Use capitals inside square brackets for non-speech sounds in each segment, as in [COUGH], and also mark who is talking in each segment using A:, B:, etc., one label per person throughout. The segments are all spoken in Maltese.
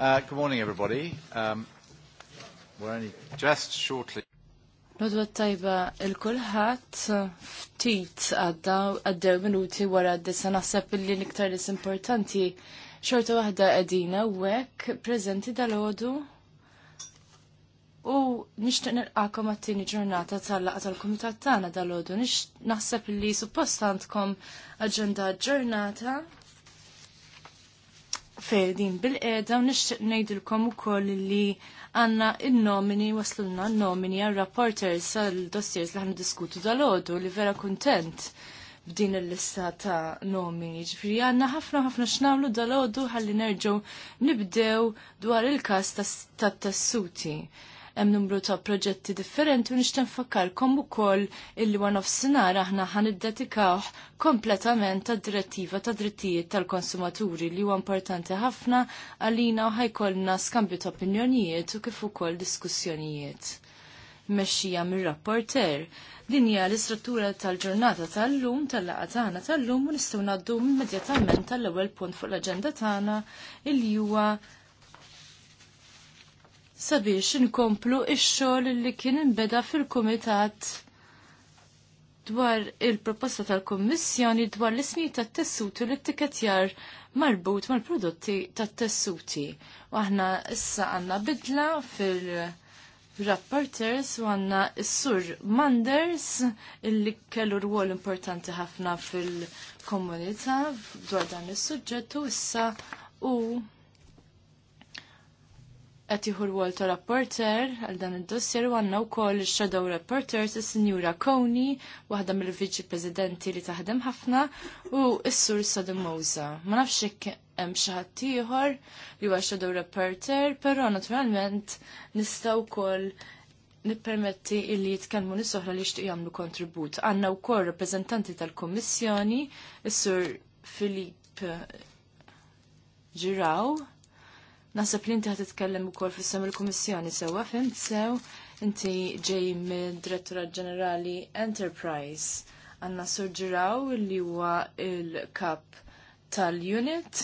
A: Uh, good morning, everybody. Um, we're only just shortly. Nodwa tajba il-kulħat ftit għadda għaddew minuti wara d dessa naħseb li l-iktar dis importanti xorta waħda għadina u għek prezenti dal-ħodu u nishtiq nirqakom għattini ġurnata tal-laqa tal-komitat tana dal-ħodu. Naħseb li suppost għandkom agenda ġurnata din bil-qeda u nixtieq ngħidilkom ukoll li għandna il-nomini waslulna n-nomini għal rapporters għal dossiers li ħan diskutu dal-għodu li vera kuntent b'din il-lista ta' nomini. Ġifri għandna ħafna ħafna xnawlu dal-għodu ħalli nerġgħu nibdew dwar il-każ tat-tassuti. Ta hemm numru ta' proġetti differenti u nixtieq nfakkarkom ukoll illi one of sinar aħna ħaniddedikawh kompletament tad direttiva ta' drittijiet tal-konsumaturi li huwa importanti ħafna għalina u ħajkollna skambju ta' opinjonijiet u kif ukoll diskussjonijiet. Mexxija mir-rapporter. Din hija l-istruttura tal-ġurnata tal-lum, tal-laqa tagħna tal-lum u nistgħu ngħaddu immedjatament tal-ewwel punt fuq l-aġenda tagħna il huwa sabiex inkomplu ix-xogħol li kien inbeda fil-kumitat dwar il-proposta tal-Kommissjoni dwar l-ismi tat-tessuti u l-etikettjar marbut mal-prodotti tat-tessuti. U aħna issa għanna bidla fil-rapporters u għanna s-sur Manders illi kellu rwol importanti ħafna fil-komunità dwar dan is-suġġett u issa u qed jieħu rwol ta' rapporter għal dan id-dossier u għandna wkoll il shadow rapporters is-Sinjura Coney, waħda mill-Viċi Presidenti li taħdem ħafna, u s-Sur Sadem Mosa. Ma nafx hekk hemm xi ħadd ieħor li huwa shadow rapporter, però naturalment nista' wkoll nippermetti illi jitkellmu nies oħra li xtiq jagħmlu kontribut. Għandna wkoll rappreżentanti tal-Kummissjoni, is-Sur Filip Giraw, Nasab li inti t-tkellem ukoll fis-sem il-Kummissjoni sewwa fimt sew inti ġej mid-Direttura Ġenerali Enterprise għandna surġiraw li huwa il-kap tal-unit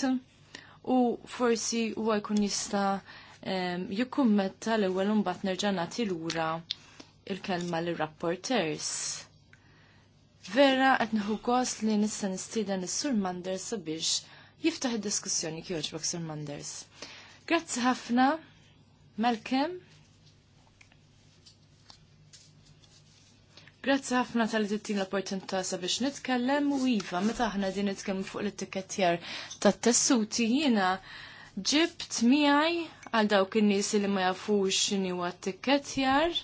A: u forsi huwa jkun jista' jikkummetta l-ewwel imbagħad nerġa' nagħti lura il-kelma lir-rapporters. Vera qed nħu gost li nista' nistieden is-Sur Manders sabiex jiftaħ id-diskussjoni kif jogħġbok Sur Manders. Grazzi ħafna, Malcolm. Grazzi ħafna tal-li l-opportunità sabiex nitkellem u iva, meta aħna din nitkellmu fuq l-tikketjar tat-tessuti jiena ġibt miegħi għal dawk in-nies li ma jafux x'inhi huwa t-tikketjar.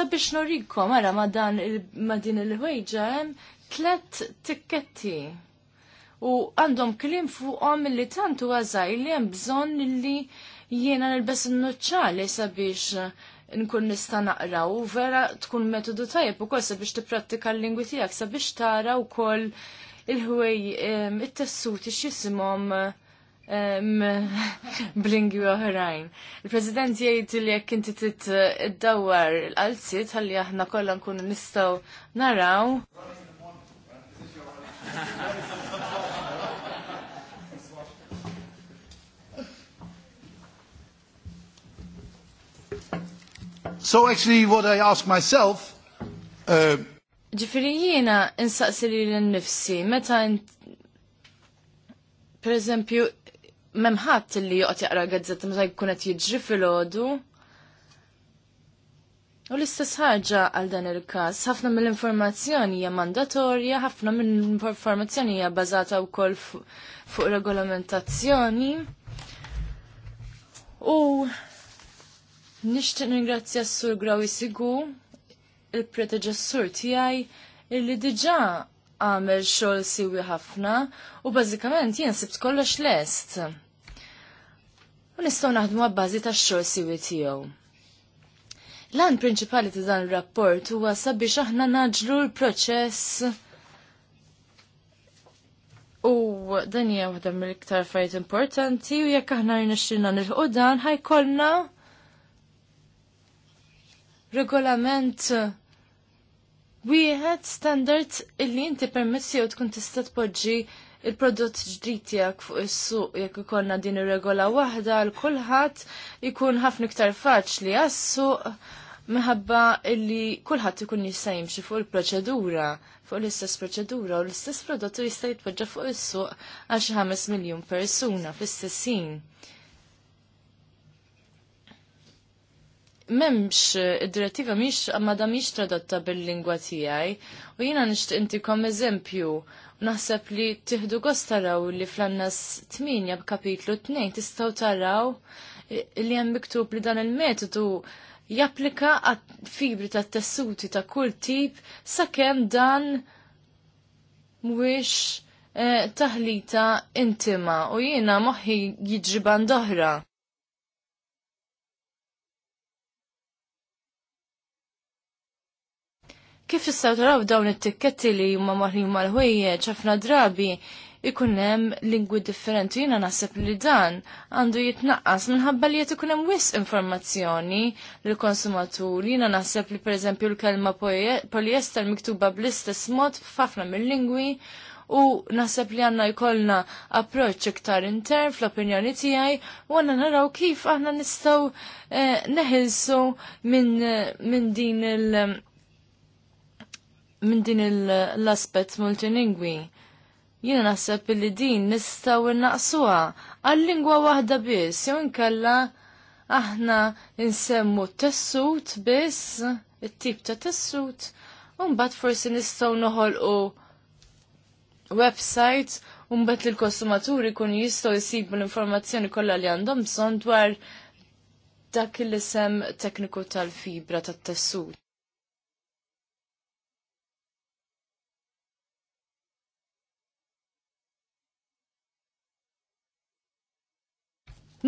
A: Sabiex norikom, ara ma dan ma din il-ħwejġa hemm tlet tikketti u għandhom klim fuqhom li tantu għazaj li hemm bżonn li jiena nilbes n-nuċċali sabiex nkun nista naqra u vera tkun metodu tajjeb ukoll sabiex tipprattika l-lingwi tiegħek sabiex tara wkoll il-ħwej ehm, it-tessuti x'jisimhom ehm, [LAUGHS] blingi oħrajn. Il-President jgħid li jekk inti tit iddawwar l-qalzit ħalli aħna kollha nkunu nistgħu naraw. [LAUGHS]
B: So actually what I ask myself uh,
A: Ġifiri jiena insaqsi l-nifsi, meta per eżempju memħat li joqt jaqra gazzetta meta jkun qed jiġri filgħodu. U l-istess ħagġa għal dan il-każ, ħafna mill-informazzjoni hija mandatorja, ħafna mill-informazzjoni hija bażata wkoll fuq regolamentazzjoni. U Nishtiq ingrazzja s-sur Grawi Sigu, il sur tiegħi illi diġà għamel xogħol siwi ħafna u bażikament jien sibt kollox lest. U nistgħu naħdmu għabbażi tax-xogħol siwi tiegħu. L-għan prinċipali ta' dan il-rapport huwa sabiex aħna naġlu l-proċess u dan hija waħda mill-iktar fajt importanti u jekk aħna rnexxilna nilħu dan ħajkollna regolament uh, wieħed standards illi inti permessi u tkun tista' tpoġġi il-prodott ġdid tiegħek fuq is-suq jekk ikollna din ir-regola waħda għal kulħadd ikun ħafna iktar faċli għas-suq minħabba illi kulħadd ikun jista' jimxi fuq il-proċedura, fuq l-istess proċedura u l-istess prodott jista' jitpoġġa fuq is-suq għal xi ħames miljun persuna fl-istess memx eh, id-direttiva miex għamada miex tradotta bil-lingwa tijaj u jina inti intikom eżempju naħseb li tiħdu gost taraw li fl-annas 8 b'kapitlu 2 tistaw taraw eh, li hemm miktub li dan il-metodu japplika għat fibri ta' tessuti ta' kull tip sakemm dan mhuwiex eh, taħlita intima u jiena moħħi jiġri doħra. Kif jistgħu taraw dawn it-tikketti li huma marħin mal-ħwejjeġ ħafna drabi ikun hemm lingwi differenti jiena naħseb li dan għandu jitnaqqas minħabba li qed ikun hemm wis informazzjoni lill konsumatur jiena naħseb li pereżempju l-kelma poliester miktuba bl-istess mod f'ħafna mill-lingwi u naħseb li għanna jkollna approċ iktar intern fl-opinjoni tiegħi u għanna naraw kif aħna nistgħu eh, neħilsu minn min din il- minn din l-aspet multilingwi. Jiena naħseb li din nistgħu innaqsuha għal-lingwa waħda biss, jew inkella aħna nsemmu tessut biss, it-tip ta' tessut, u mbagħad forsi nistgħu noħolqu website u mbagħad lill konsumaturi kun jistgħu jsibu l-informazzjoni kollha li għandhom bżonn dwar dak il-isem tekniku tal-fibra tat-tessut.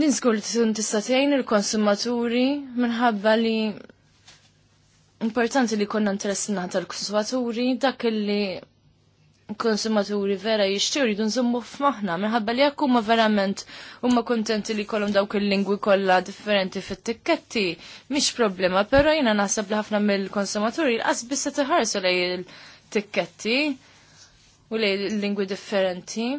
A: Ninskur li tkun tista' tgħin il-konsumaturi minħabba li importanti li konna interessina tal-konsumaturi dak li konsumaturi vera dun jridu f f'maħna minħabba li jekk huma verament huma kontenti li kollhom dawk il-lingwi kollha differenti fit-tikketti mhix problema, però jina naħseb li ħafna mill-konsumaturi qas biss se tiħarsu li il-tikketti u li il-lingwi differenti.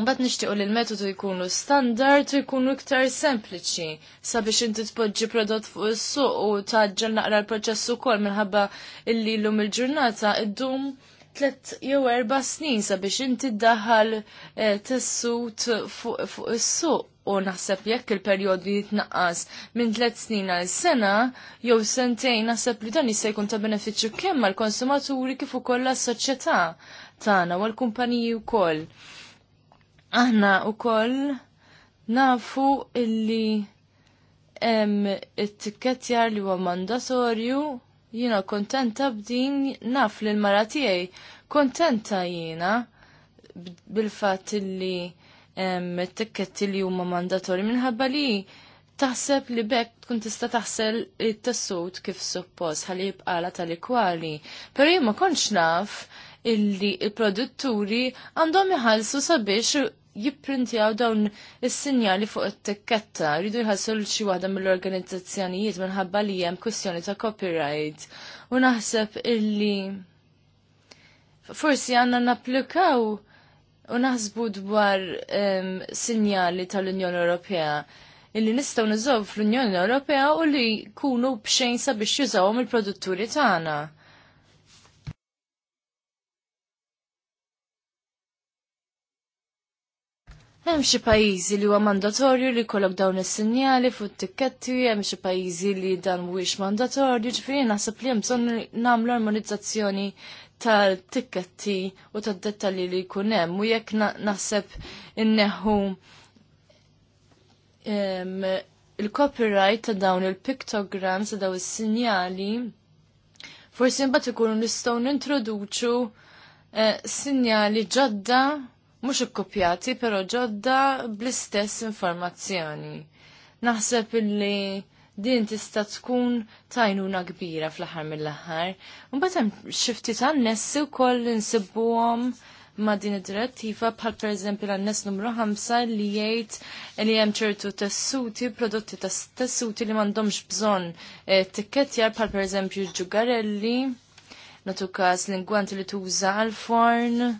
A: Mbagħad nixtiequ li l-metodu jkunu standard u jkunu iktar sempliċi sabiex inti tpoġġi prodott fuq is-suq u taġġel naqra l-proċess ukoll minħabba illi lum il-ġurnata ddum tlet jew erba' snin sabiex inti ddaħħal eh, tessut fuq is-suq u naħseb jekk il-perjodu jitnaqqas minn tlet snin għal sena jew sentejn naħseb li dan jista' jkun ta' benefiċċju kemm għall-konsumaturi kif ukoll għas-soċjetà tagħna u l kumpaniji wkoll. Aħna u koll nafu illi hemm it-tikketjar li huwa mandatorju jiena kontenta b'din naf l mara tiegħi kontenta jiena bil-fatt illi hemm it-tikketti li huma mandatorji minħabba li taħseb li bekk tkun tista' taħsel it-tessut kif suppost ħalli jibqala tal-ikwali. Però jien ma kontx naf illi il-produtturi għandhom iħallsu sabiex jipprintjaw dawn is-sinjali fuq it-tikketta, rridu jħassu xi waħda mill-organizzazzjonijiet minħabba li hemm kwistjoni ta' copyright. U naħseb illi forsi għandna napplikaw u naħsbu dwar ehm, sinjali tal-Unjoni Ewropea illi nistgħu niżgħu fl-Unjoni Ewropea u li jkunu b'xejn sabiex jużawhom il-produtturi tagħna. Hemm xi pajjiżi li huwa mandatorju li jkollok dawn is-sinjali fuq it-tikketti, hemm xi pajjiżi li dan mhuwiex mandatorju, ġifieri naħseb li hemm bżonn nagħmlu armonizzazzjoni tal-tikketti u tad-dettalji li jkun hemm u jekk naħseb inneħħu il-copyright ta' dawn il-pictograms ta' dawn is-sinjali forsi mbagħad ikunu nistgħu nintroduċu eh, sinjali ġodda mhux ikkopjati però ġodda bl-istess informazzjoni. Naħseb illi din tista' tkun tajnuna kbira fl-aħħar mill-aħħar. Mbagħad hemm xi ftit annessi wkoll insibbuhom ma' din id-direttiva bħal pereżempju l-annes numru 5 li jgħid li hemm ċertu tessuti, prodotti ta' tessuti li m'għandhomx bżonn eh, tikketjar bħal pereżempju ġugarelli, natu każ l-ingwanti li tuża għal-forn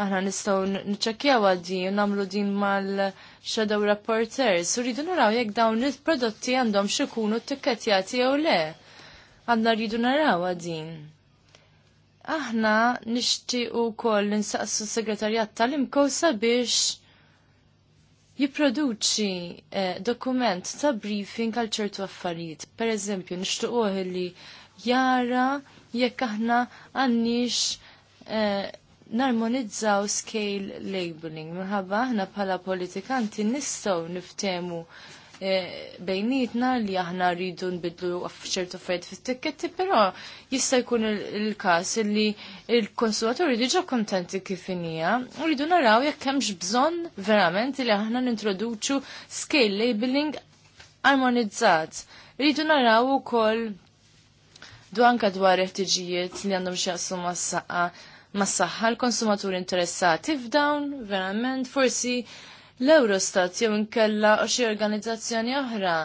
A: aħna nistgħu niċċekkjaw għal din u nagħmlu din mal-shadow reporters u rridu naraw jekk dawn il-prodotti għandhom xikunu t-tikketjati jew le. Għadna rridu naraw din. Aħna nixtiequ wkoll l-insaqsu s-segretarjat tal-imkow sabiex jiproduċi eh, dokument ta' briefing għal ċertu affarijiet. Per eżempju, nishtuqoħ li jara jekk aħna għannix eh, narmonizzaw scale labeling minħabba aħna bħala politikanti nistgħu niftemu eh, bejnietna li aħna rridu nbidlu f'ċertu fejt fit-tikketti, però jista' jkun il-każ li il-konsumaturi diġà kontenti kif inija, u rridu naraw jekk hemmx bżonn verament li aħna nintroduċu scale labeling armonizzat. Rridu naraw ukoll dwanka dwar ħtiġijiet li għandhom xi jaqsmu mas-saqa mas-saħħa l-konsumaturi interessati f'dawn verament forsi l-Eurostat jew inkella xi organizzazzjoni oħra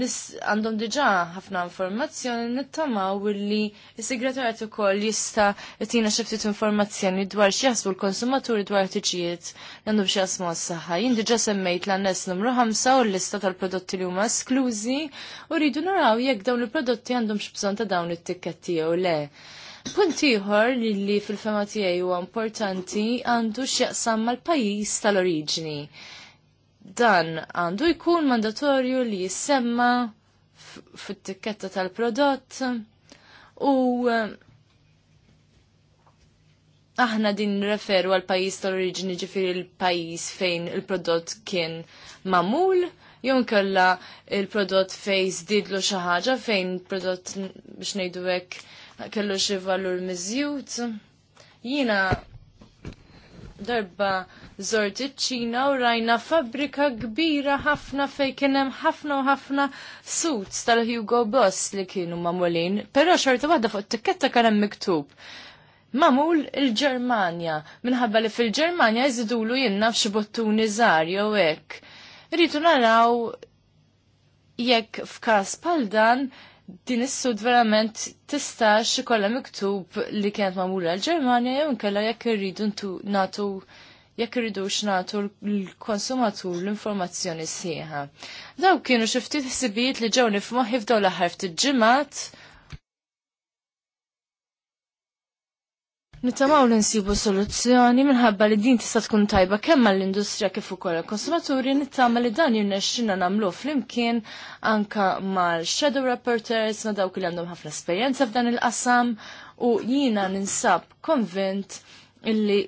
A: nis għandhom diġà ħafna informazzjoni nittamaw li s segretarju ukoll jista' jtina xi ftit informazzjoni dwar x'jaħsbu l-konsumaturi dwar tiġijiet li għandhom xi jasmu għas saħħa Jien diġà semmejt l-annes numru 5 u l-lista tal-prodotti li huma esklużi u rridu naraw jekk dawn il-prodotti għandhom x'bżonn ta' dawn it-tikketti jew le. Punt ieħor li, li fil-fema tiegħi huwa importanti għandu x'jaqsam mal-pajjiż tal-oriġini. Dan għandu jkun mandatorju li jissemma fit-tikketta tal-prodott u eh, aħna din referu għal pajjiż tal oriġni ġifieri l-pajjiż fejn il-prodott kien mamul jew kalla il-prodott fejn zdidlu xi ħaġa fejn prodott biex ngħidu hekk kellu xi valur miżjud. Jiena darba zort iċ-Ċina u rajna fabbrika kbira ħafna fej kien hemm ħafna u ħafna suits tal-Hugo Boss li kienu mamulin, però xorta waħda fuq t tikketta kien hemm miktub. Mamul il-Ġermanja, minħabba li fil-Ġermanja jizidulu jenna f'xi bottuni żgħar jew hekk. Rridu naraw jekk f'każ bħal dan din is-sud verament tista' ikollha miktub li kienet magħmula l-Ġermanja jew inkella jekk irridu nagħtu jekk irridux nagħtu l-konsumatur l-informazzjoni sħiħa. Dawn kienu xi ftit ħsibijiet li ġew nifmoħi f'dawn l-aħħar ftit ġimgħat Nittamaw li nsibu soluzzjoni minħabba li din tista' tkun tajba kemm mal-industrija kif ukoll il-konsumaturi nittama li dan jinnexxina nagħmluh flimkien anka mal-shadow reporters ma dawk li għandhom ħafna esperjenza f'dan il-qasam u jiena ninsab konvint illi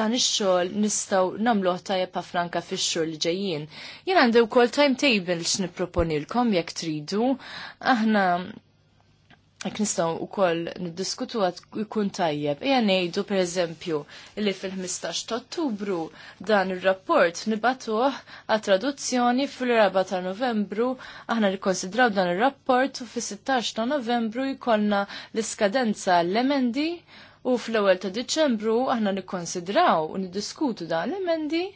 A: dan ix-xogħol nistgħu nagħmluh tajjeb ħafna anke fix xogħol li ġejjin. Jien għandi wkoll timetable x'nipproponilkom jekk tridu. Aħna jek nistaw u koll niddiskutu għat jkun tajjeb. Ija nejdu per eżempju li fil-15 ta' ottubru dan il-rapport nibatuħ għat traduzzjoni fil-4 ta' novembru aħna rikonsidraw dan il-rapport u fil-16 ta' novembru jkollna l-iskadenza l-emendi u fl-ewel ta' deċembru aħna rikonsidraw u niddiskutu dan l-emendi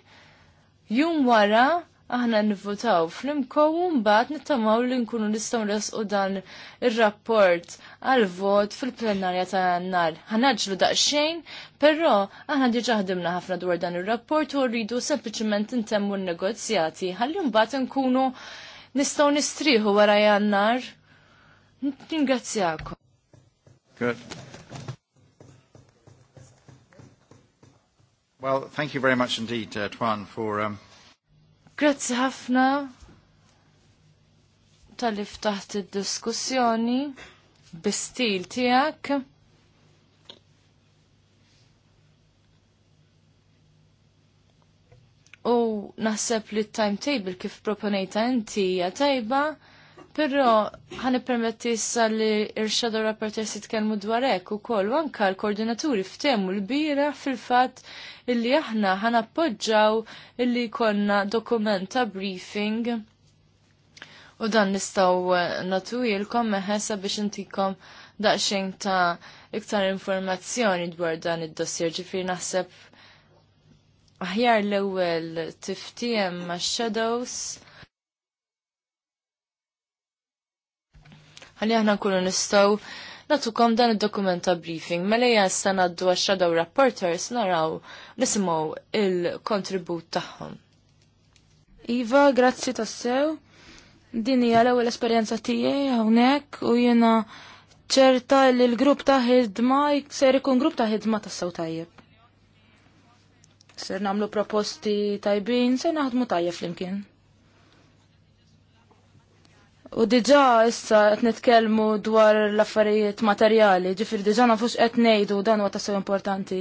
A: jum wara aħna nivvotaw fl-imkow u mbagħad nittamaw li nkunu nistgħu nresqu dan ir-rapport għal vot fil-plenarja ta' nar. Ħanaġlu daqsxejn, però aħna diġà ħdimna ħafna dwar dan ir-rapport u rridu sempliċement intemmu n-negozjati ħalli mbagħad nkunu nistgħu nistrieħu wara jannar. Ningrazzjakom.
B: Good. Well, thank you very much indeed, uh, Twan, for um,
A: Grazzi ħafna tal-li ftaħt id-diskussjoni bistil tijak. U naħseb li t-timetable kif proponejta inti hija tajba Però ħani permetti issa li irxadu rapporter si tkellmu dwar hekk ukoll u anke l-koordinaturi ftemu l-bira fil-fatt illi aħna ħana appoġġaw illi konna dokumenta briefing u dan nistgħu uh, natujilkom meħessa biex intikom daqsxejn ta' iktar informazzjoni dwar dan id-dossier ġifieri naħseb aħjar l-ewwel tiftiem ma' shadows ħalli aħna nkunu nistgħu natukom dan id-dokument ta' briefing. Mela jassa naddu għax-shadow rapporters naraw nisimgħu il-kontribut tagħhom. Iva, grazzi tassew. Din hija l-ewwel esperjenza tiegħi hawnhekk u jiena
C: ċerta li l-grupp ta' ħidma ser ikun grupp ta' ħidma tassew tajjeb. Ser namlu proposti tajbin, ser naħdmu tajjeb flimkien. U diġa issa qed nitkellmu dwar l-affarijiet materjali, ġifir diġa nafux qed ngħidu dan huwa tassew importanti.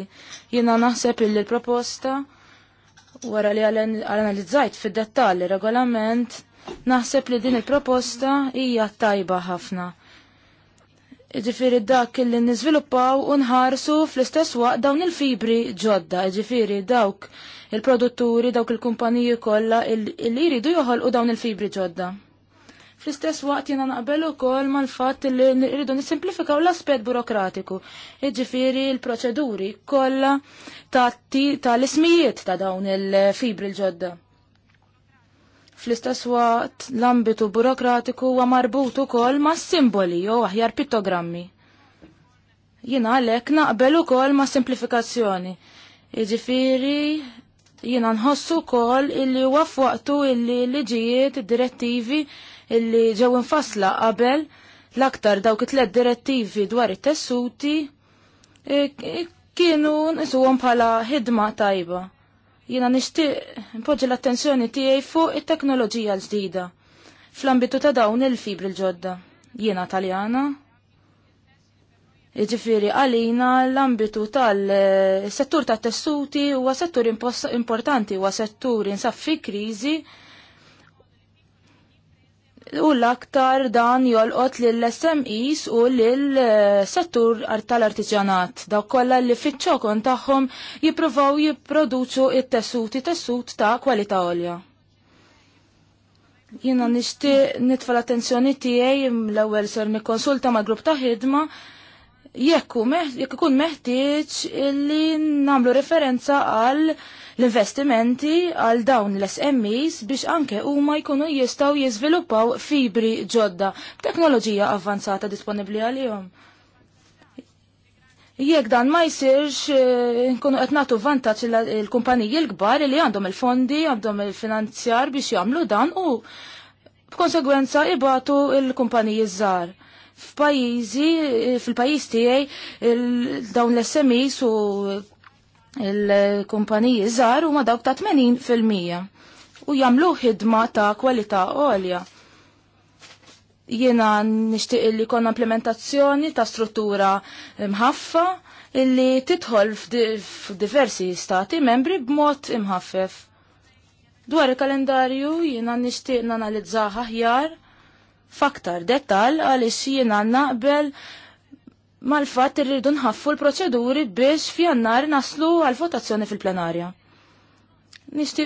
C: Jiena naħseb illi l-proposta wara li analizzajt fid-dettall regolament naħseb li din il-proposta hija tajba ħafna. Ġifiri dak li niżviluppaw u nħarsu fl-istess waqt dawn il-fibri ġodda, ġifiri dawk il-produtturi, dawk il-kumpaniji kollha li jridu joħolqu dawn il-fibri ġodda. Fl-istess waqt jena naqbel ukoll mal-fatt li rridu nisimplifikaw l-aspett burokratiku. Iġifiri l-proċeduri kollha l ismijiet ta' dawn il-fibri l-ġodda. Fl-istess waqt l-ambitu burokratiku huwa marbut ukoll ma' simboli jew aħjar pittogrammi. Jena għalhekk naqbel ukoll ma' simplifikazzjoni. Iġifiri, jina nħossu kol illi wafwaqtu illi liġijiet direttivi illi ġew infasla qabel l-aktar dawk it-tlet direttivi dwar it-tessuti e, e, kienu nisuhom bħala ħidma tajba. Jiena nixtieq npoġġi l-attenzjoni tiegħi fuq it-teknoloġija l-ġdida fl-ambitu ta' dawn il-fibri l-ġodda. Jiena Taljana, Ġifiri, għalina l-ambitu tal-settur ta' tessuti huwa settur importanti, huwa settur insaf fi kriżi. U l-aktar dan jolqot lill-SMEs u lill-settur tal-artiġanat. Daw kollha li fiċ-ċokon tagħhom jippruvaw jipproduċu t tessuti tessut ta' kwalità olja. Jiena nixtieq nitfa l-attenzjoni tiegħi l-ewwel ser nikkonsulta ma' grupp ta' ħidma jekk jekk ikun meħtieġ illi nagħmlu referenza għal l-investimenti għal dawn l-SMEs biex anke huma jkunu jistaw jizviluppaw fibri ġodda b'teknoloġija disponibli disponibbli għalihom. Jekk dan ma jsirx, eh, nkunu qed nagħtu vantaġġ il-kumpaniji l-kbar li għandhom il-fondi, għandhom il-finanzjar biex jagħmlu dan u b'konsegwenza ibatu il-kumpaniji żgħar f'pajjiżi eh, fil-pajjiż tiegħi dawn l-SMEs u il-kumpaniji żgħar huma dawk ta' 80 fil-mija u jagħmlu ħidma ta' kwalità għolja. Jiena nixtieq li konna implementazzjoni ta' struttura mħaffa illi titħol f'diversi stati membri b'mod imħaffef. Dwar il-kalendarju jiena nixtieq nanalizzaha aħjar f'aktar dettal għaliex jiena naqbel mal-fatt irridu nħaffu l-proċeduri biex f'jannar naslu għal-votazzjoni fil-plenarja.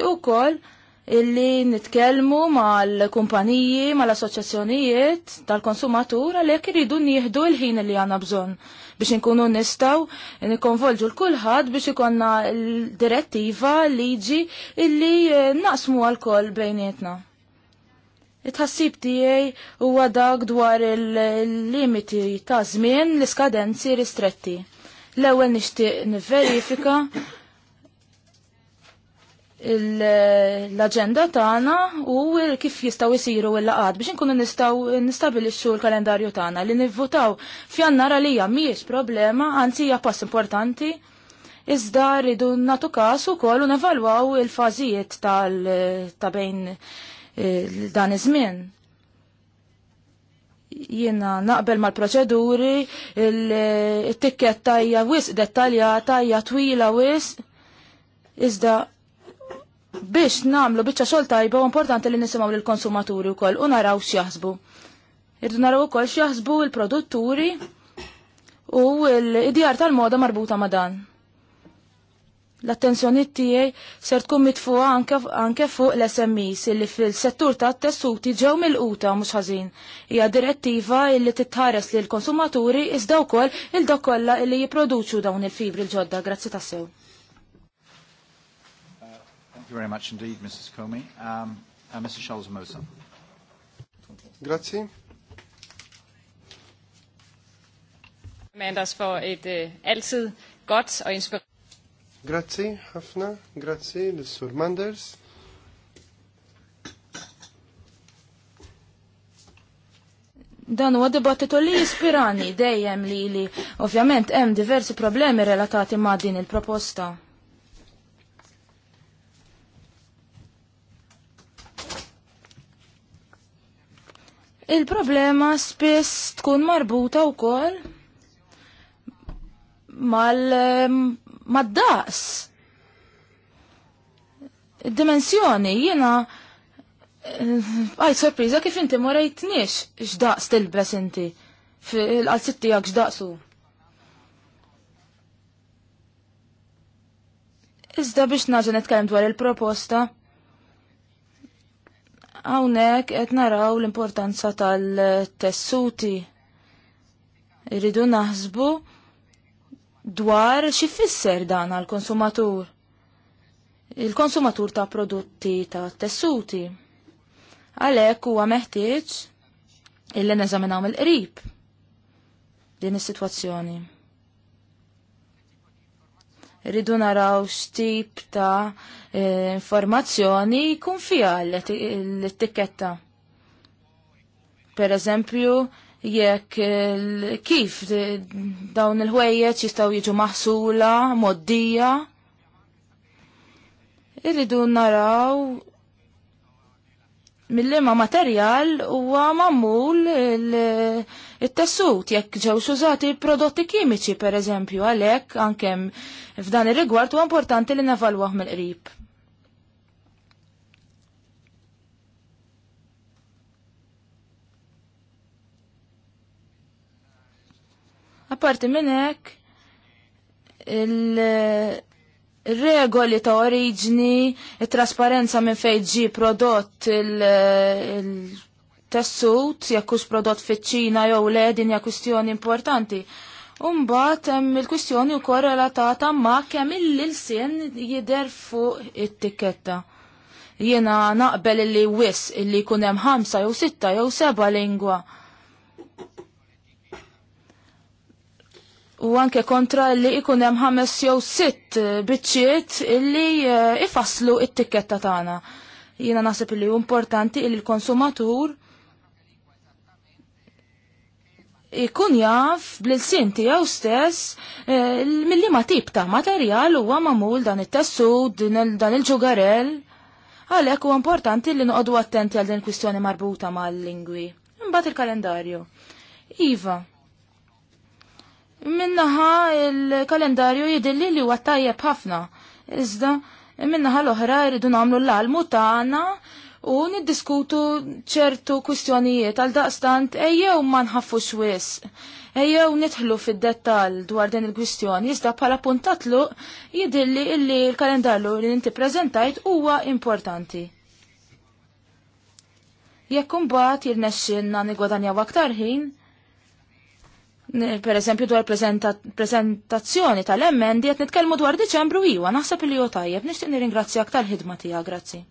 C: u kol illi nitkellmu mal-kumpaniji, mal-assoċjazzjonijiet tal-konsumatur għalhekk irridu nieħdu l-ħin li għandna bżonn biex inkunu nistgħu nikkonvolġu l-kulħadd biex ikonna l-direttiva liġi illi eh, naqsmu għal kol bejnietna. It-ħassib tiegħi huwa dak dwar il-limiti ta' żmien l-iskadenzi ristretti. L-ewwel nixtieq nivverifika l-agenda tagħna u kif jistgħu jsiru l laqad biex inkunu nistgħu nistabilixxu l-kalendarju tagħna li nivvutaw f'jannar għalija mhijiex problema, anzi hija pass importanti. Iżda rridu nagħtu każ ukoll u nevalwaw il-fażijiet tal ta' bejn Eh, dan iż-żmien. Jiena naqbel mal-proċeduri, il-tikketta eh, hija wisq dettaljata, hija twila wisq, iżda biex namlu biċċa xogħol tajba importanti li nisimgħu lill-konsumaturi wkoll u naraw x'jaħsbu. Irdu naraw ukoll x'jaħsbu l-produtturi u l-idjar tal-moda marbuta ma' dan. L-attenzjoni tiegħi ser tkun mitfuqa anke fuq l-SMEs illi fil-settur ta' tessuti ġew mill-quta mhux ħażin. Hija direttiva illi titħares li l konsumaturi iżda wkoll il dak kollha illi jipproduċu dawn il-fibri l-ġodda grazzi tassew.
B: Uh, thank you very much indeed, Mrs. Comey. Um, uh, Mr. Charles Mosa. Grazzi.
A: Mandas for et uh, altid godt og inspirerende
B: Grazzi, ħafna, grazzi l-Sur Manders.
C: dan huwa dibattitu li jispirani dejjem li li ovvjament hemm diversi problemi relatati ma' din il-proposta. Il-problema spiss tkun marbuta wkoll mal Ma daqs Id-dimensjoni jiena eh, għaj sorpriża kif inti ma rajtniex x'daqs tilbes inti fil-qalsit tiegħek x'daqsu. Iżda biex naġa netkellem dwar il-proposta, hawnhekk qed naraw l-importanza tal-tessuti. Iridu naħsbu dwar xifisser dan għal konsumatur. Il-konsumatur ta' prodotti ta' tessuti. Għalhekk huwa meħtieġ illi neżaminaw mill-qrib din is-sitwazzjoni. Rridu naraw x'tip ta' eh, informazzjoni jkun fiha l-etiketta. Per eżempju, jekk kif dawn il-ħwejjeġ jistgħu jiġu maħsula, moddija. Irridu naraw mill lema materjal huwa mammul il-tessut jekk ġew xużati prodotti kimiċi per eżempju għalhekk anke f'dan ir-rigward huwa importanti li nevalwah mill-qrib. Apparti minn hekk il-regoli ta' oriġni, il-trasparenza minn fejn prodott il-tessut, il prodott fiċ-Ċina jew le din kwistjoni importanti. Umbat il-kwistjoni wkoll relatata ma' kemm il-lilsien jidher fuq it tiketta Jiena naqbel li wis illi jkun hemm ħamsa jew sitta jew seba' lingwa u anke kontra li ikun hemm ħames jew sitt eh, biċċiet illi eh, ifasslu it-tikketta tagħna. Jiena naħseb li importanti li l-konsumatur ikun jaf bl-sin tiegħu stess eh, milli ma tip ta' materjal huwa magħmul dan it-tessud, dan il-ġugarell. Għalhekk huwa importanti li noqogħdu attenti għal din kwistjoni marbuta mal-lingwi. Imbagħad il-kalendarju. Iva, Minnaħa il-kalendarju jidilli li huwa tajjeb ħafna. Iżda minnaħa l-oħra jridu nagħmlu l-almu tagħna u niddiskutu ċertu kwistjonijiet għal daqstant ejjew ma nħaffux wis. Ejjew nitħlu fid-dettal dwar din il-kwistjoni, iżda bħala puntatlu jidilli illi l-kalendarju li ninti prezentajt huwa importanti. Jekk imbagħad jirnexxinna nigwadanjaw aktar ħin, per eżempju dwar prezentazzjoni tal-emmendi qed nitkellmu dwar Diċembru iwa, naħseb li hu tajjeb, nixtieq nirringrazzja aktar ħidma tiegħek, grazzi.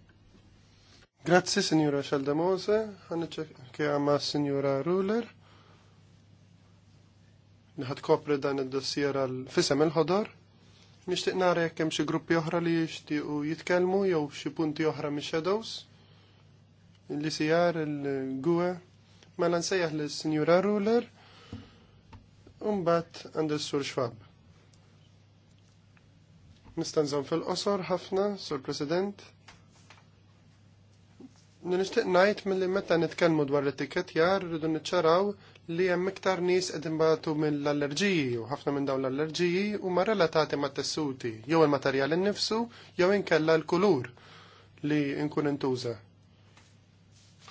B: Grazzi Sinjura Xaldamose, ħaniċċekkja ma' Sinjura Ruler. Nħad kopri dan id-dossier għal fisem il-ħodor. Nixtieq nara jekk hemm xi gruppi oħra li jixtiequ jitkellmu jew xi punti oħra mi shadows Li sijar il-gwe mela nsejjaħ lis-Sinjura Ruler Umbat għand sur xfab. Nistanżon fil-qosor ħafna, sur President. Nishtiq najt mill-li meta nitkellmu dwar l-etiket jar, rridu niċċaraw li hemm iktar nies qed imbagħtu mill-allerġiji u ħafna minn dawn l-allerġiji huma relatati mat tessuti jew il-materjal innifsu jew inkella l-kulur li nkun intuża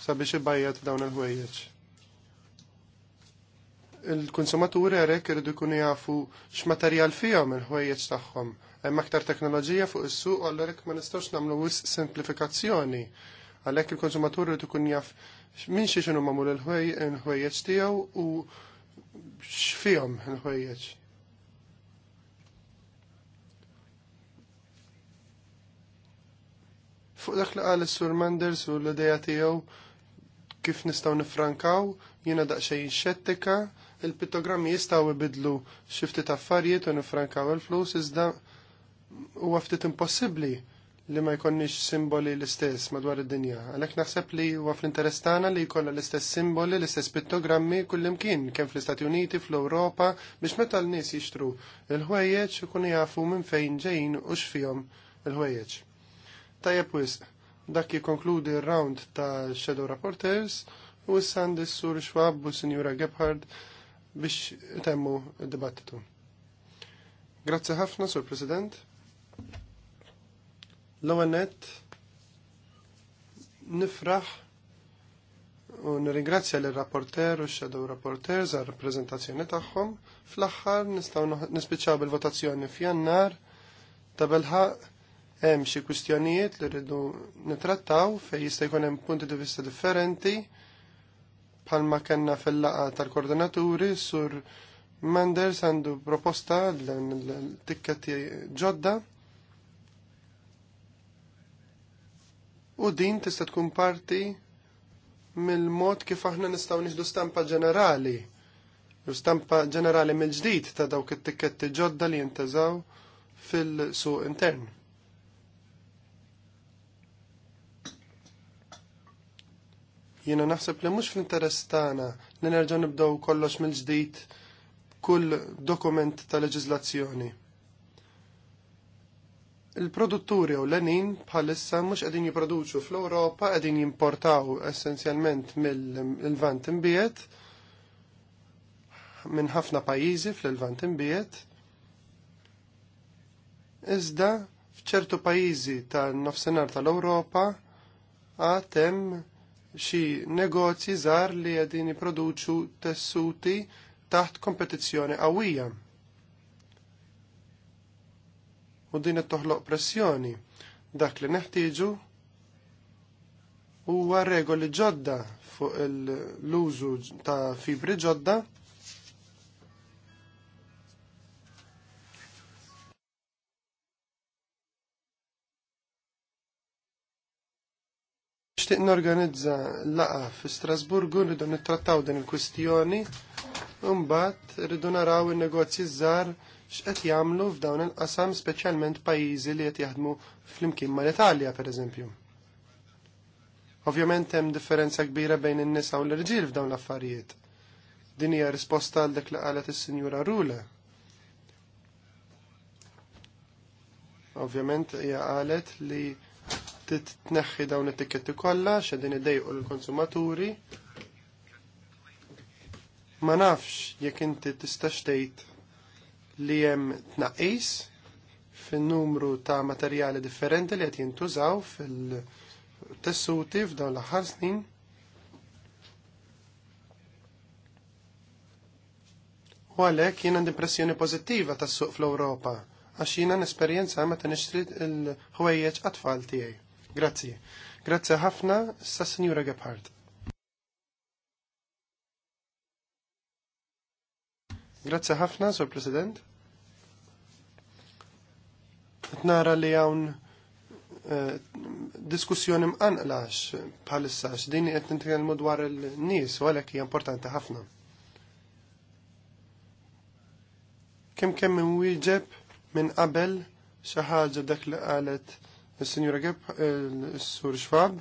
B: sabiex ibajjed dawn il-ħwejjeġ il-konsumaturi għarek irridu jkunu jafu x'materjal fihom il-ħwejjeġ tagħhom. Hemm aktar teknoloġija fuq is-suq għalhekk ma nistgħux nagħmlu wis simplifikazzjoni. Għalhekk il-konsumatur irid ikun jaf minn xi xinu magħmul il-ħwejjeġ tiegħu u x'fihom il-ħwejjeġ. Fuq dak li qal is-Sur Manders u l-idea tiegħu kif nistgħu nifrankaw, jiena daqsxejn xettika il-pittogrammi jistaw ibidlu xifti affarijiet u nifrankaw il-flus iżda huwa ftit impossibbli li ma jkonniex simboli l-istess madwar id-dinja. Għalhekk naħseb li huwa fl-interess tagħna li jkollha l-istess simboli, l-istess pittogrammi kullimkien kemm fl-Istati Uniti, fl-Ewropa, biex meta l-nies jixtru il-ħwejjeġ ikunu jafu minn fejn ġejjin u x'fihom il-ħwejjeġ. Tajjeb wisq, dak jikkonkludi r-round ta' Shadow Reporters u issa għandi sur Schwab u Sinjura Gebhard biex temmu d-dibattitu. Grazzi ħafna, Sur President. l għannet nifraħ u nirringrazzja l-rapporter u x-shadow rapporter za rappresentazzjoni tagħhom. Fl-aħħar nistgħu nispiċċaw bil-votazzjoni f'jannar ta' belħaq hemm xi kwistjonijiet li rridu nitrattaw fejn jista' jkun hemm punti di vista differenti palma kanna fil-laqa tal-koordinaturi sur Manders għandu proposta l tikketi ġodda u din tista' tkun parti mill-mod kif aħna nistgħu nieħdu stampa ġenerali u stampa ġenerali mill-ġdid ta' dawk it-tikketti ġodda li jinteżaw fil-suq intern. Jiena naħseb li mhux fl-interess tagħna li nerġa' nibdew kollox mill-ġdid kull dokument ta' leġiżlazzjoni. Il-produtturi u l-enin bħalissa mhux qegħdin jipproduċu fl-Ewropa qegħdin jimportaw essenzjalment mill-Lvant imbiet minn ħafna pajjiżi fl-Lvant imbiet. Iżda f'ċertu pajjiżi tan-nofsinhar tal-Ewropa għad hemm xi negozji żgħar li qegħdin jipproduċu tessuti taħt kompetizzjoni qawwija. U din qed toħloq pressjoni. Dak li neħtieġu huwa regoli ġodda fuq l-użu ta' fibri ġodda Nixtieq norganizza laqa fi Strasburgu rridu nittrattaw din il-kwistjoni u mbagħad rridu naraw in-negozji żgħar x'qed jagħmlu f'dawn il-qasam speċjalment pajjiżi li qed jaħdmu flimkien mal-Italja pereżempju. Ovvjament hemm differenza kbira bejn in-nisa u l-irġiel f'dawn l-affarijiet. Din hija risposta għal dak li qalet is-Sinjura Rule. Ovvjament hija qalet li tneħħi dawn it tikketti kollha x'edin idejqu l-konsumaturi. Ma nafx jekk inti tista' tgħid li hemm tnaqqis fin-numru ta' materjali differenti li qed jintużaw fil-tessuti f'dawn l-aħħar snin. U għalek jiena impressjoni pozittiva tas suq fl-Ewropa, għax jiena n-esperienza meta nixtri l-ħwejjeġ għatfall tiegħi. Grazzi. Grazzi ħafna sa Sinjura Gebhardt. Grazzi ħafna, Sur President. Nara li hawn eh, diskussjoni mqanqlax bħalissa x'din qed nitkellmu dwar il-nies u għalhekk hija importanti ħafna. Kemm kemm inwieġeb minn qabel xi ħaġa dak li qalet il-Sinjura Geb, il-Sur Schwab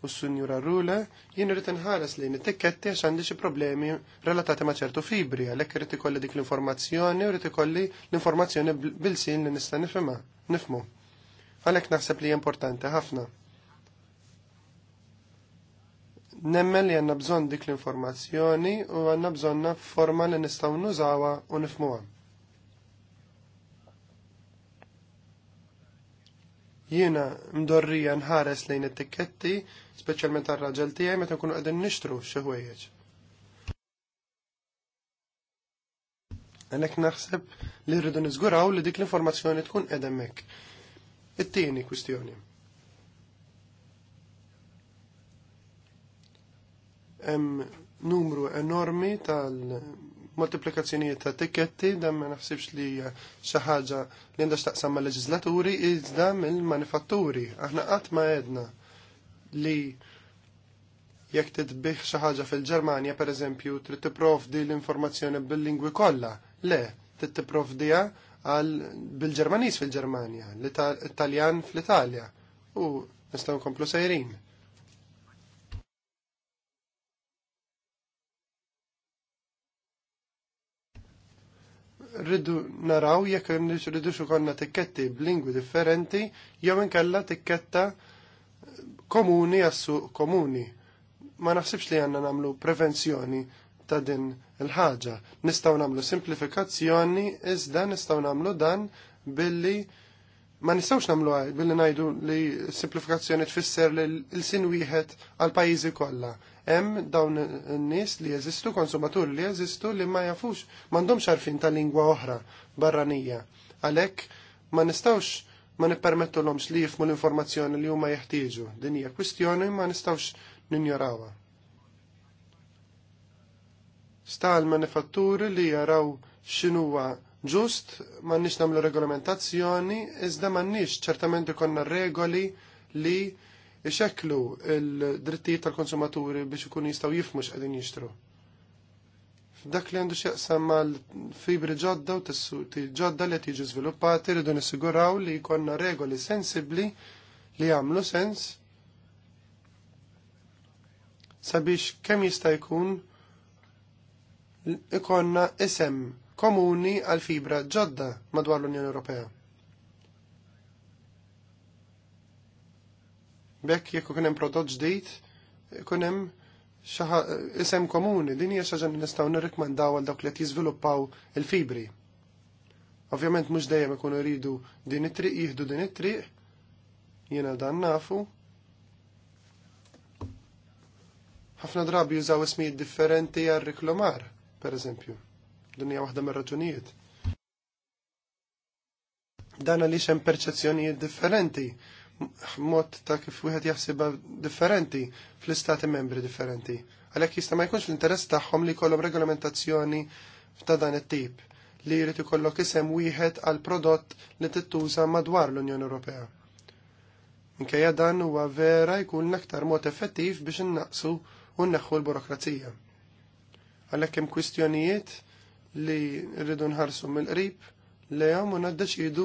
B: u s-Sinjura Rule, jien irrid inħares lejn it-tikketti għax għandi xi problemi relatati ma' ċertu fibri, għalhekk irid ikolli dik l-informazzjoni u irid ikolli l-informazzjoni bil-sin li nista' nifema, nifmu. Għalhekk naħseb li hija importanti ħafna. Nemmen li għandna bżonn dik l-informazzjoni u għandna bżonna forma li nistgħu nużawa u nifmuha. Jiena mdorrija nħares lejn it-tikketti, speċjalment għar-raġel tiegħi meta nkunu qegħdin nixtru xi ħwejjeġ. Għalhekk naħseb li rridu niżguraw li dik l-informazzjoni tkun qed hemmhekk. It-tieni kwistjoni. Hemm numru enormi tal multiplikazzjonijiet ta' tiketti, dan ma naħsibx li xi ħaġa li għandha x'taqsam mal-leġislaturi iżda mill-manifatturi. Aħna qatt ma għedna li jekk titbih xi ħaġa fil-Ġermanja pereżempju trid tipprovdi l-informazzjoni bil-lingwi kollha. Le, trid tipprovdiha għal bil-Ġermaniż fil-Ġermanja, l-Italjan fl-Italja u nistgħu nkomplu sejrin. rridu naraw jekk rridu xukonna tikketti b'lingwi differenti jew inkella tikketta komuni għassu komuni. Ma naħsibx li għanna namlu prevenzjoni ta' din il-ħaġa. Nistaw namlu simplifikazzjoni, iżda nistaw namlu dan billi Ma nistawx namlu billi najdu li simplifikazzjoni tfisser li l-sin wieħed għal pajjiżi kollha. Hemm dawn n-nies li jeżistu, konsumaturi li jeżistu li ma jafux m'għandhomx għarfin ta' lingwa oħra barranija. Għalhekk ma nistawx ma nippermettu l li jifmu l-informazzjoni li huma jeħtieġu. Din hija kwistjoni ma nistawx ninjorawha. Sta l-manifatturi li jaraw x'inhuwa ġust, m'għandniex nagħmlu regolamentazzjoni, iżda m'għandniex ċertament ikonna regoli li ixeklu il-drittijiet tal-konsumaturi biex ikun jistgħu jifmux x'qegħdin jixtru. F'dak li għandu x'jaqsam mal-fibri ġodda u tiss-suti ġodda li tiġi żviluppati rridu nisiguraw li jkollna regoli sensibbli li jagħmlu sens sabiex kemm jista' jkun ikonna isem komuni għal fibra ġodda madwar l-Unjoni Ewropea. Bekk jekk ikun hemm prodott ġdid, ikun hemm isem komuni, din hija xi ħaġa nistgħu nirrikmandaw għal dawk li qed jiżviluppaw il-fibri. Ovvjament mhux dejjem ikunu jridu din it-triq jieħdu din it-triq, jiena dan nafu. Ħafna drabi jużaw ismijiet differenti għar-riklomar, per eżempju. Din hija waħda mir-raġunijiet. Dan għaliex hemm perċezzjonijiet differenti, mod ta' kif wieħed jaħsibha differenti fl-istati membri differenti. Għalhekk jista' ma jkunx l-interess tagħhom li jkollhom regolamentazzjoni ta' dan it-tip li jrid ikollok isem wieħed għal prodott li tittuża madwar l-Unjoni Ewropea. Minkejja dan huwa vera jkun aktar mod effettiv biex innaqsu u nneħħu l-burokrazija. Għalhekk hemm kwistjonijiet li rridu nħarsu mill-qrib li għamu u naddeċidu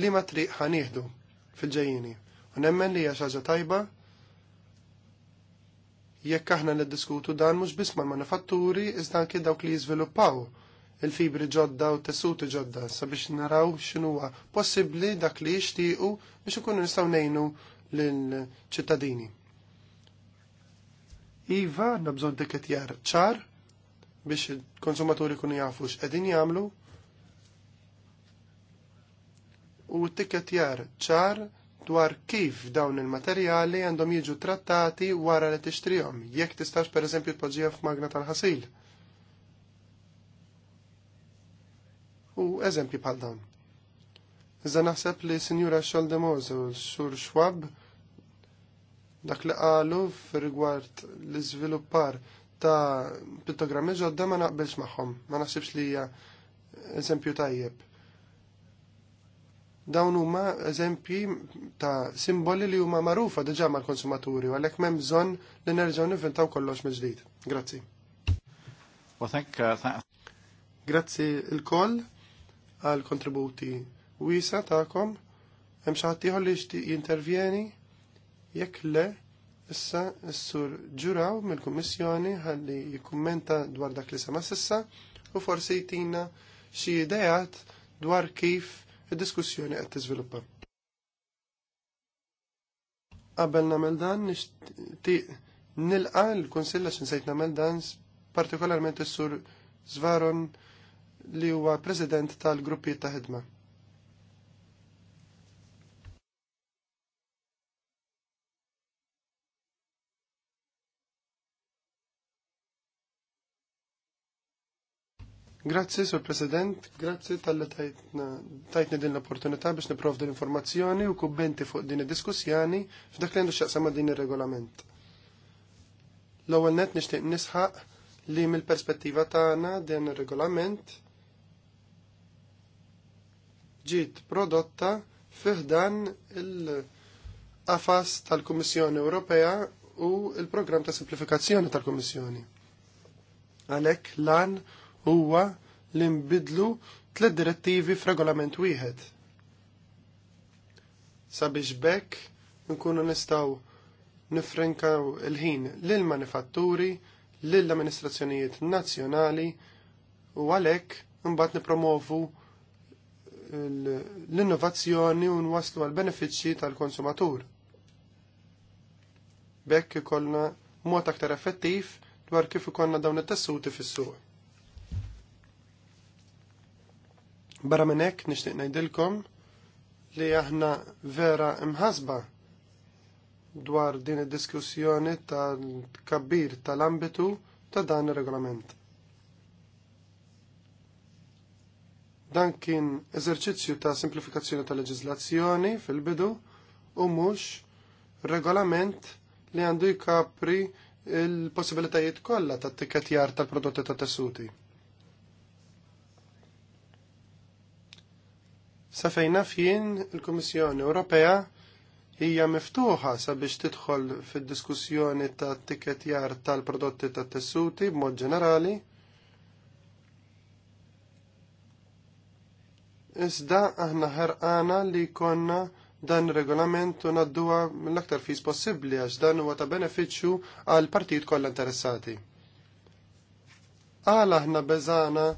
B: li ma triq ħanieħdu fil-ġejjini. U nemmen li xaġa tajba jekk aħna niddiskutu dan mhux biss mal-manifatturi iżda anke dawk li jiżviluppaw il-fibri ġodda u tessuti ġodda sabiex naraw x'inhuwa possibbli dak li jixtiequ biex ikunu nistgħu ngħinu lill-ċittadini. Iva, nabżon bżonn tikketjar ċar biex il-konsumaturi kunu jafu x'qegħdin jagħmlu u t jar ċar dwar kif dawn il-materjali għandhom jiġu trattati wara li tixtrihom, jekk tistax pereżempju tpoġġija f'magna tal-ħasil. U eżempji bħal dawn. Iżda naħseb li Sinjura Xoldemoz u Sur Schwab dak li qalu fir l-iżviluppar ta' pittogrammi ġodda ma naqbilx magħhom, ma naħsibx li hija eżempju tajjeb. Dawn huma eżempji ta' simboli li huma magħrufa diġà mal-konsumaturi għalhekk m'hemm bżonn li nerġgħu nivvintaw kollox mill-ġdid. Grazzi. Uh, Grazzi l-koll għal kontributi wisa ta'kom. Hemm xi ħadd li jintervjeni jekk le Issa s-sur ġuraw mill-Kummissjoni ħalli jikkummenta dwar dak li sema sissa u forsi jtina xi idejat dwar kif id-diskussjoni qed tiżviluppa. Qabel nagħmel dan nixtieq nilqa l-Kunsilla x'in sejt nagħmel dan partikolarment is-sur Zvaron li huwa President tal-Gruppi ta' ħidma. Grazzi, Sur President, grazzi tal-li tajtni din l-opportunità biex niprofdu l informazzjoni u kubbenti fuq din id-diskussjoni f'dak li għandu xaqsama din il-regolament. L-ewwel net nixtieq nisħaq li mill-perspettiva tagħna din ir-regolament ġiet prodotta fiħdan il-qafas tal-Kummissjoni Ewropea u il-programm ta' simplifikazzjoni tal-Kummissjoni. Għalhekk lan huwa li nbidlu tliet direttivi f'regolament wieħed. Sabiex bekk nkunu nistgħu nifrenkaw il-ħin lill-manifatturi, lill-amministrazzjonijiet nazzjonali u għalhekk imbagħad nipromovu l-innovazzjoni u nwaslu għal benefiċċji tal-konsumatur. Bekk ikollna mod aktar effettiv dwar kif ikollna dawn it-tessuti fis-suq. Barra minn hekk nixtieq ngħidilkom li aħna vera imħasba dwar din id-diskussjoni tal-kabbir tal-ambitu ta' dan ir-regolament. Dan kien eżerċizzju ta' simplifikazzjoni ta' leġiżlazzjoni fil-bidu u mhux regolament li għandu jkapri il-possibilitajiet kollha tat-tikketjar tal-prodotti ta' tessuti. Ta Sa fejna fjien il-Kummissjoni Ewropea hija miftuħa sabiex tidħol fid-diskussjoni ta' tikketjar tal-prodotti ta' tessuti b'mod ġenerali. Iżda aħna ħerqana li konna dan regolament u nadduha mill-aktar fis possibbli għax dan huwa ta' benefiċċju għal partit kollha interessati. Għala aħna beżana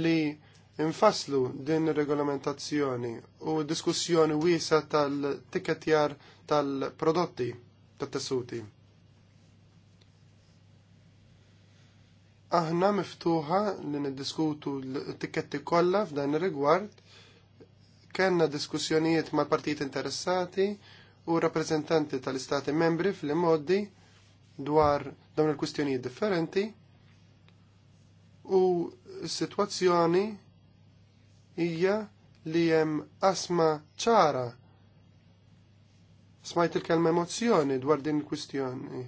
B: li infaslu din regolamentazzjoni u diskussjoni wiesa tal-tikketjar tal-prodotti tat-tessuti. Aħna miftuħa li niddiskutu l-tikketti kollha f'dan ir-rigward kellna diskussjonijiet mal partit interessati u rappresentanti tal-istati membri fl-immoddi dwar dawn il kwistjonijiet differenti u s-situazzjoni hija li hemm asma ċara. Smajt il-kelma emozzjoni dwar din il-kwistjoni.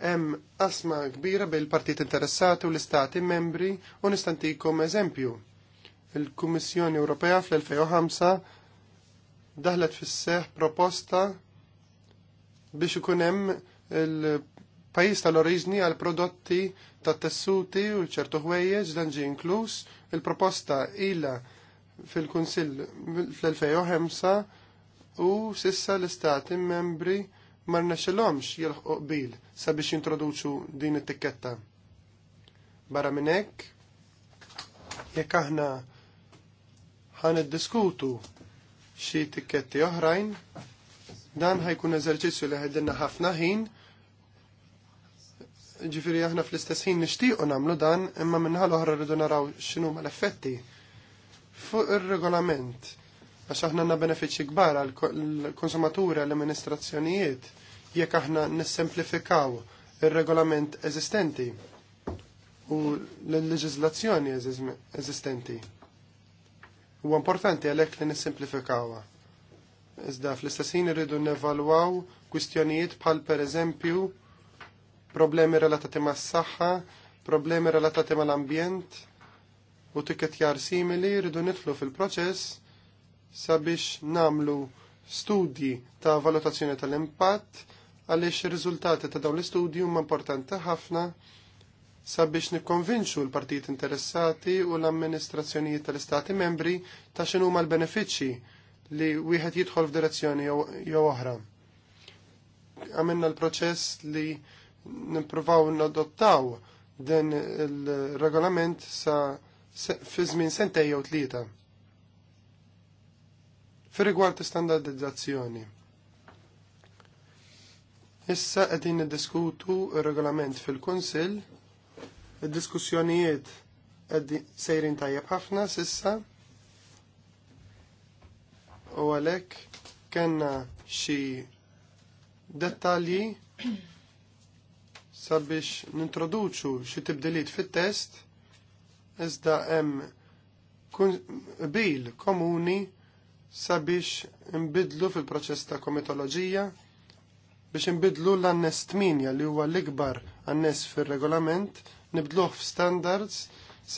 B: Hemm asma kbira bil partit interessati u l-istati membri u nistantikom eżempju. Il-Kummissjoni Ewropea fl-2005 daħlet fis-seħ proposta biex ikun hemm il-pajjiż tal-oriġni għal prodotti tat tessuti u ċertu ħwejjeġ dan ġie inkluż. Il-proposta ilha fil-Kunsill fl-2005 u sissa l-istati membri mar nexilomx jilħqu qbil sabiex jintroduċu din it-tikketta. Barra minn hekk, jekk aħna ħan iddiskutu xi tikketti oħrajn, dan ħajkun eżerċizzju li ħedinna ħafna ħin ġifiri aħna fl-istess ħin nixtiequ nagħmlu dan, imma minnħal oħra rridu naraw x'inhuma l-effetti Fuq ir-regolament, għax aħna għanna benefiċċji kbar għal konsumaturi għall-amministrazzjonijiet jekk aħna nissemplifikaw il regolament eżistenti u l-leġizlazzjoni eżistenti. Huwa importanti għalhekk li nissimplifikawha. Iżda fl-istessin irridu nevalwaw kwistjonijiet bħal pereżempju problemi relatati mas-saħħa, problemi relatati mal-ambjent, u tikketjar simili rridu nitlu fil-proċess sabiex namlu studji ta' valutazzjoni tal-impatt għaliex ir-riżultati ta' dawn l-istudji huma importanti ħafna sabiex nikkonvinċu l-partijiet interessati u l-amministrazzjonijiet tal-istati membri ta' x'inhu huma l-benefiċċji li wieħed jidħol f'direzzjoni jew oħra. Għamilna l-proċess li nippruvaw nadottaw din il-regolament sa' fi żmien sentej jew tlieta. Fi rigward standardizzazzjoni. Issa qegħdin niddiskutu r-regolament fil-Kunsill, id-diskussjonijiet sejrin tajjeb ħafna sissa u għalek kenna xi dettalji [CLEARS THROAT] sabiex nintroduċu xi tibdiliet fit-test iżda hemm bil komuni sabiex imbidlu fil-proċess ta' komitoloġija biex imbidlu l-annes li huwa l-ikbar annes fil-regolament nibdluh f'standards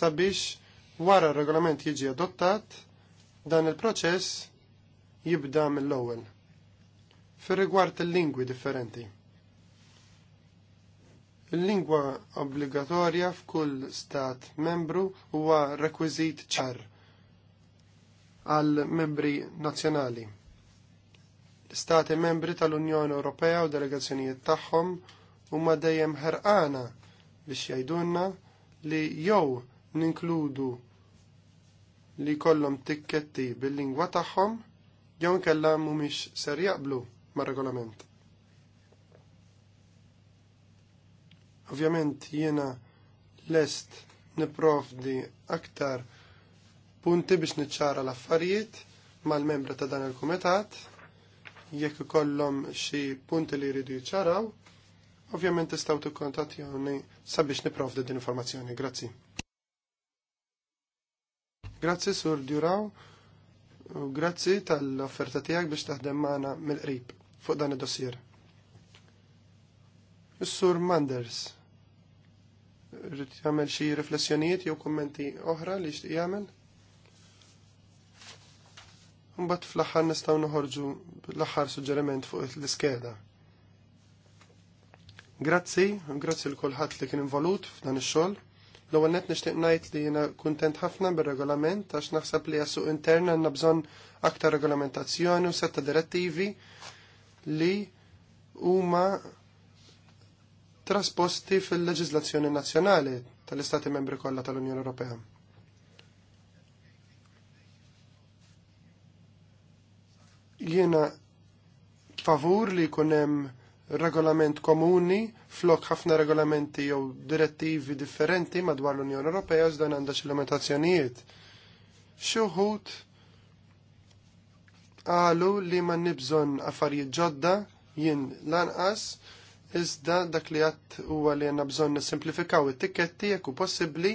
B: sabiex wara r-regolament jiġi adottat dan il-proċess jibda mill-ewwel. Fir rigward il-lingwi differenti. Il-lingwa obbligatorja f'kull stat membru huwa rekwiżit ċar għal membri nazzjonali. Stati membri tal-Unjoni Ewropea u delegazzjonijiet tagħhom huma dejjem ħerqana biex jgħidulna li jew ninkludu li kollhom tikketti bil-lingwa tagħhom jew inkella mhumiex ser jaqblu mar-regolament. Ovvjament jiena lest niprofdi aktar punti biex niċċara l-affarijiet mal-membra ta' dan il-kumitat jekk ikollhom xi punti li jridu jiċċaraw. Ovvjament tistgħu kontatjoni sabiex niprofdi din informazzjoni. Grazzi. Grazzi Sur Duraw u grazzi tal-offerta tiegħek biex taħdem magħna mill-qrib fuq dan id-dossier. sur Manders rrit jagħmel xi riflessjonijiet jew kummenti oħra li jixtieq jagħmel. Mbagħad fl-aħħar nistgħu noħorġu l-aħħar suġġeriment fuq l-iskeda. Grazzi, grazzi l kulħadd li kien involut f'dan ix-xogħol. L-ewwel nett nixtieq ngħid li jiena kuntent ħafna bir-regolament għax naħseb li għas interna għandna bżonn aktar regolamentazzjoni u setta direttivi li huma trasposti fil-leġizlazzjoni nazzjonali tal-Istati membri kollha tal-Unjoni Ewropea. Jiena favur li jkun hemm regolament komuni flok ħafna regolamenti jew direttivi differenti madwar l-Unjoni Ewropea iżda għandha xi limitazzjonijiet. Xi wħud qalu li ma nibżon affarijiet ġodda jien lanqas iżda dak li għat huwa li għanna bżon nisimplifikaw it-tikketti jekk u possibbli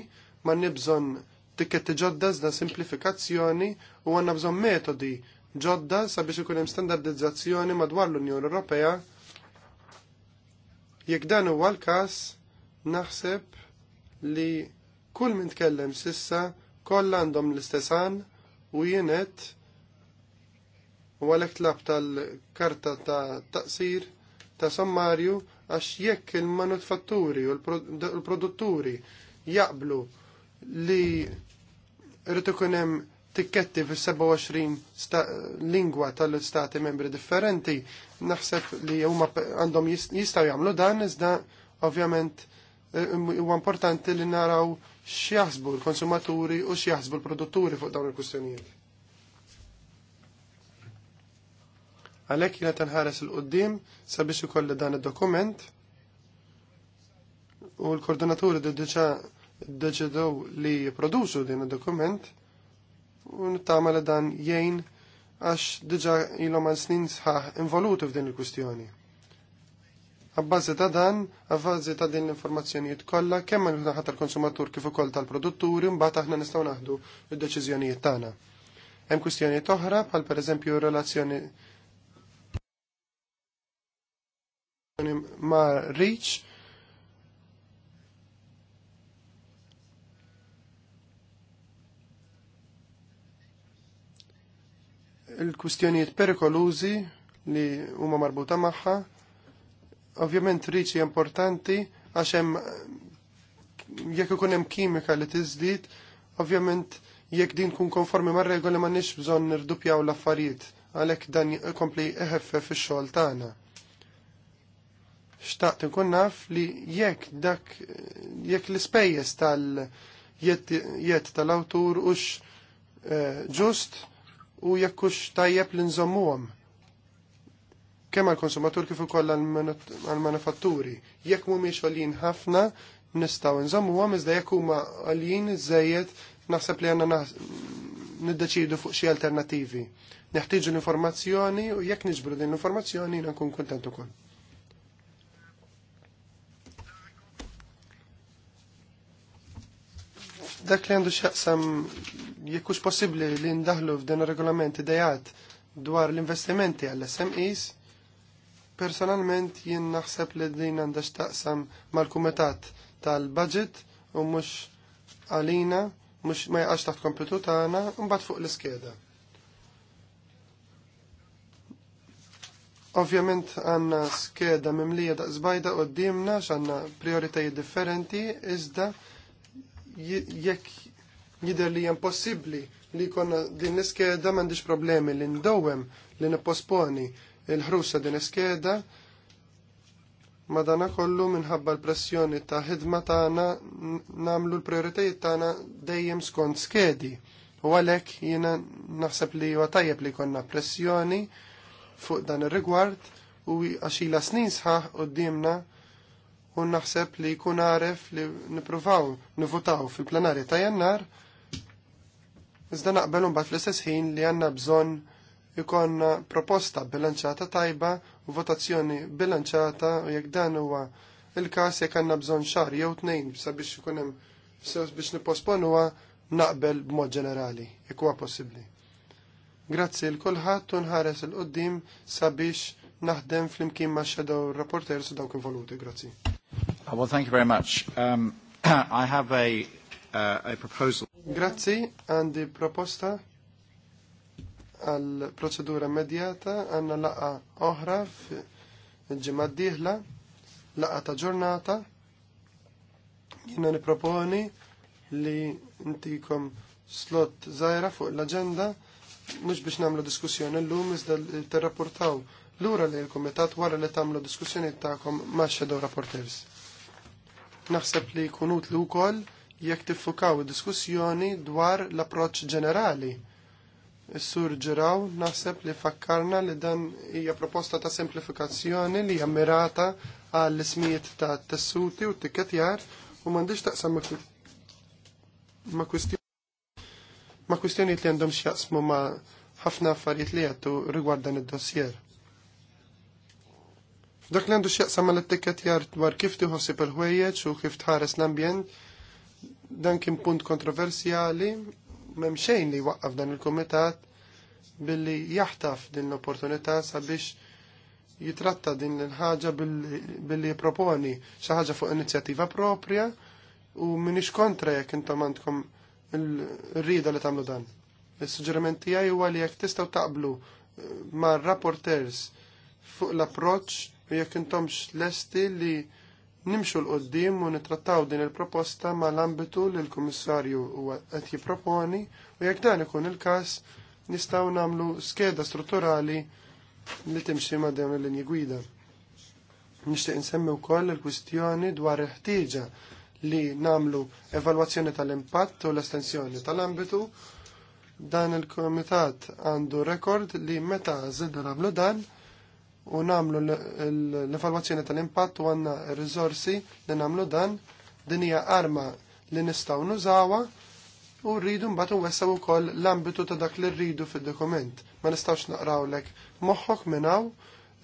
B: ma nibżon tiketti ġodda iżda simplifikazzjoni u għanna bżon metodi ġodda sabiex ikun hemm standardizzazzjoni madwar l-Unjoni Ewropea. Jekk dan huwa l-każ naħseb li kull min tkellem sissa kollha għandhom l istessan u jienet u għalhekk tlab tal-karta ta' taqsir ta' sommarju għax jekk il-manufatturi u l-produtturi jaqblu li rritu kunem tikketti fil-27 lingwa tal-stati membri differenti, naħseb li huma għandhom jistaw jagħmlu dan iżda ovvjament eh, huwa importanti li naraw x'jaħsbu l-konsumaturi u x'jaħsbu l-produtturi fuq dawn il kustjonijiet Għalhekk jina tanħares il qudiem sabiex ikolli dan id-dokument u l-koordinaturi d deċidew li jipproduċu din id-dokument u n li dan jgħin għax diġa ilhom għal snin sħaħ involuti f'din il-kwistjoni. Għabbazi ta' dan, għabbazi ta' din l-informazzjonijiet kollha, kemm għal naħat tal-konsumatur kif ukoll tal-produtturi, mbagħad aħna nistgħu naħdu d-deċiżjonijiet tagħna. Hemm kwistjonijiet oħra bħal pereżempju relazzjoni ma' Reach il-kustjonijiet perikolużi li huma marbuta magħha. Ovvjament riċi importanti għax hemm jekk ikun hemm kimika li tiżdied, ovvjament jekk din tkun konformi mar-regoli m'għandniex bżonn nirdupjaw l-affarijiet għalhekk dan kompli eħeffef ix-xogħol tagħna xtaqt nkun naf li jekk dak jekk l-ispejjeż tal-jett tal-awtur hux eh, ġust u jekk hux tajjeb li nżommuhom. Kemm għall-konsumatur kif ukoll għall manufatturi Jekk mhumiex għalin ħafna nistgħu nżommuhom iżda jekk huma għalin żejjed naħseb li għandna niddeċidu fuq xi alternattivi. Neħtieġu l-informazzjoni u jekk niġbru din l-informazzjoni nkun kuntent ukoll. Dak li għandu xaqsam jekkux possibli li ndaħlu ir regolamenti dejat dwar l-investimenti għall-SMEs, personalment jien naħseb li din għandha xtaqsam mal-kumitat tal-budget u mhux għalina, mhux ma jgħax taħt kompetu tagħna mbagħad fuq l-iskeda. Ovvjament għanna skeda mimlija da' zbajda u d-dimna xanna prioritajiet differenti, iżda jekk jider li jem possibli li konna din iskeda mandiġ problemi li ndowem li nipposponi il-ħrusa din iskeda madana kollu minħabba l-pressjoni ta' ħidma tagħna namlu l-prioritajiet tagħna dejjem skont skedi. U għalhekk jiena naħseb li huwa tajjeb li konna pressjoni fuq dan ir-rigward u għaxila snin sħaħ qudiemna u naħseb li jkun għaref li nipruvaw nivutaw fil-plenarja ta' jannar iżda naqbel mbagħad fl-istess ħin li għandna bżonn ikonna proposta bilanċata tajba u votazzjoni bilanċata u jekk dan huwa il-każ jekk għandna bżonn xahar jew tnejn sabiex ikun hemm biex nipposponuha naqbel b'mod ġenerali jekk huwa possibbli. Grazzi l kulħadd u nħares il qudiem sabiex naħdem fl-imkien ma' shadow rapporters u dawk involuti. Grazzi. Uh, well, thank you very much. Um, [CLEARS THROAT] I have a, uh, a proposal. Grazzi, għandi proposta għal procedura immedjata għanna laqa oħra ġimma diħla, laqa ta' ġurnata. Jina niproponi li ntikom slot zaħra fuq l-agenda, mux biex namlu diskussjoni l-lum, iżda t-rapportaw l-ura li l-komitat wara li tamlu diskussjoni ta'kom ma' shadow rapporters. Naħseb li jkun utli wkoll jekk tiffukaw id-diskussjoni dwar l-approċċ ġenerali. Is-sur ġiraw naħseb li fakkarna li dan hija proposta ta' semplifikazzjoni li hija mirata għall ismijiet ta' tessuti u t-tikketjar u m'għandix taqsam ma' kwistjoni ma' kwistjoni li għandhom x'jaqsmu ma' ħafna affarijiet li għattu rigward dan id-dossier. Dak li għandu xieqsam mal ettikket jart dwar kif tiħossib il-ħwejjeġ u kif tħares l-ambjent, dan kien punt kontroversjali, memxejn li waqqaf dan il-komitat billi jaħtaf din l-opportunità sabiex jitratta din l-ħaġa billi proponi xi ħaġa fuq inizjattiva propria u minix kontra jekk intom għandkom il-rida li tagħmlu dan. Is-suġġeriment tiegħi huwa li jekk tistgħu taqblu ma' rapporters fuq l-approċ u jekk intomx lesti li nimxu l-qoddim u nitrattaw din il-proposta ma l-ambitu li l-Kummissarju qed jipproponi u jekk dan ikun il-każ nistgħu nagħmlu skeda strutturali li timxi ma' dawn l linji gwida. Nixtieq insemmi wkoll il-kwistjoni dwar il-ħtieġa li namlu evalwazzjoni tal-impatt u l-estensjoni tal-ambitu dan il-komitat għandu rekord li meta zidna namlu dan u namlu l-evalwazzjoni tal-impatt u għanna r-rizorsi li namlu dan din hija arma li nistaw nużawa u rridu mbagħad nwessaw ukoll l-ambitu ta' dak li rridu fid-dokument. Ma nistgħux naqrawlek moħħok minn hawn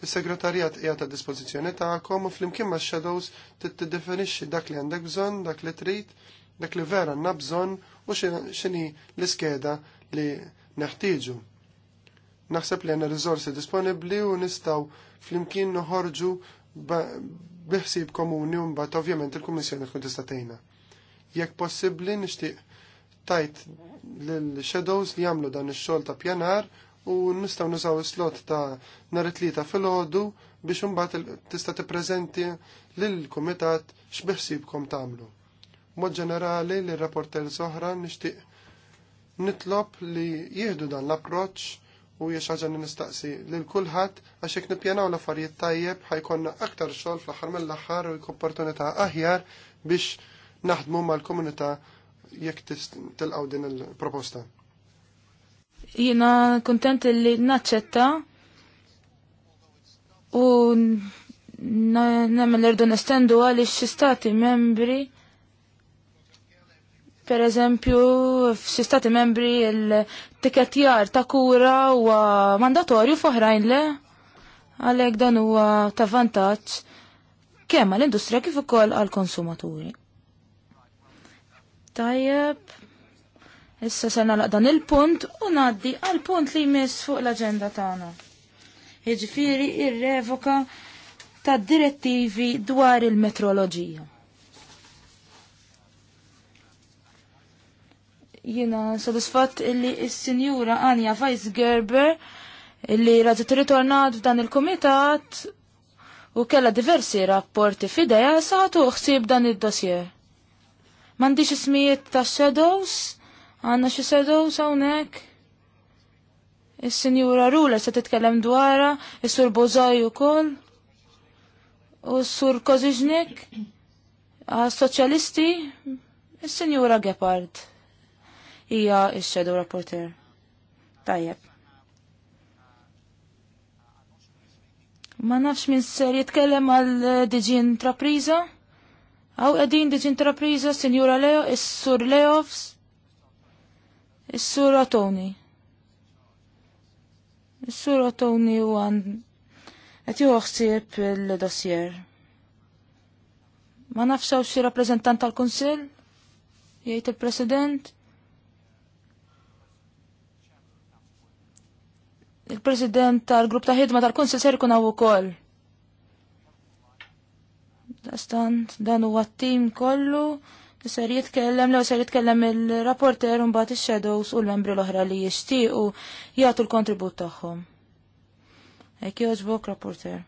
B: Is-segretarjat hija ta' dispożizzjoni tagħkom u flimkien ma' shadows tiddefinixxi dak li għandek bżonn, dak li trid, dak li vera għandna bżonn u x'inhi l-iskeda li neħtieġu. Naħseb li għanna rizorsi disponibli u nistaw flimkien noħorġu biħsib komuni un bat ovvjament il-Kummissjoni tkun tista' tgħinha. Jekk possibbli nixtieq tajt lill-shadows li jagħmlu dan ix-xogħol ta' pjanar u nistgħu nużaw is-slot ta' nhar it-tlieta fil-ħodu biex imbagħad tista' tippreżenti lill-kumitat x'biħsibkom tagħmlu. Mod ġenerali li rapporter soħra nixtieq nitlob li jieħdu dan l-approċċ u hija xi nistaqsi lil kulħadd għax jekk nippjanaw l-affarijiet tajjeb ħajkonna aktar xogħol fl-aħħar mill-aħħar u opportunità aħjar biex naħdmu mal-komunità jekk tilqgħu din il-proposta.
C: Jiena kontent li naċċetta u nagħmel irdu nestendu għaliex xi stati membri Per eżempju, f'xi membri il-tiketjar ta' kura huwa mandatorju f'oħrajn le għalhekk dan huwa ta' vantaġġ kemm għall-industrija kif ukoll għall-konsumaturi. Tajjeb, issa se nalaq dan il-punt u ngħaddi għall-punt li jmiss fuq l-aġenda tagħna. Jiġifieri ir-revoka tad direttivi dwar il-metroloġija. Jina sodisfatt illi s-sinjura Anja Fajs Gerber illi razzit ritornat f'dan il-komitat u kella diversi rapporti fideja saħtu uħsib dan id-dossier. Mandiċ ismijiet ta' shadows, għanna xi shadows hawnhekk. Is-sinjura Rula se titkellem dwarha, is-sur Bozaj ukoll, u s-sur Koziġnik, għas-soċjalisti, il sinjura Gepard hija il shadow rapporter. Tajjeb. Ma nafx minn ser jitkellem għal eh, diġi intrapriza? Għaw għedin diġi intrapriza, Signora Leo, Is-Sur Leofs, Is-Sur Atoni. Is-Sur Atoni u għan għet juħsib il-dossier. Ma nafx għaw xie rappresentant tal-Konsil? Jgħid il-President? Il-President tal-Grupp ta' ħidma tal-Konsil ser ikun hawn ukoll. Dastant dan huwa t-tim kollu li ser jitkellem lew ser jitkellem il-rapporter mbagħad ix-shadows u l-membri l-oħra li jixtiequ jagħtu l-kontribut tagħhom. Hekk jogħġbok rapporter.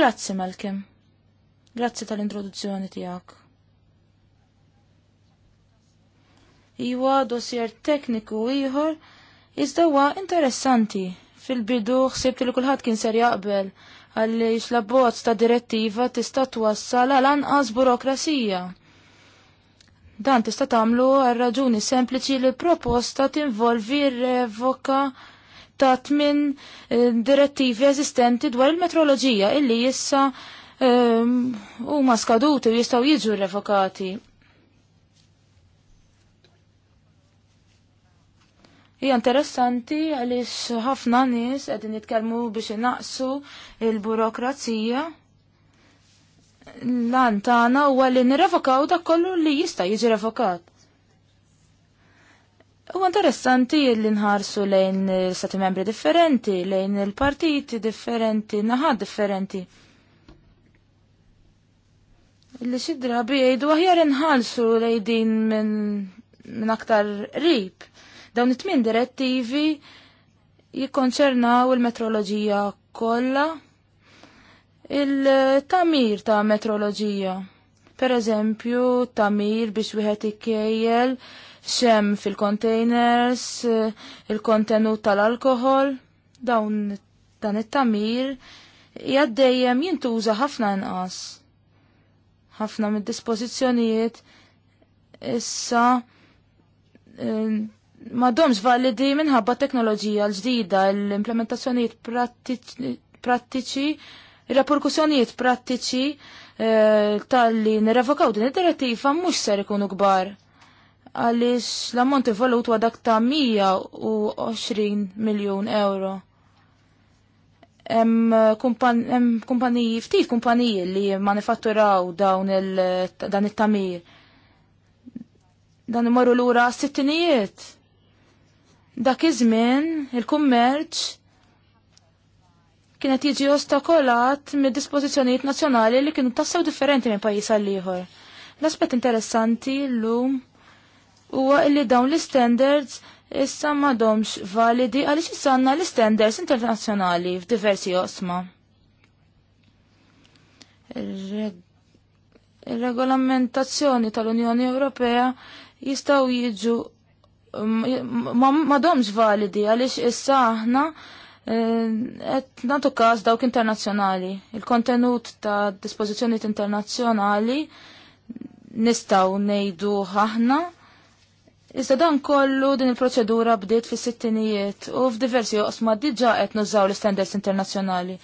C: Grazzi Malkem. Grazzi tal-introduzzjoni tiegħek. Iwa dossier tekniku ieħor iżda huwa interessanti. Fil-bidu ħsibt li kulħadd kien ser jaqbel għaliex l ta' direttiva tista' twassal għal anqas burokrasija. Dan tista' tagħmlu għal raġuni sempliċi li proposta tinvolvi revoka ta' tmin eh, direttivi eżistenti dwar il metrologija illi issa ehm, huma um, skaduti u jistgħu jiġu revokati. Hija interessanti għaliex ħafna nies qegħdin jitkellmu biex inaqsu il-burokrazija. Lan tagħna huwa li nirrevokaw dak kollu li jista' jiġi revokat. Huwa interessanti li nħarsu lejn stati membri differenti, lejn il-partiti differenti, naħad differenti. Li xi drabi jgħidu aħjar inħallsu lejn din minn min aktar rib Dawn it-tmien direttivi jikkonċernaw il metrologija kollha il-tamir ta' metrologija. Per eżempju, tamir biex wieħed ikkejjel xem fil-containers, il-kontenut tal-alkohol, dawn dan it-tamir jaddejjem jintuża ħafna inqas. Ħafna mid-dispożizzjonijiet issa eh, ma domx validi minħabba teknoloġija l-ġdida, l-implementazzjonijiet prattiċi, il-reperkussjonijiet prattiċi eh, tal-li nirrevokaw din id-direttiva mux ser ikunu kbar. Għalix l-ammonti valut għadak ta' 120 miljon euro. Eh, hemm kumpaniji, ftit kumpaniji li manifatturaw dawn il-tamir. Dan, dan imorru l-ura sittinijiet Dak iż-żmien il-kummerċ kienet jiġi ostakolat mid dispożizzjonijiet nazzjonali li kienu tassew differenti minn pajjiż għal ieħor. L-aspett interessanti llum huwa li dawn l-standards issa m'għadhomx validi għaliex issa għandna l-standards internazzjonali f'diversi osma. Ir-regolamentazzjoni tal-Unjoni Ewropea jistgħu jiġu ma domx validi għaliex issa aħna qed eh, nagħtu każ dawk internazzjonali. Il-kontenut ta' dispożizzjonijiet internazzjonali nistgħu ngħidu ħahna. Iżda dan kollu din il-proċedura bdiet fis-sittinijiet u f'diversi oqsma diġà qed nużaw l-standards internazzjonali.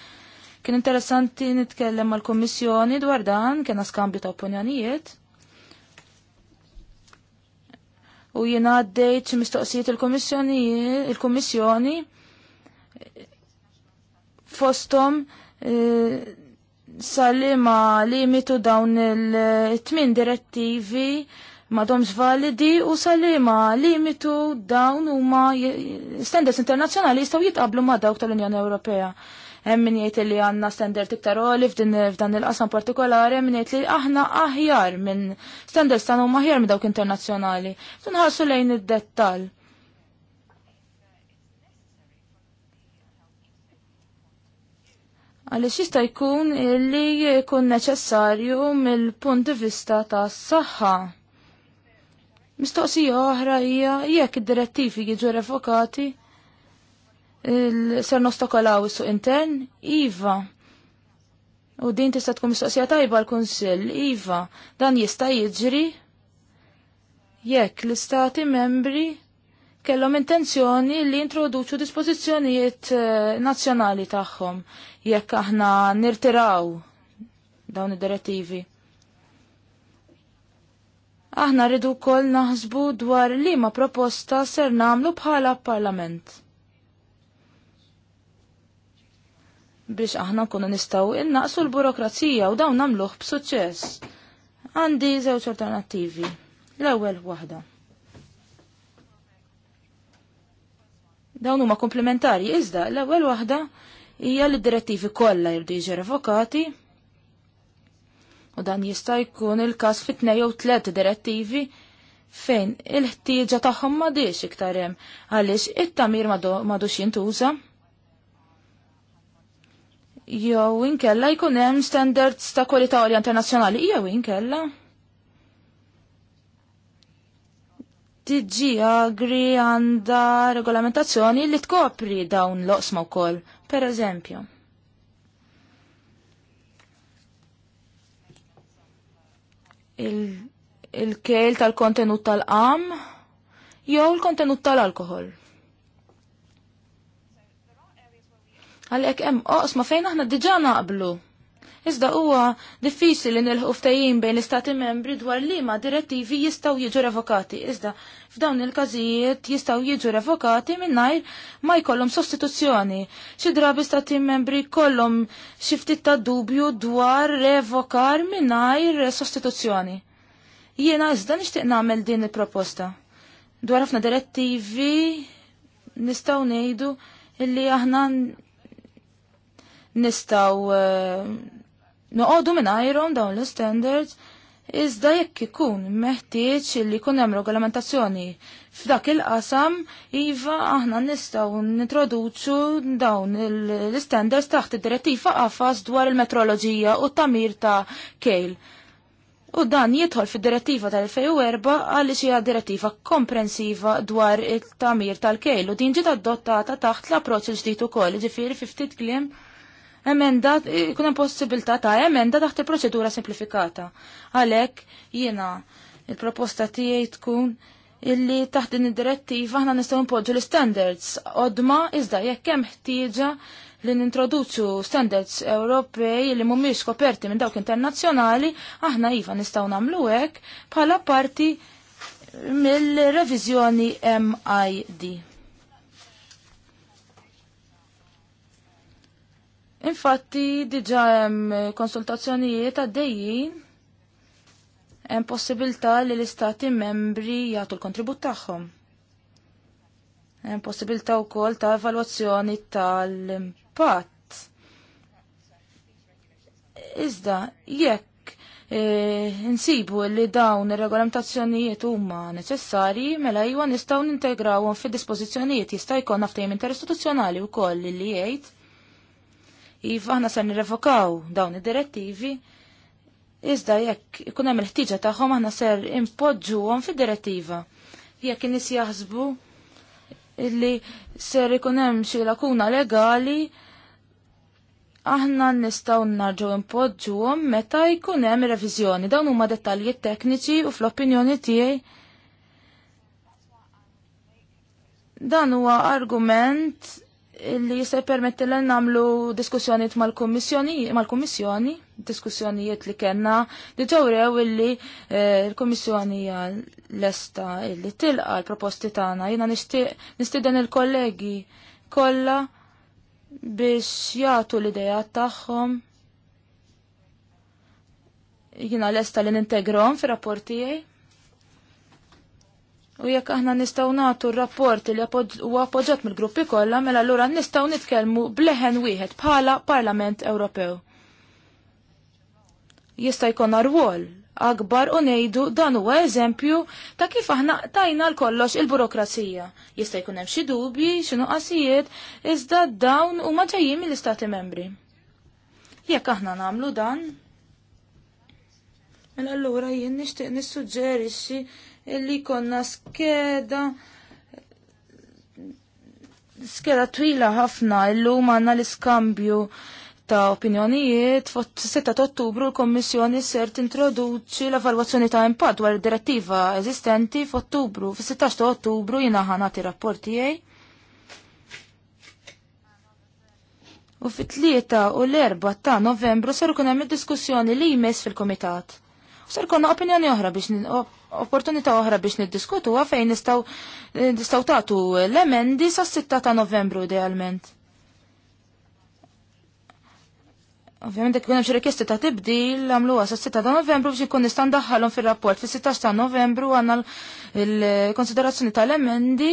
C: Kien interessanti nitkellem mal komissjoni dwar dan, kena skambju ta' opinjonijiet. u jiena għaddejt xi mistoqsijiet il-Kummissjoni il-Kummissjoni fostom e, ma limitu dawn il-tmin direttivi madomx validi u salima limitu dawn huma standards internazzjonali jistgħu jitqablu ma dawk tal-Unjoni Ewropea hemm min jgħid li għandna standard iktar oli f'dan il-qasam partikolari, min jgħid li aħna aħjar minn standards stanu huma aħjar minn dawk internazzjonali. Tunħasu lejn id-dettall. Għaliex jista' jkun li jkun neċessarju mill-punt di vista tas saħħa. Mistoqsija oħra hija jekk id-direttivi jiġu revokati ser nostokolaw is-suq intern, iva. U din tista' tkun mistoqsija tajba l-Kunsill, iva, dan jista' jiġri jekk l-istati membri kellhom intenzjoni li introduċu dispożizzjonijiet eh, nazzjonali tagħhom jekk aħna nirtiraw dawn id-direttivi. Aħna rridu wkoll naħsbu dwar liema proposta ser nagħmlu bħala parlament. biex aħna nkunu nistgħu innaqsu l-burokrazija u dawn nagħmluh b'suċċess. Għandi żewġ alternattivi. L-ewwel waħda. Dawn huma komplementari iżda l-ewwel waħda hija li d-direttivi kollha jirdu revokati u dan jista' jkun il-każ fit jew tliet direttivi fejn il-ħtieġa tagħhom m'għadix iktar hemm għaliex it-tamir madux jintuża. Madu jew inkella jkun hemm standards ta' kwalità għolja internazzjonali jew inkella. Tiġi Agri għanda regolamentazzjoni li tkopri dawn l wkoll, per eżempju. il-kejl il tal-kontenut tal-qam jew l-kontenut tal-alkohol. Għalhekk hemm oqsma fejn aħna diġà naqblu. Iżda huwa diffiċli li nilħu ftehim bejn l-istati membri dwar liema direttivi jistgħu jiġu revokati. Iżda f'dawn il-każijiet jistgħu jiġu revokati mingħajr ma jkollhom sostituzzjoni. Xi drabi stati membri kollhom xi ftit ta' dubju dwar revokar mingħajr sostituzzjoni. Jiena iżda nixtieq nagħmel din il-proposta. Dwar ħafna direttivi nistgħu ngħidu illi aħna nistaw eh, noqogħdu mingħajrhom dawn l-standards Iżda jekk ikun meħtieġ li jkun hemm regolamentazzjoni f'dak il-qasam, iva aħna nistgħu nintroduċu dawn l-standards taħt id-direttiva qafas dwar il-metroloġija u t-tamir ta' kejl. U dan jidħol fid-direttiva tal-2004 għaliex hija direttiva komprensiva dwar it-tamir tal-kejl u din ġiet adottata taħt l-approċċ il-ġdid ukoll, ġifieri fi ftit kliem emenda, ikun hemm possibilità ta' emenda taħt il-proċedura simplifikata. Għalhekk jiena il-proposta tiegħi tkun illi taħt din id-direttiva aħna nistgħu npoġġu l-standards Odma, iżda jekk hemm ħtieġa li nintroduċu standards Ewropej li mhumiex koperti minn dawk internazzjonali, aħna iva nistgħu nagħmlu hekk bħala parti mill-reviżjoni MID. Infatti, diġa hemm konsultazzjonijiet għaddejjin hemm possibilità li l-istati membri jagħtu l-kontribut tagħhom. Hemm possibilità wkoll ta' evalwazzjoni tal-impatt. Iżda, jekk e, insibu li dawn ir-regolamentazzjonijiet huma neċessarji, mela iwa nistgħu nintegrawhom fid-dispożizzjonijiet jista' jkun naftejjem interistituzzjonali wkoll li jgħid Iva, aħna ser nirrevokaw dawn id-direttivi, iżda jekk ikun hemm il ħtieġa tagħhom aħna ser impoġġuhom fid-direttiva. Jekk in-nies jaħsbu illi ser ikun hemm xi lakuna legali, aħna nistgħu narġgħu impoġġuhom meta jkun hemm reviżjoni. Dawn huma dettalji tekniċi u fl-opinjoni tiegħi dan huwa argument li jista' jpermetti l namlu diskussjonijiet mal-kummissjoni, diskussjonijiet li kellna li tawrew illi eh, l-kummissjoni l lesta illi tilqa l-proposti tagħna. Jiena nistieden il-kollegi kollha biex jagħtu l-idea tagħhom. Jiena lesta li nintegrom fir-rapport tiegħi. U jekk aħna nistgħu nagħtu r-rapport li huwa appoġġjat mill-gruppi kollha, mela allura nistgħu nitkellmu bleħen wieħed bħala Parlament Ewropew. Jista' jkun rwol akbar u ngħidu dan huwa eżempju ta' kif aħna tajna l-kollox il-burokrazija. Jista' jkun hemm xi dubji, xi nuqqasijiet, iżda dawn huma ġejjin mill-Istati Membri. Jekk aħna nagħmlu dan, mela allura jien nixtieq nissuġġerixxi illi konna skeda skeda twila ħafna illum għanna l-iskambju ta' opinjonijiet fot 6 ottubru l-Kommissjoni ser tintroduċi l-evalwazzjoni ta' impatt dwar direttiva eżistenti f'Ottubru. Fis-16 ta' Ottubru jina ħanati rapporti tiegħi. U fit-tlieta u l 4 ta' novembru ser ikun hemm id-diskussjoni li jmiss fil-Kumitat. U ser konna opinjoni oħra biex opportunità oħra biex niddiskutu fejn nistaw nistaw tagħtu l-emendi sas-6 ta' Novembru idealment. Ovvjament jekk hemm xi rikesti ta' tibdil għamluha sas-6 ta' Novembru biex ikun nista' ndaħħalhom fir-rapport. Fis-16 ta' Novembru għandna l-konsiderazzjoni tal-emendi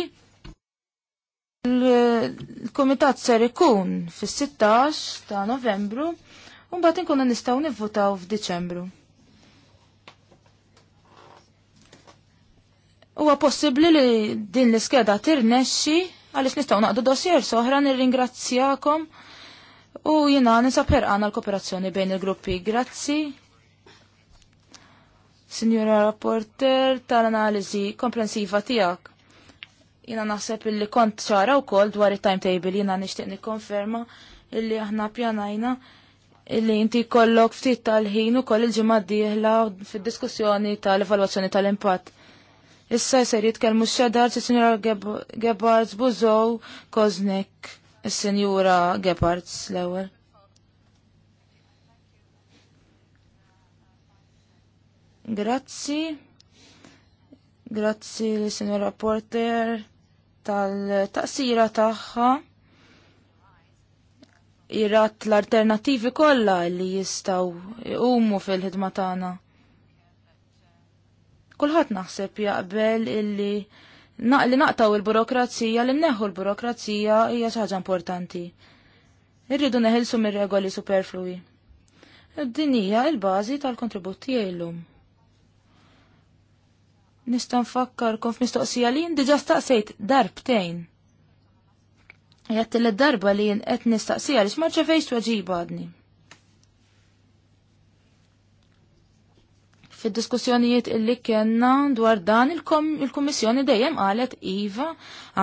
C: il-komitat ser ikun fis-16 ta' Novembru u mbagħad inkunu nistgħu nivvutaw f'Diċembru. Huwa possibbli li din l-iskeda tirnexxi għaliex nistgħu naqdu dossier soħra nirringrazzjakom u jiena nisab ħerqana l-kooperazzjoni bejn il-gruppi. Grazzi. Signora Rapporter tal-analiżi komprensiva tiegħek jina naħseb illi kont ċara u kol dwar il-timetable jina nishtiq nikkonferma illi aħna pjanajna illi inti kollok ftit tal-ħin u koll il-ġimma diħla fil-diskussjoni tal-evaluazzjoni tal-impatt. Issa jser jitkellmu x-xedar si sinjura Gebhards Buzow Koznik, s-Sinjura Gebhards l ewel Grazzi. Grazzi li sinjura Porter tal-taqsira tagħha Irat l-alternativi kollha li jistaw umu fil-ħidma tagħna. Kulħadd naħseb jaqbel illi li naqtaw il-burokrazija, li neħu l-burokrazija hija xi ħaġa importanti. Irridu neħilsu mir-regoli superflui. Din hija l-bażi tal-kontribut tiegħi llum. Nista' nfakkarkom mistoqsija li diġà staqsejt darbtejn. Jgħat li darba li jien qed nistaqsija li x'ma fejstu tweġib għadni. Fid-diskussjonijiet illi kienna dwar dan il-Kummissjoni dejjem qalet iva,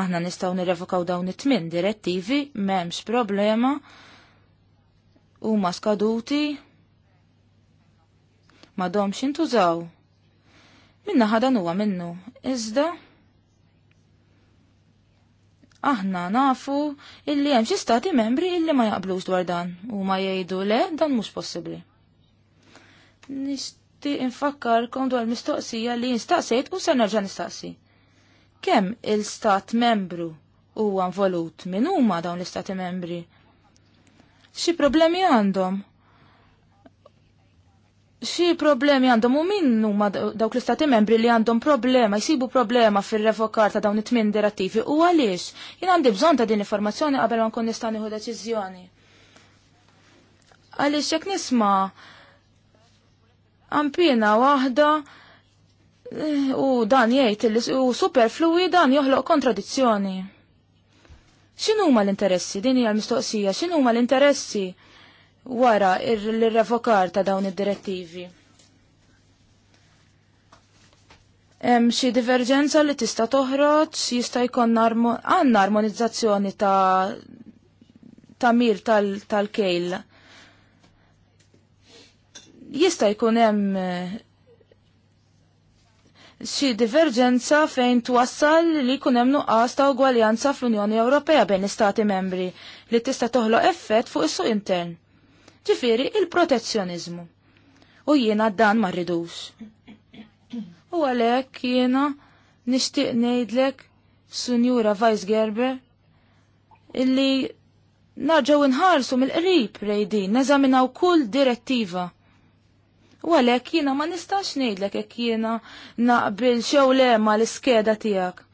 C: aħna nistgħu nirrevokaw dawn it-tmien direttivi m'hemmx problema huma skaduti m'għadhomx intużaw. Minna ħadan huwa minnu, iżda aħna nafu illi hemm xi stati membri illi ma jaqblux dwar dan u ma jgħidu le dan mhux possibbli. Nist Infakkar kom dwar mistoqsija li jinstaqsejt u se nerġa' nistaqsi. Kemm il-stat membru huwa involut minn huma dawn l-istati membri? Xi problemi għandhom? Xi problemi għandhom u min huma dawk l-istati membri li għandhom problema, jsibu problema fir-revokar ta' dawn it-tmien derattivi u għaliex? Jien għandi bżonn ta' din informazzjoni qabel ma nkun nista' nieħu deċiżjoni. Għaliex jekk nisma' ampina waħda eh, u dan jgħid li u superflui dan joħloq kontradizzjoni. X'inhuma l-interessi? Din hija l-mistoqsija, x'inhuma l-interessi wara l-revokar ta' dawn id-direttivi? Hemm xi diverġenza li tista' toħroġ jista' jkun għandna armonizzazzjoni ta' tamir tal-kejl. Tal jista' jkun hemm eh, xi diverġenza fejn twassal li jkun hemm nuqqas ta' ugwaljanza fl-Unjoni Ewropea bejn l istati membri li tista' toħloq effett fuq is-suq intern. Ġifieri il-protezzjoniżmu. U jiena dan ma rridux. U għalhekk jiena nixtieq ngħidlek, Sunjura Vice Gerber, illi narġaw inħarsu mill-qrib rejdi, neżaminaw kull direttiva U għalek jina ma nistax nejdlek jek jina naqbil xew lema l-iskeda tijak.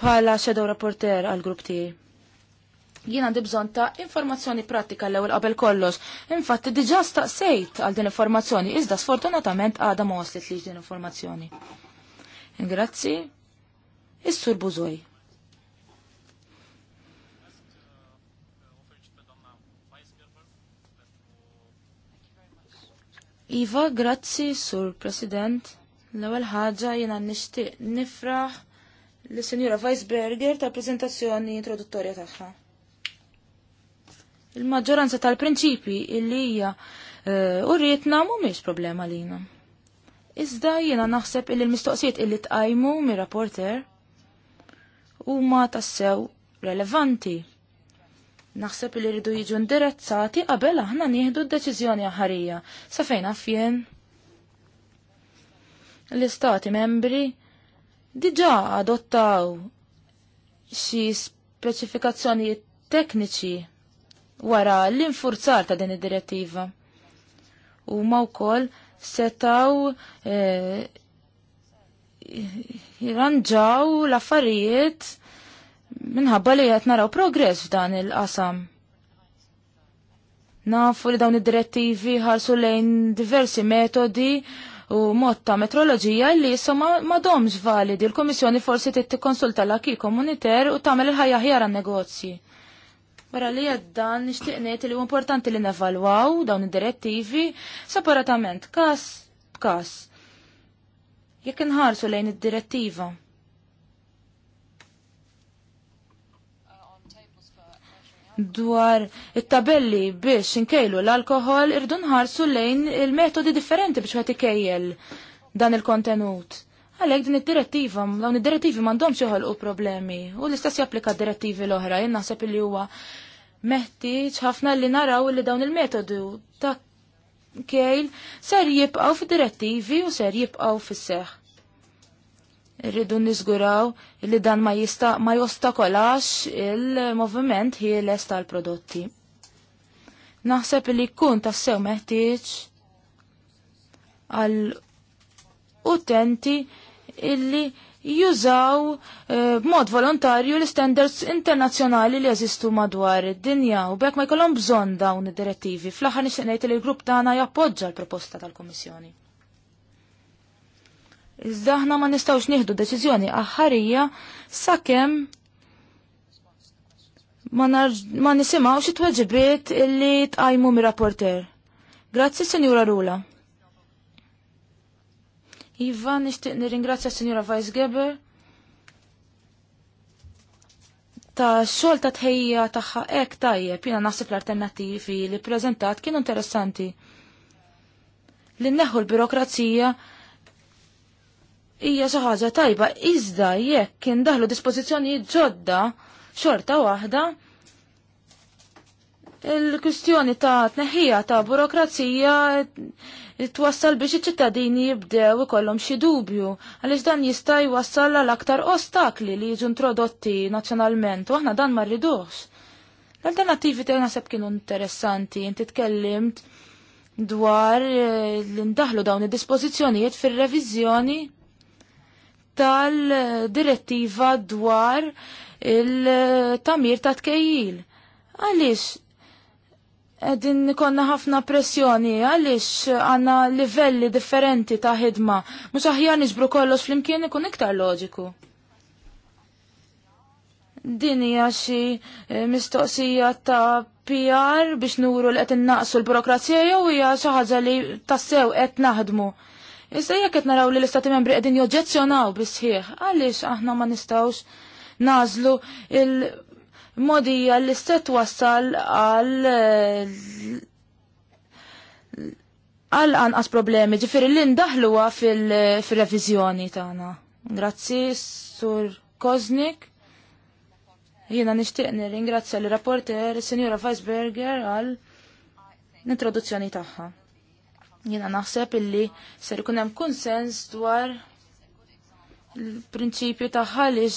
C: Pala xedaw rapporter għal-grupp tijaj. Jina għandi bżon ta' informazzjoni pratika l ewwel qabel kollox. Infatti diġa staqsejt għal din informazzjoni, iżda sfortunatament għada ma waslet li din informazzjoni. Grazzi, is-sur Buzoj. Iva, grazzi, sur President. L-ewwel ħaġa jiena nixtieq nifraħ lis sinjura Weisberger tal-preżentazzjoni introduttorja tagħha. Il-maġġoranza tal-prinċipi illi hija eh, u rritna mhumiex problema lina. Iżda jiena naħseb illi l-mistoqsijiet illi tqajmu mir rapporter huma tassew relevanti. Naħseb li rridu jiġu indirezzati qabel aħna nieħdu d-deċiżjoni aħarija. Sa fejn affjen? L-istati membri diġà adottaw xi speċifikazzjonijiet tekniċi wara l-infurzar ta' din id-direttiva. U ma' wkoll setaw eh, jirranġaw l-affarijiet minħabba li qed naraw progress f'dan il-qasam. Nafu li dawn id-direttivi ħarsu lejn diversi metodi u mod ta' li issa ma domx validi. Il-Komissjoni forsi titti konsulta l-aki komuniter u tagħmel il-ħajja ħjar negozji. Wara li dan nixtieq ngħid li importanti li nevalwaw dawn id-direttivi separatament każ b'każ. Jekk inħarsu lejn id-direttiva dwar it-tabelli biex inkejlu l-alkohol irdu nħarsu lejn il-metodi differenti biex għati ikejjel dan il-kontenut. Għalek din id-direttiva, dawn id-direttivi mandomx joħolqu problemi u l-istess japplika d-direttivi l-oħra, jenna naħseb li huwa meħtieġ ħafna li naraw li dawn il-metodu ta' kejl ser jibqaw fid-direttivi u ser jibqaw fis-seħ. Rridu niżguraw li dan ma, jista, ma jostakolax il-moviment l-est tal-prodotti. Naħseb li kun tassew meħtieġ għal utenti illi jużaw eh, b'mod eh, volontarju l-standards internazzjonali li jeżistu madwar id-dinja u bekk ma jkollhom bżonn dawn id-direttivi. Fl-aħħar nixtieq ngħid li l-grupp tagħna jappoġġa l-proposta tal-Kummissjoni. Iżda aħna ma nistawx nieħdu deċiżjoni aħħarija sakemm ma, ma nisimgħu xi tweġibiet illi tqajmu mi rapporter Grazzi, Sinjura Rula. Iva, nixtieq nirringrazzja Senjura Vice Geber ta' xol ta' tħejja taħħa ek tajjeb, jina naħseb l-alternativi li prezentat kienu interessanti. Li neħu l-birokrazija hija xi ħaġa tajba iżda jekk daħlu dispożizzjonijiet ġodda xorta waħda il-kwistjoni ta' tneħħija ta' burokrazija twassal biex iċ-ċittadini jibdew ikollhom xi dubju għaliex dan jista' jwassal għal aktar ostakli li jiġu introdotti nazzjonalment u aħna dan ma rridux. L-alternattivi tiegħi naħseb kienu interessanti, inti tkellimt dwar eh, l-indaħlu dawn id-dispożizzjonijiet fir-reviżjoni tal-direttiva dwar il-tamir ta' tkejjil. Għalix, din konna ħafna pressjoni, għalix għanna livelli differenti ta' ħidma, mux aħjar nġbru kollox fl-imkien ikun iktar loġiku. Din hija xi eh, mistoqsija ta' PR biex nuru li qed innaqsu l-burokrazija jew hija xi ħaġa li tassew qed naħdmu. Issa jekk qed naraw li l-istati membri qegħdin joġġezzjonaw bisħieħ, għaliex aħna ma nistgħux nażlu il-modija li se twassal għal għal anqas problemi, ġifieri li ndaħluha fil-reviżjoni tagħna. Grazzi, Sur Koznik. Jiena nixtieq nirringrazzja l-rapporter, Sinjura Weisberger, għal l-introduzzjoni tagħha jina naħseb illi ser ikun hemm konsens dwar il-prinċipju ta' ħalis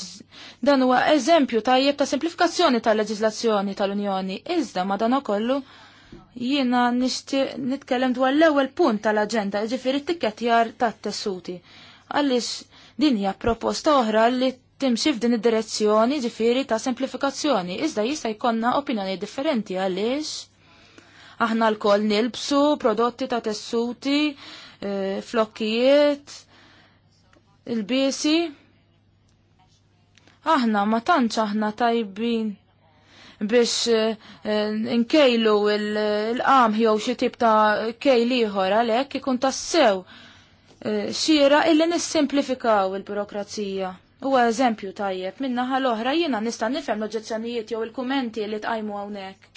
C: dan huwa eżempju tajjeb ta' simplifikazzjoni tal leġislazzjoni tal-Unjoni. Iżda ma dan kollu jiena nitkellem dwar l-ewwel punt tal-aġenda, ġifieri t-tikketjar tat-tessuti. Għaliex din hija proposta oħra li timxi f'din id-direzzjoni ġifieri ta' semplifikazzjoni, iżda jista' jkollna opinjoni differenti għaliex Aħna l-koll nilbsu prodotti ta' tessuti, eh, flokkijiet, il-biesi. Aħna ma tantx aħna tajbin biex eh, nkejlu il-qam jew xi tip ta' kejl ieħor għalhekk ikun tassew eh, xira illi nissimplifikaw il-burokrazija. Huwa eżempju tajjeb minna l oħra jiena nista' nifhem l-oġġezzjonijiet jew il-kumenti li tqajmu hawnhekk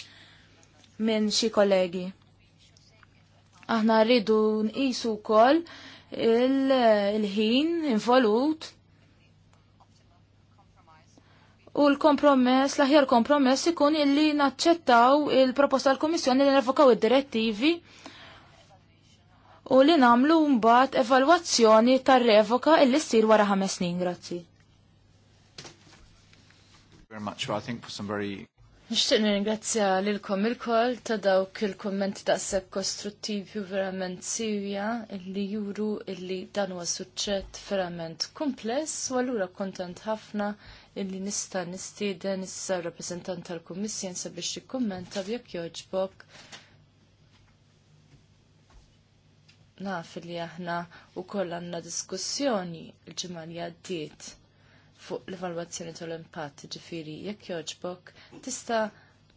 C: minn xi kollegi. Aħna rridu nqisu wkoll il-ħin involut u l-kompromess, l-aħjar kompromess ikun illi naċċettaw il-proposta l kummissjoni li nervokaw id-direttivi u li namlu mbagħad evalwazzjoni tar-revoka illi ssir wara ħames
A: snin, grazzi.
B: Very much. I think for some very
A: Nishtiq nirringrazzja lilkom il-koll ta' dawk il-kommenti daqshekk kostruttivi u verament sirja illi juru illi dan huwa suċċett verament kumpless u allura kontent ħafna illi nista' nistieden issa rappreżentant tal-Kummissjon sabiex jikkummenta jekk jogħġbok. Naf li aħna wkoll għandna diskussjoni l-ġimgħa li għaddiet fuq l-evalwazzjoni tal-impatt, ġifiri, jekk joġbok, tista'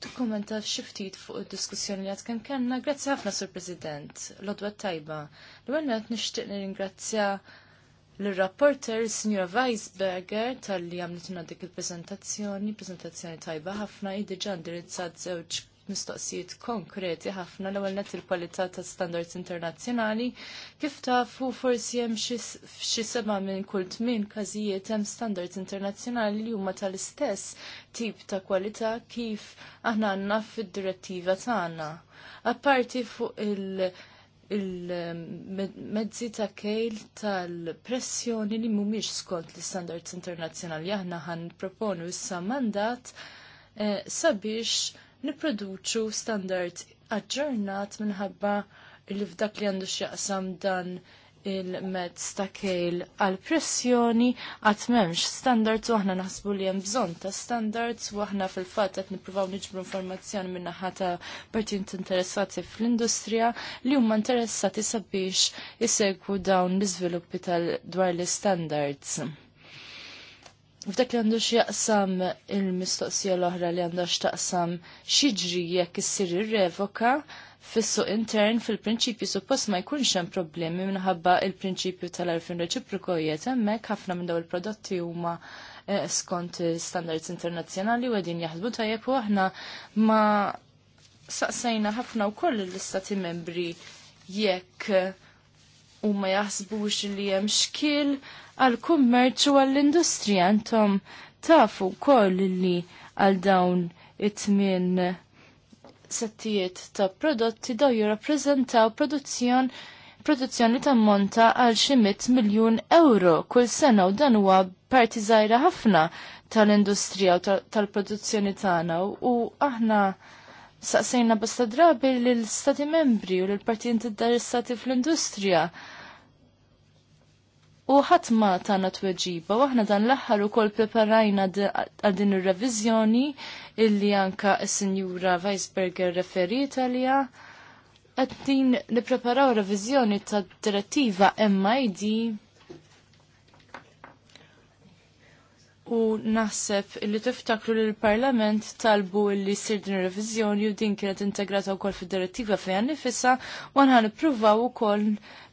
A: dokumenta ftit fuq id-diskussjoni li għad kem Grazzi ħafna, Sur President, l-odwa tajba. L-għanna qed nishtiq ringrazzja l-rapporter, Signora Weisberger, tal-li dik il-prezentazzjoni, prezentazzjoni tajba ħafna, id-ġan dirizzat zewġ mistoqsijiet konkreti ħafna l ewwel net il-kwalità ta' standards internazzjonali. Kif tafu forsi hemm xi seba' minn kull tmien każijiet hemm standards internazzjonali li huma tal-istess tip ta' kwalità kif aħna għandna fid-direttiva tagħna. Apparti fuq il- il-mezzi ta' kejl tal-pressjoni li mumiex skont l-standards internazzjonali aħna ħan proponu issa mandat eh, sabiex niproduċu standard aġġornat minħabba li f'dak li għandu x'jaqsam dan il-mezz ta' kejl għal pressjoni għat memx standards u aħna naħsbu li hemm bżonn ta' standards u aħna fil-fatt qed nippruvaw niġbru informazzjoni minna naħa ta' partit interessati fl-industrija li huma interessati sabiex isegwu dawn l-iżviluppi tal dwar l-standards. F'dak li għandu jaqsam il-mistoqsija l-oħra li għandha x'taqsam xiġri jekk issir irrevoka fis-suq intern fil-prinċipju suppost ma jkunx hemm problemi minħabba il-prinċipju tal-arfin reċiproku jiet hemmhekk ħafna minn dawn il-prodotti huma eh, skont standards internazzjonali u għedin jaħdmu tajjeb u aħna ma saqsejna ħafna wkoll l-istati membri jekk u ma jaħsbux li hemm xkil għal kummerċ u għall industrija intom tafu koll li għal dawn it-tmien settijiet ta' prodotti daw jirrappreżentaw produzzjon produzzjoni ta' monta għal xi miljun euro kull sena u dan huwa parti żgħira ħafna tal-industrija u tal-produzzjoni tagħna u aħna ta saqsejna basta drabi l-stati membri u l partijin t-interessati fl-industrija. U ħatma tana t-weġiba, u aħna dan l-axħar u kol preparajna għadin il-revizjoni illi anka s-senjura Weisberger referita Italia. għaddin li preparaw revizjoni ta' direttiva MID u naħseb li tiftakru li l-Parlament talbu li sir din revizjoni u din kienet integrata wkoll fid-direttiva fejn nifissa, u nħan u ukoll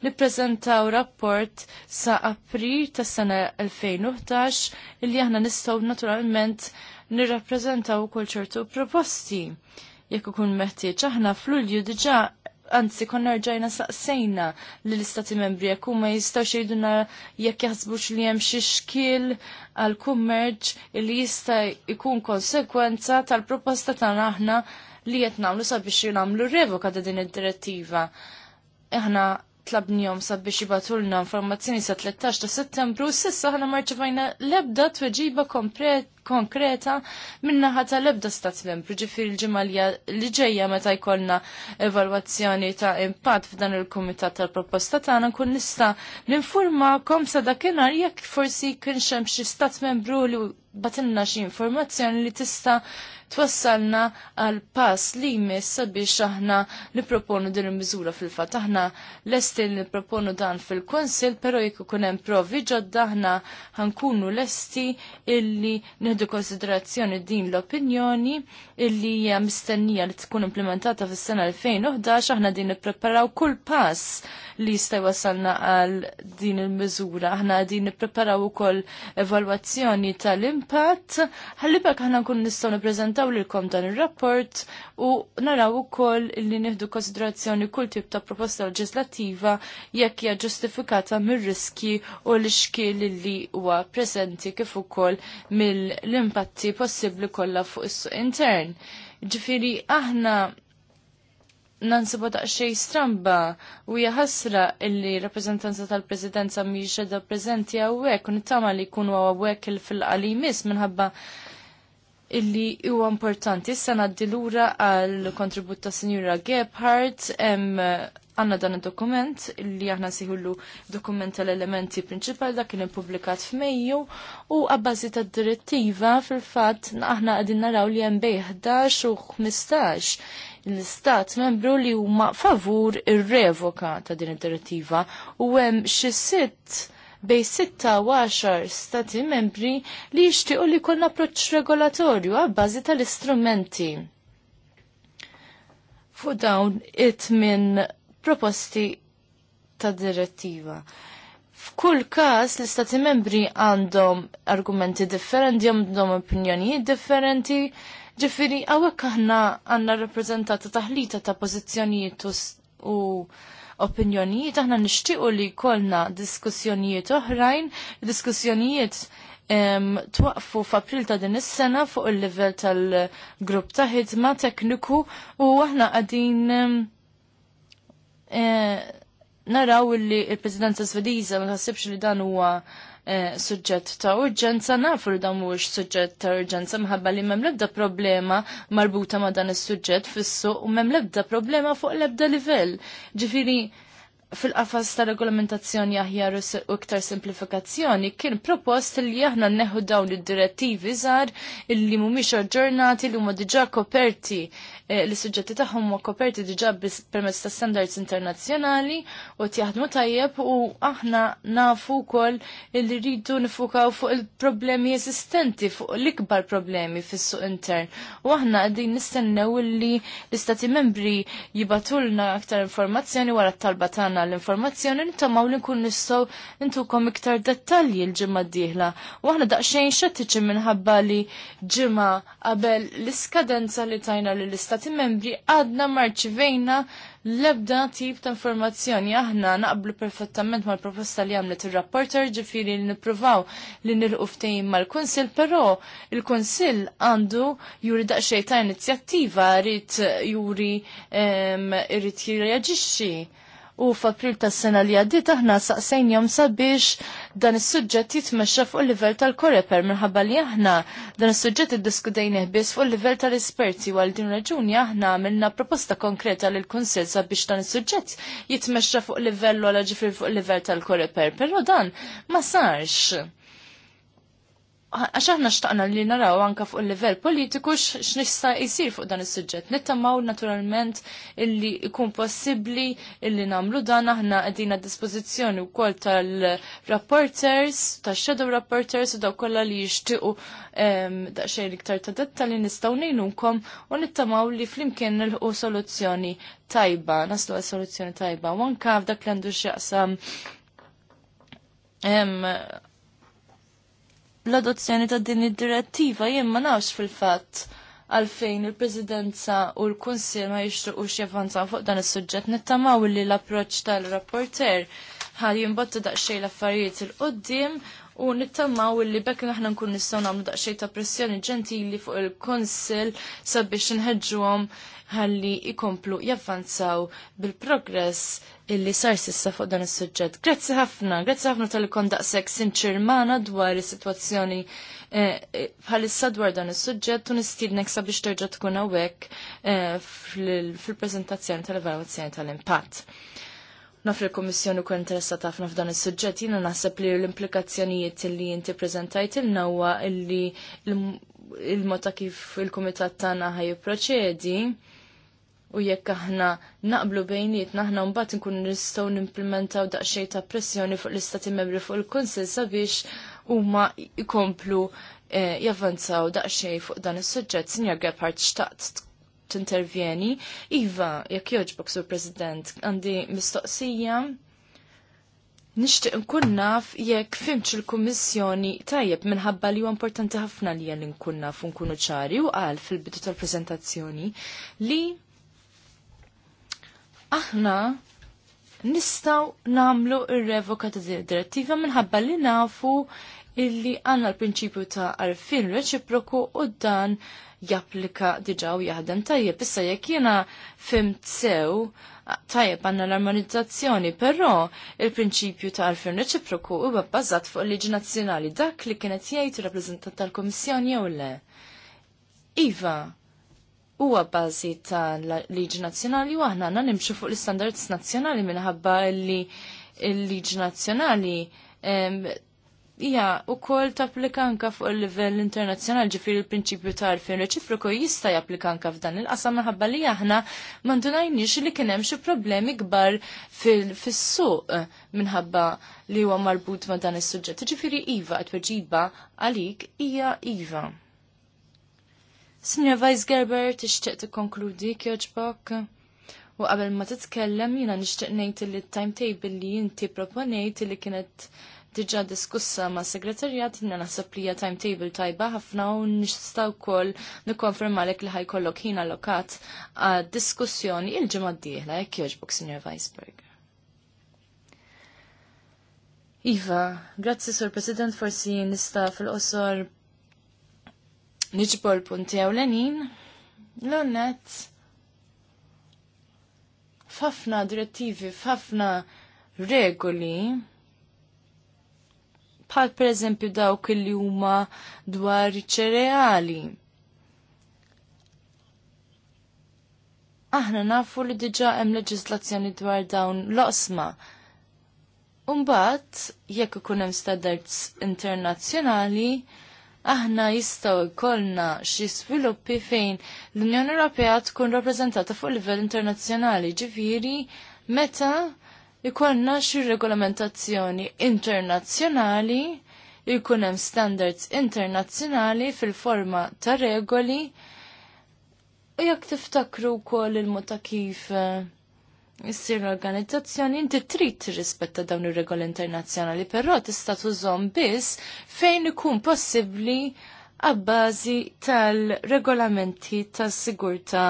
A: li prezentaw rapport sa April tas-sena 2011 li aħna nistgħu naturalment nirrappreżentaw kol ċertu proposti jekk ikun meħtieġ aħna f'Lulju diġà anzi konna rġajna saqsejna li l-istati membri jekk huma jistgħu jgħidulna jekk jaħsbux li hemm xi xkil għal kummerċ li jista' jkun konsekwenza tal-proposta tagħna aħna li qed nagħmlu sabiex nagħmlu revoka ta' din id-direttiva. Aħna tlabnjom sabiex jibatulna informazzjoni sa' 13 ta' settembru, sissa ħana marċivajna lebda tweġiba konkreta minna ħata lebda stat membru, ġifiri l-ġemalja li ġeja meta jkollna evalwazzjoni ta' impatt f'dan il-komitat tal-proposta tagħna kun nista' ninformakom sa' dakinhar jekk forsi kien xi stat membru li batinna xie informazzjoni li tista' twassalna għal pass li jmiss sabiex aħna niproponu din il-miżura fil fat Aħna lestin niproponu dan fil-Konsil, però jekku kunem hemm provi ġodda aħna ħankunu lesti illi nieħdu konsiderazzjoni din l-opinjoni illi hija mistennija li tkun implementata fis-sena 2011 aħna din nippreparaw kull pass li jista' wassalna għal din il-miżura. Aħna din nippreparaw ukoll evalwazzjoni tal-impatt impatt, ħalli bekk ħana nkun nistgħu nippreżentaw lilkom dan ir-rapport u naraw ukoll li nieħdu konsiderazzjoni kull tip ta' proposta leġislattiva jekk hija ġustifikata mir-riski u l-xkiel li huwa preżenti kif ukoll mill-impatti possibbli kollha fuq is-suq intern. Ġifieri aħna nansibu xej stramba u jaħasra illi rappresentanza tal-prezidenza miex edha prezenti għawek u nittama li kunu għawek fil-qalimis minħabba illi huwa importanti. Issa naddi lura għal kontribut ta' Sinjura Gebhardt, għanna dan il-dokument li aħna siħullu dokument tal-elementi prinċipali dak kien ippubblikat f'Mejju u għabbażi ta' direttiva fil-fatt aħna għadin naraw li hemm bej 11 u 15 l-istat membru li huma favur ir-revoka ta' din id-direttiva u hemm xi sitt bej 16 stati membri li jixtiequ li jkollna approċċ regolatorju għabbażi tal-istrumenti fuq dawn it minn proposti ta' direttiva. F'kull każ l-istati membri għandhom argumenti differenti, għandhom opinjonijiet differenti, ġifiri għawek aħna għanna rappresentata taħlita ta' pozizjonijiet u opinjonijiet, aħna nixtiequ li kolna diskussjonijiet oħrajn, diskussjonijiet twaqfu f'April ta' din is-sena fuq il-livell tal-grupp ta' ħidma tekniku u aħna qegħdin Eh, naraw li il-Presidenza Svediza ma taħsibx li dan huwa eh, suġġett ta' urġenza, nafu li dan mhuwiex suġġett ta' urġenza minħabba li m'hemm l-ebda problema marbuta ma' dan is-suġġett fis-suq u m'hemm l-ebda problema fuq l-ebda livell. Ġifieri fil-qafas ta' regolamentazzjoni aħjar u iktar simplifikazzjoni kien propost li aħna neħu dawn id-direttivi żgħar illi mhumiex aġġornati li huma diġà koperti Eh, li suġġetti tagħhom huwa koperti diġà permezz ta' standards internazzjonali u tjaħdmu tajjeb u aħna nafu wkoll li rridu nifukaw fuq il-problemi eżistenti, fuq l-ikbar problemi fis-suq intern. U aħna qegħdin nistennew li l-istati membri jibatulna aktar informazzjoni wara t-talba tagħna l-informazzjoni nittamaw li nkun nistgħu intukom iktar dettalji l-ġimgħa d-dieħla. U aħna daqsxejn xattiċi minħabba li ġimgħa qabel l-iskadenza li tajna lill istati stati membri għadna marċivejna l-ebda tip ta' informazzjoni. Aħna naqblu perfettament mal proposta li għamlet il-rapporter ġifiri li nipruvaw li nilqu ftejn mal-Kunsil, però il-Kunsil għandu juri daqxej ta' inizjattiva, rrit juri ehm, irrit jirreagġixxi u f'April tas-sena li għaddit aħna jom sabiex dan is-suġġett jitmexxa fuq il-livell tal-koreper minħabba li aħna dan is-suġġett iddiskutejnieh biss fuq il-livell tal-esperti għal din raġuni aħna għamilna proposta konkreta lil kunsell sabiex dan is-suġġett jitmexxa fuq livell għal ġifir fuq il-livell tal-koreper, però dan ma sarx għax aħna xtaqna li naraw anka fuq il-level politiku x'nista' jsir fuq dan is-suġġett. Nittamaw naturalment illi ikun possibbli illi nagħmlu dan aħna qegħdin dispożizzjoni wkoll tal-rapporters, tax-shadow rapporters u daw kollha li jixtiequ ehm, daqsxejn iktar ta' detta li nistgħu ngħinunkom u nittamaw li flimkien nilħu soluzzjoni tajba, naslu soluzzjoni tajba. U f'dak li għandu x'jaqsam ehm, l-adozzjoni ta' din id-direttiva jien ma nafx fil-fatt għalfejn il-Presidenza u l-Kunsil ma jixtruqux javanzaw fuq dan is-suġġett nittamaw li l-approċċ tal-rapporter ħal jimbotta daqsxejn l-affarijiet il-qoddim u nittamaw li bekk naħna nkun nistgħu nagħmlu daqsxejn ta' pressjoni ġentili fuq il-Kunsil sabiex inħeġġuhom ħalli ikomplu javvanzaw bil-progress illi sar sissa fuq dan is-suġġett. Grazzi ħafna, grazzi ħafna tal daqshekk sinċirmana magħna dwar is-sitwazzjoni eh, bħalissa dwar dan is-suġġett u nistiednek sabiex terġa' tkun hawnhekk eh, fil-preżentazzjoni tal-evalwazzjoni tal-impatt. Naf il-Kummissjoni kommissjoni kun interessat ħafna f'dan is-suġġett, jiena naħseb li l-implikazzjonijiet li inti preżentajt il-nawa illi il-mod ta' kif il-Kumitat tagħna ħaj jipproċedi u jekk aħna naqblu bejniet aħna mbagħad nkun nistgħu nimplementaw daqsxejn ta' pressjoni fuq l-istati membri fuq il-Kunsill sabiex huma jkomplu eh, javvanzaw daqsxejn fuq dan is-suġġett. Sinjor Gephardt xtaqt tintervjeni. Iva, jekk joġbok sur President, għandi mistoqsija. Nixtieq nkun naf jekk fimx il-Kummissjoni tajjeb minħabba li huwa importanti ħafna li jgħal nkun naf u nkunu ċari u qal fil-bidu tal-preżentazzjoni li aħna nistaw namlu ir-revoka ta' direttiva minħabba li nafu illi għanna l-prinċipju ta' għarfin reċiproku u dan japplika diġaw u jaħdem tajjeb. Issa jekk jiena fimt sew tajjeb għanna l-armonizzazzjoni, però il-prinċipju ta' għarfin reċiproku huwa bbażat fuq il-liġi nazzjonali dak li kienet jgħid ir tal-Kummissjoni jew le. Iva, huwa bażi ta' liġi nazzjonali u aħna għandna nimxu fuq l-istandards nazzjonali minħabba li l-liġi nazzjonali hija wkoll tapplika anke fuq il-livell internazzjonali ġifieri l-prinċipju ta' għarfien reċiproku jista' japplika anke f'dan il-qasam minħabba li aħna m'għandunajniex li kien hemm xi problemi kbar fis-suq eh, minħabba li huwa marbut ma' dan is-suġġett. Ġifieri iva qed għalik hija iva. Sinja Vice Gerber, tixtieq tikkonkludi kjoġbok? U qabel ma titkellem jiena nixtieq ngħid li timetable li inti proponejt li kienet diġa diskussa ma' segretarjat inna naħseb li hija timetable tajba ħafna u nistgħu wkoll nikkonfermalek li ħajkollok ħin allokat għad diskussjoni il-ġimgħa d-dieħla jekk jogħġbok Sinjor Weisberg. Iva, grazzi Sur President forsi nista' fil-qosor niġbor l-punti ewlenin l-onnet f'ħafna direttivi, fafna regoli bħal per eżempju dawk li huma dwar ċereali. Aħna nafu li diġa hemm leġislazzjoni dwar dawn l-osma. Umbat, jekk ikun hemm standards internazzjonali, aħna jistaw jkollna xi sviluppi fejn l-Unjoni Ewropea tkun rappreżentata fuq livell internazzjonali, ġifieri meta jkollna xi regolamentazzjoni internazzjonali jkun hemm standards internazzjonali fil-forma ta' regoli u jekk tiftakru wkoll il-mod ta' kif uh, issir organizzazzjoni inti trid tirrispetta dawn ir-regoli internazzjonali, però tista' tużhom biss fejn ikun possibbli għabbażi tal-regolamenti tas-sigurta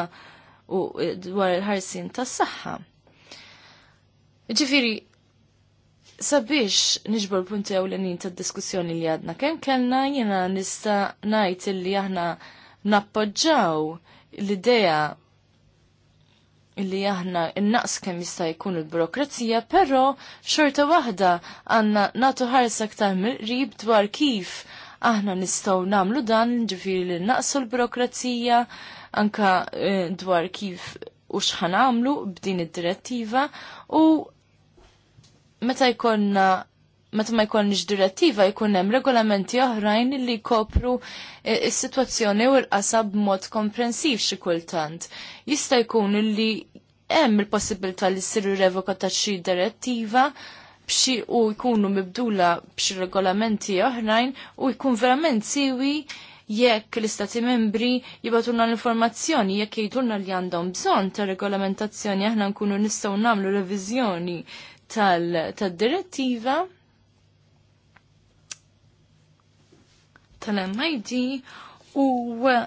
A: u dwar il-ħarsin tas-saħħa. Ġifiri, sabiex niġbor punti ewlenin tad-diskussjoni li għadna kemm kellna jiena nista' ngħid illi aħna nappoġġaw l-idea illi aħna innaqs kemm jista' jkun il-burokrazija, però xorta waħda għandna nagħtu ħarsa aktar mill-qrib dwar kif aħna nistgħu nagħmlu dan ġifieri li naqsu l-burokrazija anka eh, dwar kif u x'ħan għamlu b'din id-direttiva u meta jkollna meta ma jkollniex direttiva jkun hemm regolamenti oħrajn li jkopru eh, is-sitwazzjoni u l-qasab b'mod komprensiv xi kultant. Jista' jkun li hemm il-possibilità li ssir revoka ta' xi direttiva b'xi u jkunu mibdula b'xi regolamenti oħrajn u jkun verament siwi jekk l-istati membri jibatulna l-informazzjoni, jekk jgħidulna li għandhom bżon ta' regolamentazzjoni aħna nkunu nistgħu nagħmlu reviżjoni tal-direttiva. Tal tal-MID u uh,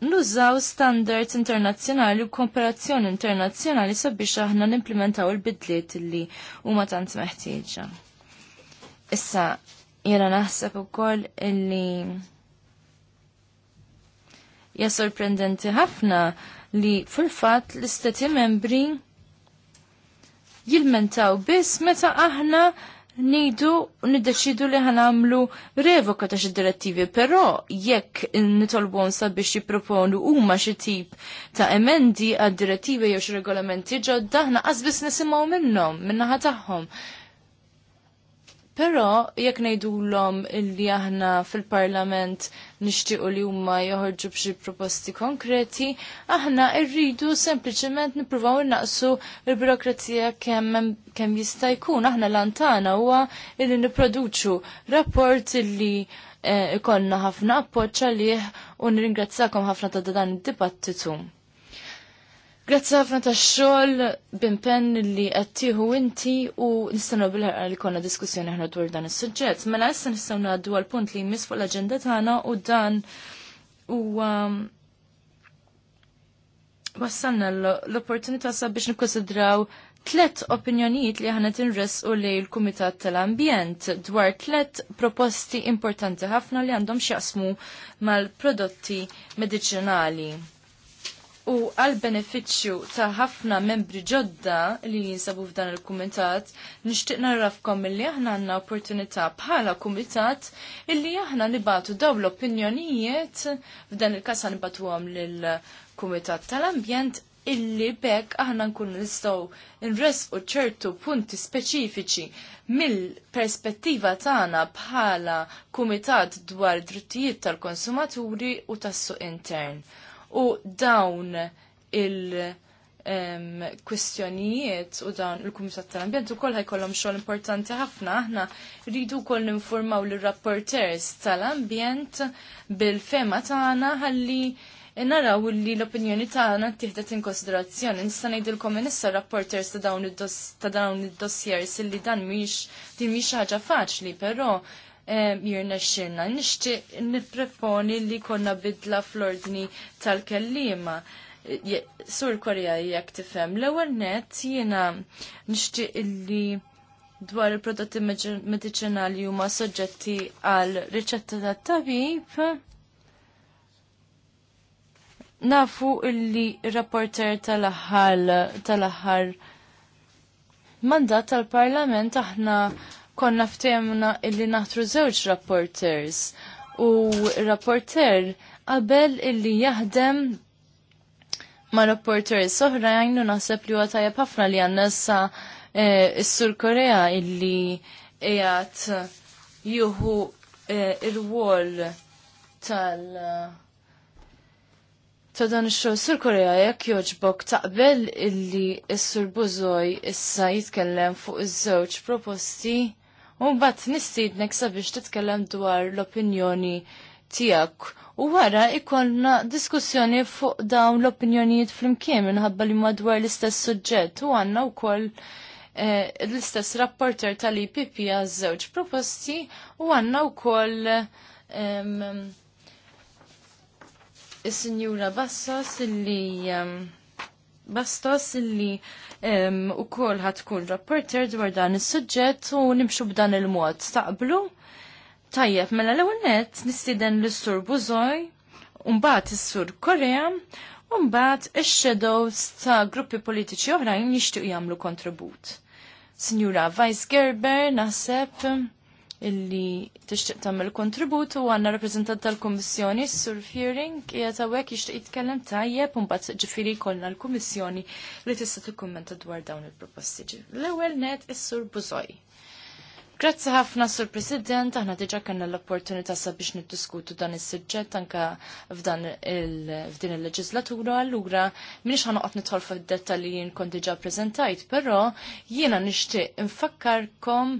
A: nużaw standards internazzjonali u komparazzjoni internazzjonali sabiex aħna nimplementaw il-bidliet li huma tant meħtieġa. Issa jena naħseb ukoll illi hija sorprendenti ħafna li fil fat l-istati membri jilmentaw biss meta aħna Nidu niddeċidu li ħanamlu revoka ta' xi direttivi, però jekk nitolbon sabiex jipproponu huma xi tip ta' emendi għad direttivi jew xi regolamenti ġodda ħna qasbis nisimgħu minnhom min-naħa tagħhom. Però jekk ngħidulhom illi aħna fil-Parlament nixtiequ li huma joħorġu b'xi proposti konkreti, aħna rridu sempliċement nippruvaw innaqsu l-birokrazija kemm kemm jista' jkun. Aħna lantana huwa illi nipproduċu rapport illi eh, ikonna ħafna appoġġ għalih u nirringrazzakom ħafna ta' dan id-dibattitu. Grazzi ħafna tax-xogħol pen li qed tieħu inti u nistanu bil-ħarqa li konna diskussjoni aħna dwar dan is-suġġett. Mela issa nistgħu ngħaddu għal punt li jmiss fuq l-aġenda tagħna u dan u wassalna l-opportunità sabiex nikkonsidraw tlet opinjonijiet li ħanet tinres u li l-Kumitat tal-Ambjent dwar tlet proposti importanti ħafna li għandhom xjaqsmu mal-prodotti medicinali u għal beneficju ta' ħafna membri ġodda li jinsabu f'dan il-kumitat, nixtieq narrafkom li aħna għandna opportunità bħala kumitat illi aħna nibatu daw l-opinjonijiet f'dan il-każ għam lill-Kumitat tal-Ambjent illi bekk aħna nkun nistgħu nresqu ċertu punti speċifiċi mill-perspettiva tagħna bħala kumitat dwar drittijiet tal-konsumaturi u tas-suq intern u dawn il- um, kwistjonijiet u dan il-Kumitat tal-Ambjent u koll ħajkollhom xogħol importanti ħafna aħna rridu wkoll ninformaw lir rapporters tal-ambjent bil-fema tagħna ħalli naraw li l-opinjoni tagħna tieħdet in konsiderazzjoni. Nista' ngħidilkom issa rapporters ta' dawn id-dossiers illi dan mhix din mhix ħaġa faċli, però jirna xinna. Nishti niprefoni li konna bidla fl-ordni tal-kellima. Sur Korea jek tifem. L-ewel net jena nishti illi dwar il-prodotti medicinali huma soġġetti għal riċetta tat tabib nafu illi rapporter tal ħar tal-aħħar mandat tal-parlament aħna konna f'temna illi naħtru żewġ rapporters u rapporter qabel illi jaħdem ma' rapporters oħra jgħinu naħseb li huwa tajjeb ħafna li għandna issa eh, s-Sur Korea illi jgħat juhu eh, il wol tal- Ta' dan xo Sur Korea jekk joġbok taqbel illi s-Sur Buzoj issa jitkellem fuq iż-żewġ proposti U mbagħad nistidnek sabiex titkellem dwar l-opinjoni tiegħek. U wara ikollna diskussjoni fuq dawn l-opinjonijiet flimkien minħabba li madwar l-istess suġġett u għandna wkoll eh, l-istess rapporter tal-IPP għazzewġ żewġ proposti u għanna u koll ehm, il-Sinjura Bassas li ehm, Bastos illi u kol ħatkun rapporter dwar dan is-suġġett u nimxu b'dan il-mod. staqblu. Tajjeb, mela l-ewwel nett nistieden l-sur Buzoj, mbagħad is-sur Korea, u mbagħad ix-shadows ta' gruppi politiċi oħrajn jixtiequ jagħmlu kontribut. Sinjura Vice Gerber naħseb illi tixtieq tagħmel kontribut u għandna rappreżentant tal-Kummissjoni Sur Fearing qiegħed hawnhekk jixtieq jitkellem tajjeb u mbagħad ġifieri jkollna l-Kummissjoni li tista' tikkummenta dwar dawn il-proposti. L-ewwel net is-Sur Buzoj. Grazzi ħafna Sur President, aħna diġa kellna l-opportunità sabiex niddiskutu dan is-suġġett anke f'dan f'din il-leġislatura, allura minix ħanoqgħod nidħol fid-dettalji jien kont diġà preżentajt, però jiena nixtieq infakkarkom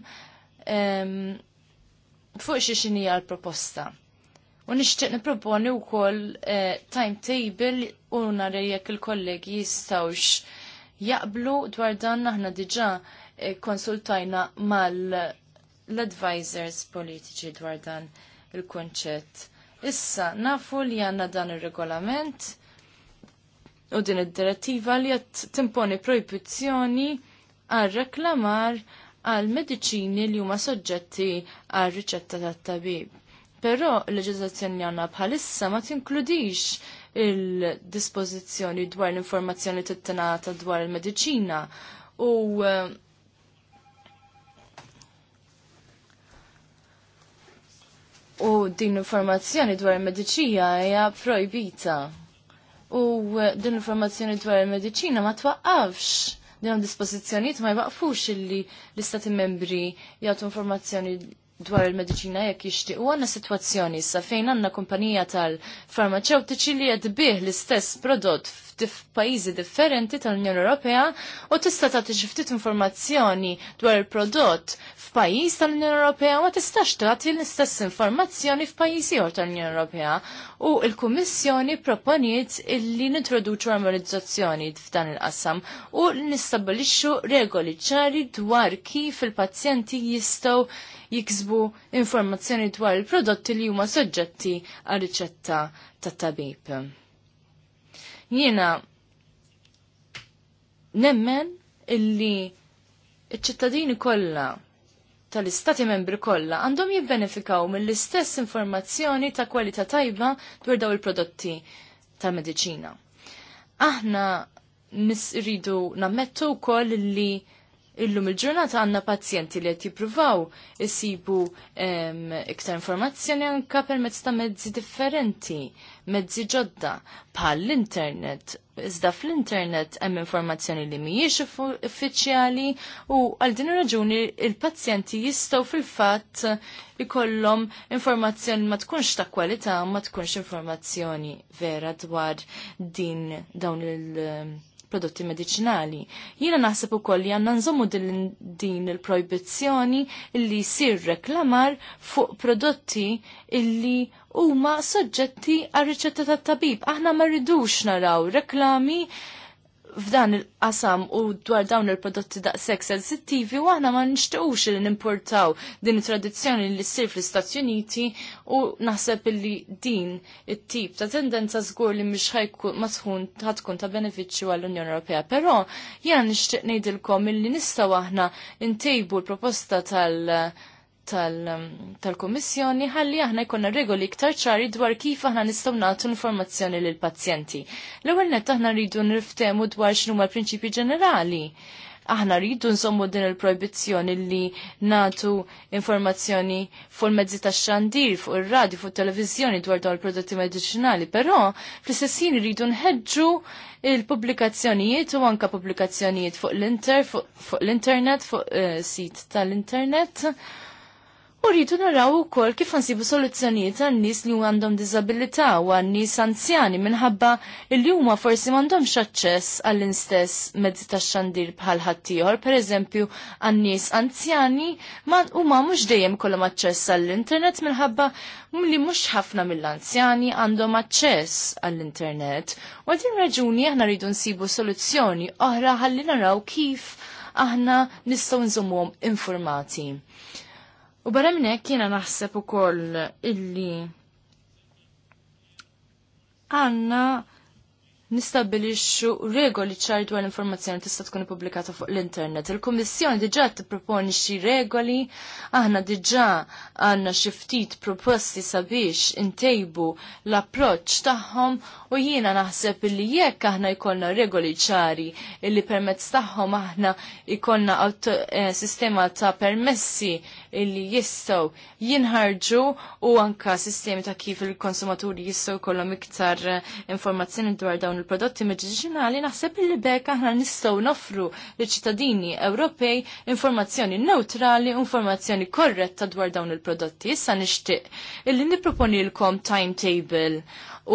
A: fuq xi xinija l-proposta. U nixtieq nipproponi wkoll uh, timetable u nara jekk il-kollegi jistgħux jaqblu dwar dan aħna diġà uh, konsultajna mal-advisors politiċi dwar dan il-konċett. Issa nafu li għandna dan ir-regolament u din id-direttiva li qed timponi proibizzjoni għal reklamar għal mediċini li huma soġġetti għal riċetta tat-tabib. Però l-leġiżlazzjoni għandna bħalissa ma tinkludix il-dispożizzjoni dwar l-informazzjoni tittenata dwar il-mediċina u eh, u din l-informazzjoni dwar il-mediċina hija projbita. U eh, din l-informazzjoni dwar il-mediċina ma twaqqafx dawn dispożizzjonijiet ma jwaqfux illi l-istati membri jgħatu informazzjoni dwar il-medicina jekk jixtiequ għandna situazzjoni sa fejn għandna kumpanija tal-farmaceutiċi li qed bih l-istess prodott f'pajjiżi differenti tal-Unjoni Ewropea u tista' tagħti xi ftit informazzjoni dwar il-prodott f'pajjiż tal-Unjoni Ewropea ma tistax tagħti l-istess informazzjoni f'pajjiżi ieħor tal-Unjoni Ewropea. U l-Kummissjoni proponiet illi nintroduċu armonizzazzjoni f'dan il qasam u nistabbilixxu regoli ċari dwar kif il-pazjenti jistgħu jiksbu informazzjoni dwar il-prodotti li huma soġġetti għal riċetta tat-tabib. Jiena nemmen illi iċ-ċittadini kollha tal-istati membri kollha għandhom jibbenefikaw mill-istess informazzjoni ta' kwalità tajba dwar daw il-prodotti ta' mediċina. Aħna nisridu nammettu wkoll li illum il-ġurnata għanna pazjenti li qed jippruvaw isibu iktar informazzjoni anka permezz ta' mezzi differenti, mezzi ġodda bħal l-internet. Iżda fl-internet hemm informazzjoni li mhijiex uffiċjali u għal din raġuni il-pazjenti jistgħu fil-fatt ikollhom informazzjoni ma tkunx ta' kwalità ma tkunx informazzjoni vera dwar din dawn il- prodotti medicinali. Jiena naħseb ukoll li għandna nżommu din il-projbizzjoni illi jsir reklamar fuq prodotti illi huma soġġetti għar-riċetta tat-tabib. Aħna ma rridux naraw reklami f'dan il-qasam u dwar dawn il-prodotti sex sensittivi u aħna ma nixtiequx li nimportaw din it-tradizzjoni li ssir fl-Istati Uniti u naħseb li din it-tip ta' tendenza żgur li mhix ħajkun ma tkun ta' benefiċċju għall-Unjoni Ewropea. Però jiena nixtieq ngħidilkom illi nistgħu aħna ntejbu l-proposta tal- tal-Komissjoni tal um, ħalli aħna jkollna regoli iktar ċari dwar kif aħna nistgħu nagħtu informazzjoni lil pazjenti. L-ewwel nett aħna rridu nriftehmu dwar x'numa l-prinċipji ġenerali. Aħna rridu nsommu din il-proibizzjoni li natu informazzjoni fuq mezzi tax xandir, fuq ir-radju, fuq televiżjoni dwar dawn il-prodotti mediċinali, però fl istessin rridu nħeġġu il-publikazzjonijiet u anka publikazzjonijiet fuq l-internet, fuq eh, sit tal-internet. U rridu naraw ukoll kif nsibu soluzzjonijiet għan nies li għandhom diżabilità u għan nies anzjani minħabba li huma forsi m'għandhomx aċċess għall-istess mezzi tax-xandir bħal ħaddieħor, pereżempju għan nies anzjani huma mhux dejjem kolom aċċess għall-internet minħabba li mhux ħafna mill-anzjani għandhom aċċess għall-internet. U għadin raġuni aħna rridu nsibu soluzzjoni oħra ħalli naraw kif aħna nistgħu nżommuhom informati. U barra minn kiena jiena naħseb ukoll illi għanna nistabilixxu regoli ċar dwar l-informazzjoni tista' tkun ippubblikata fuq l-internet. Il-Kummissjoni diġà tipproponi xi regoli, aħna diġà għandna xi ftit proposti sabiex intejbu l-approċċ tagħhom u jiena naħseb li jekk aħna jkollna regoli ċari illi permezz tagħhom aħna jkollna eh, sistema ta' permessi li jistgħu jinħarġu u anka sistemi ta' kif il-konsumaturi jistgħu jkollhom iktar eh, informazzjoni dwar dawn il-prodotti medicinali naħseb li bekk aħna nistgħu nofru li ċittadini Ewropej informazzjoni neutrali u informazzjoni korretta dwar dawn il-prodotti. Issa nixtieq illi nipproponilkom timetable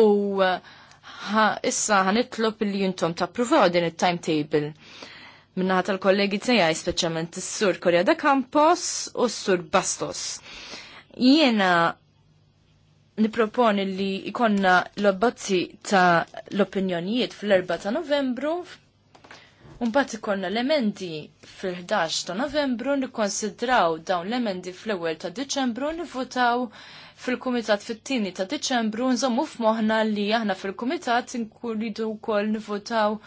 A: u ha, issa ħanitlob li jintom tappruvaw din it-timetable. Minnaħat tal-kollegi tiegħi speċjalment is-sur Korea da Campos u s-sur Bastos. Jiena niproponi li ikonna l-obbozzi ta' l-opinjonijiet fl-4 ta' novembru Unbat ikonna l-emendi fil-11 ta' novembru nikkonsidraw dawn l-emendi fl-ewwel ta' Diċembru nivotaw fil-Kumitat fit-tieni ta' Diċembru nżommu f'moħħna li aħna fil-Kumitat nkuridu kol wkoll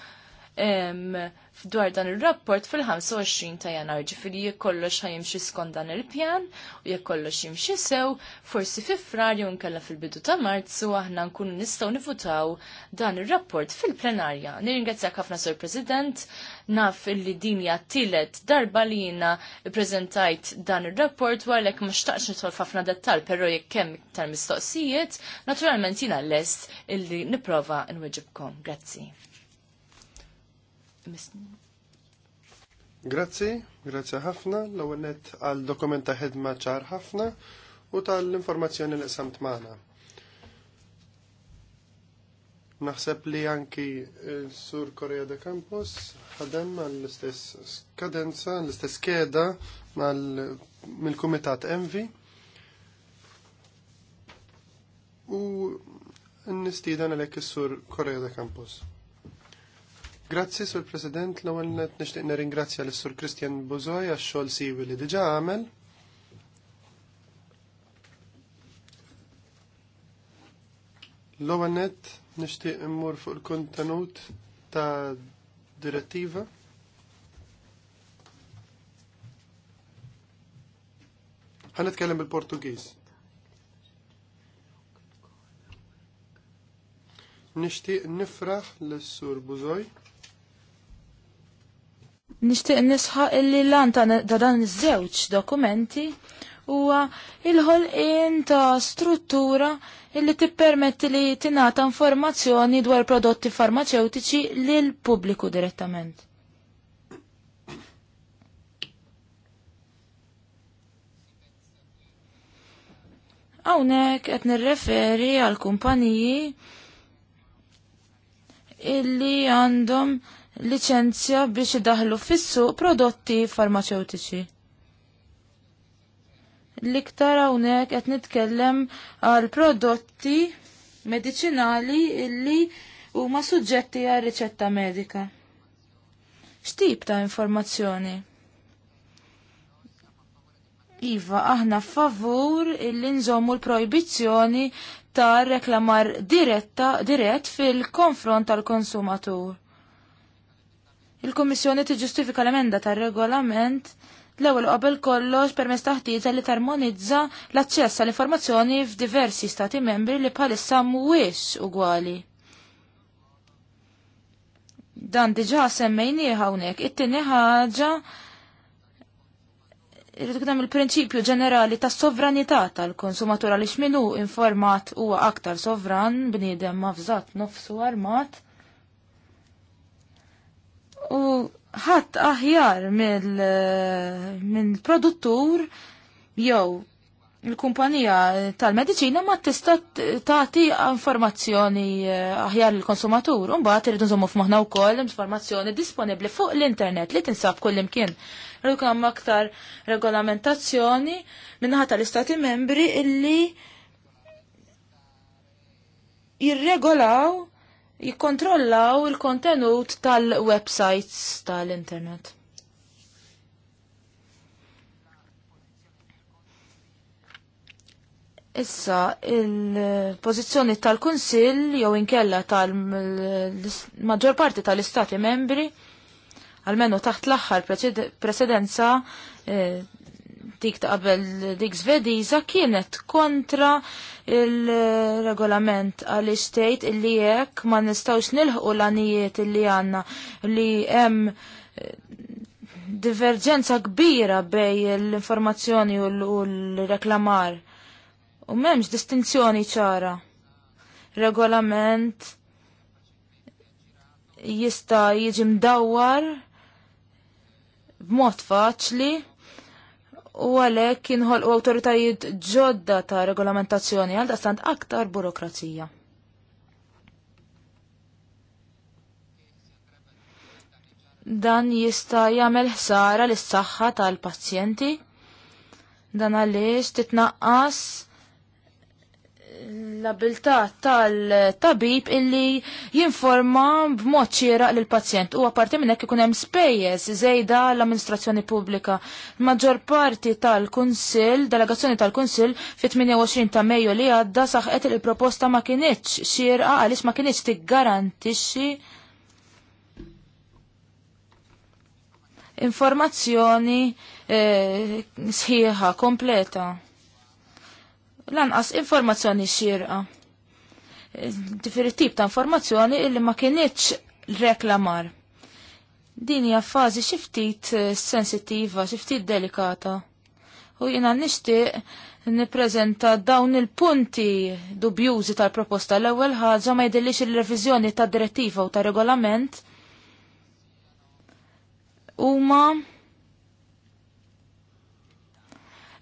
A: dwar dan il-rapport fil-25 ta' janar ġifiri jekk kollox ħajimxi skont dan il-pjan u jekk kollox jimxi sew, forsi fi frar jew nkella fil-bidu ta' marzu aħna nkunu nistgħu nivutaw dan ir-rapport fil-plenarja. Nirringrazzjak ħafna Sur President, naf illi din hija tielet darba li jiena ppreżentajt dan ir-rapport u għalhekk ma xtaqx nidħol f'ħafna dettal, però jekk hemm iktar mistoqsijiet, naturalment jiena lest illi nipprova nweġibkom. Grazzi.
B: Grazzi, grazzi ħafna, l net għal dokumenta ħedma ċar ħafna u tal-informazzjoni li samt maħna. Naħseb li anki eh, sur Korea de Campus ħadem għall-istess skadenza, l-istess skeda mill-Kumitat Envi. U n-nistidan għalek sur Korea de Campus. Grazzi, Sur President, l-ewwel qed nixtieq nirringrazzja lis sur Christian Buzoj għax-xogħol siwi li diġà għamel. L-ewwel nett nixtieq immur fuq il-kontenut ta' direttiva. Ħan nitkellem bil-Portugiż. Nixtieq nifraħ lis sur Buzoj
C: Nishtiq nisħa illi lan ta' dan iż-żewġ dokumenti huwa il-ħolqien ta' struttura illi tippermetti li tingħata informazzjoni dwar prodotti farmaceutiċi lil pubbliku direttament. Hawnhekk qed nirreferi għal kumpaniji illi għandhom liċenzja biex idaħlu fissu prodotti farmaceutiċi. L-iktar hawnhekk qed nitkellem għal prodotti medicinali illi huma suġġetti għal riċetta medika. X'tip ta' informazzjoni? Iva, aħna favur illi nżommu l-projbizzjoni ta' reklamar diretta dirett fil-konfront tal-konsumatur. Il-Kummissjoni tiġġustifika l-emenda tar-regolament l-ewwel qabel kollox permezz taħtieġa li tarmonizza l-aċċess għall informazzjoni f'diversi stati membri li bħalissa mhuwiex ugwali. Dan diġà semmejnieh hawnhekk. It-tieni ħaġa irridu ikun il-prinċipju ġenerali tas sovranità tal-konsumatur għaliex min hu informat huwa aktar sovran bniedem ma fżatt nofsu armat u ħadd aħjar mill-produttur jew il-kumpanija tal-medicina ma tista tagħti informazzjoni eh, aħjar lill-konsumatur. Imbagħad irid nżommu f'moħħna wkoll informazzjoni disponibbli fuq l-internet li tinsab kullimkien. Rridu kemm aktar regolamentazzjoni minnaħa tal-Istati membri illi jirregolaw jikkontrollaw il-kontenut tal-websites tal-internet. Issa, il-pozizjoni tal-Kunsill jew inkella tal-maġġor parti tal-Istati membri, għalmenu taħt l-aħħar precedenza, eh, dik ta' qabel dik Zvediza kienet kontra il-regolament għal istejt illi jekk ma nistawx nilħu l-anijiet illi għanna li hemm eh, divergenza kbira bej l-informazzjoni u l-reklamar. U memx distinzjoni ċara. Regolament jista jiġi mdawwar b'mod faċli u għalhekk u awtoritajiet ġodda ta' regolamentazzjoni għal dastant aktar burokrazija. Dan jista' jagħmel ħsara lis saħħa tal-pazjenti dan għaliex titnaqqas l-abilità tal-tabib illi jinforma b'mod ċieraq l pazjent u għaparti minn hekk ikun hemm spejjeż żejda l-amministrazzjoni pubblika. Maġġor parti tal-Kunsill, delegazzjoni tal-Kunsill fit-28 ta' Mejju li għadda saħqet il-proposta ma kienieċ xierqa għaliex ma kienitx tiggarantixxi informazzjoni eh, sħiħa, kompleta lanqas informazzjoni xirqa. Tifiri tip ta' informazzjoni illi ma kienieċ reklamar. Din hija fażi xi ftit eh, sensittiva, xi ftit delikata. U jiena nixtieq nippreżenta dawn il-punti dubjużi tal-proposta l-ewwel ħaġa ma jidillix il-reviżjoni tad direttiva u ta' regolament huma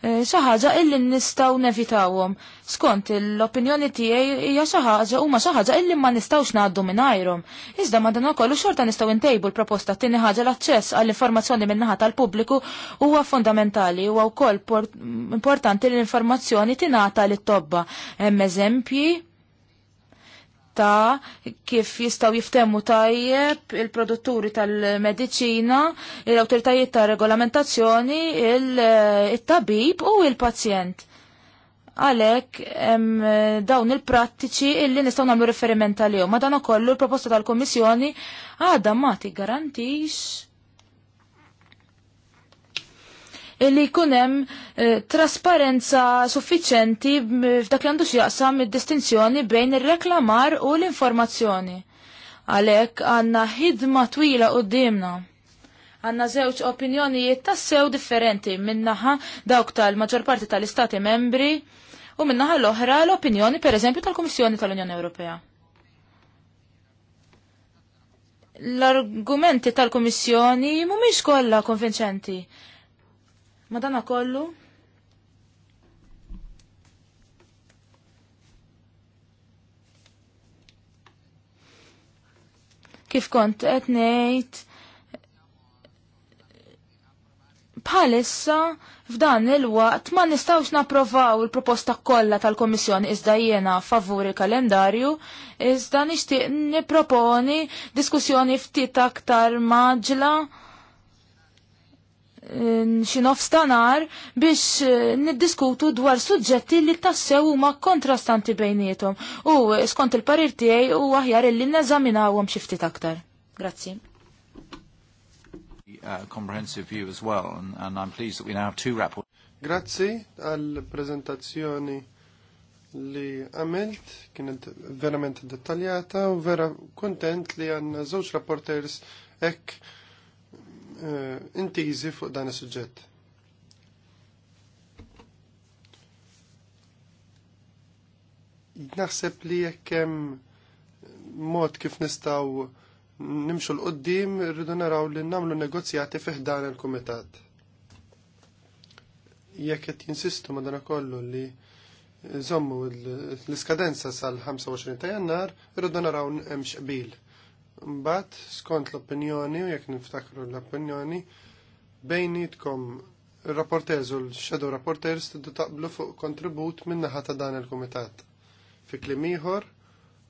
C: Eh, xaħġa illi nistgħu nevitawhom. Skont l-opinjoni tiegħi hija xaħġa huma xaħġa illi ma nistgħux ngħaddu minnhajrhom. Iżda madankollu xorta nistgħu ntejbu l-proposta tieni ħaġa l-aċċess għall-informazzjoni min-naħa tal-pubbliku huwa fundamentali huwa wkoll importanti l-informazzjoni tingħata lit-tobba. Hemm eżempji ta' kif jistaw jiftemmu tajjeb il-produtturi tal-medicina, l-autoritajiet ta' regolamentazzjoni, il-tabib u il-pazjent. Għalek, dawn il-prattiċi illi nistaw namlu referiment għalihom. Ma dan kollu l-proposta tal-Komissjoni għadha ma garantix illi kunem eh, trasparenza suffiċenti f'dak li għandu x'jaqsam id-distinzjoni bejn ir-reklamar u l-informazzjoni. Għalhekk għandna ħidma twila d-dimna. Għanna żewġ opinjonijiet tassew differenti minnaħa dawk tal-maġġor parti tal-Istati membri u minnaħa l-oħra l-opinjoni pereżempju tal-Kummissjoni tal-Unjoni Ewropea l-argumenti tal-Komissjoni mhumiex kollha konvinċenti. Madonna kollu kif kont qed ngħid bħalissa f'dan il-waqt ma nistawx napprovaw il-proposta kollha tal-Komissjoni iżda jiena favur il-kalendarju, iżda nixtieq nipproponi diskussjoni ftit aktar maġla xi nofstanar biex eh, niddiskutu dwar suġġetti li tassew huma kontrastanti bejnietom u skont il-parir tiegħi u aħjar illi neżaminawhom xi ftit
B: aktar. Grazzi. comprehensive view as well and, and
C: I'm pleased that we now have two
B: Grazzi għal prezentazzjoni li għamilt, kienet verament dettaljata u vera kontent li għanna żewġ rapporters ek Eh, intiżi fuq dan is-suġġett. Naħseb li jekk hemm mod kif nistgħu nimxu l-qoddim rridu naraw li nagħmlu negozjati fih dan il-kumitat. Jekk qed jinsistu madanakollu li żommu l-iskadenza sal-25 ta' jannar, irridu naraw hemm xqbil Mbagħad skont l-opinjoni u jekk niftakru l-opinjoni bejnietkom ir-rapporters u l-shadow rapporters tiddu taqblu fuq kontribut minn naħa ta' dan il-kumitat. Fi kliem ieħor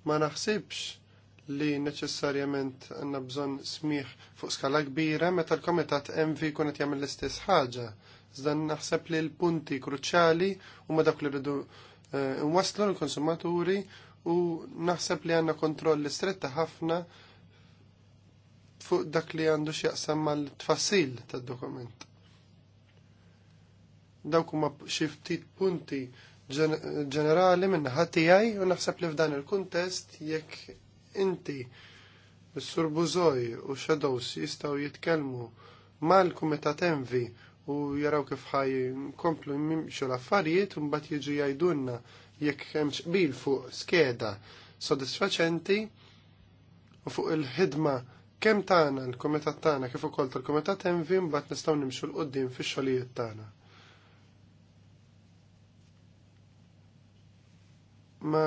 B: ma naħsibx li neċessarjament għandna bżonn smih fuq skala kbira meta l-komitat MV jkun qed jagħmel l-istess ħaġa. Iżda naħseb li l-punti kruċjali huma dak li rridu eh, nwaslu l-konsumaturi u naħseb li għandna kontroll stretta ħafna fuq dak li għandu x'jaqsam mal-tfassil tad-dokument. Dawk huma xi ftit punti ġenerali minn għaj u naħseb li f'dan il-kuntest jekk inti s surbużoj u xadows jistaw jitkelmu mal-Kumitat Envi u jaraw kif ħaj komplu mimxu l-affarijiet u mbagħad jiġu jgħidulna jekk hemm qbil fuq skeda sodisfaċenti u fuq il-ħidma kemm tagħna l-kumitat tagħna kif ukoll tal-kumitat Envi bat nistgħu nimxu l qoddim fix-xogħlijiet tagħna. Ma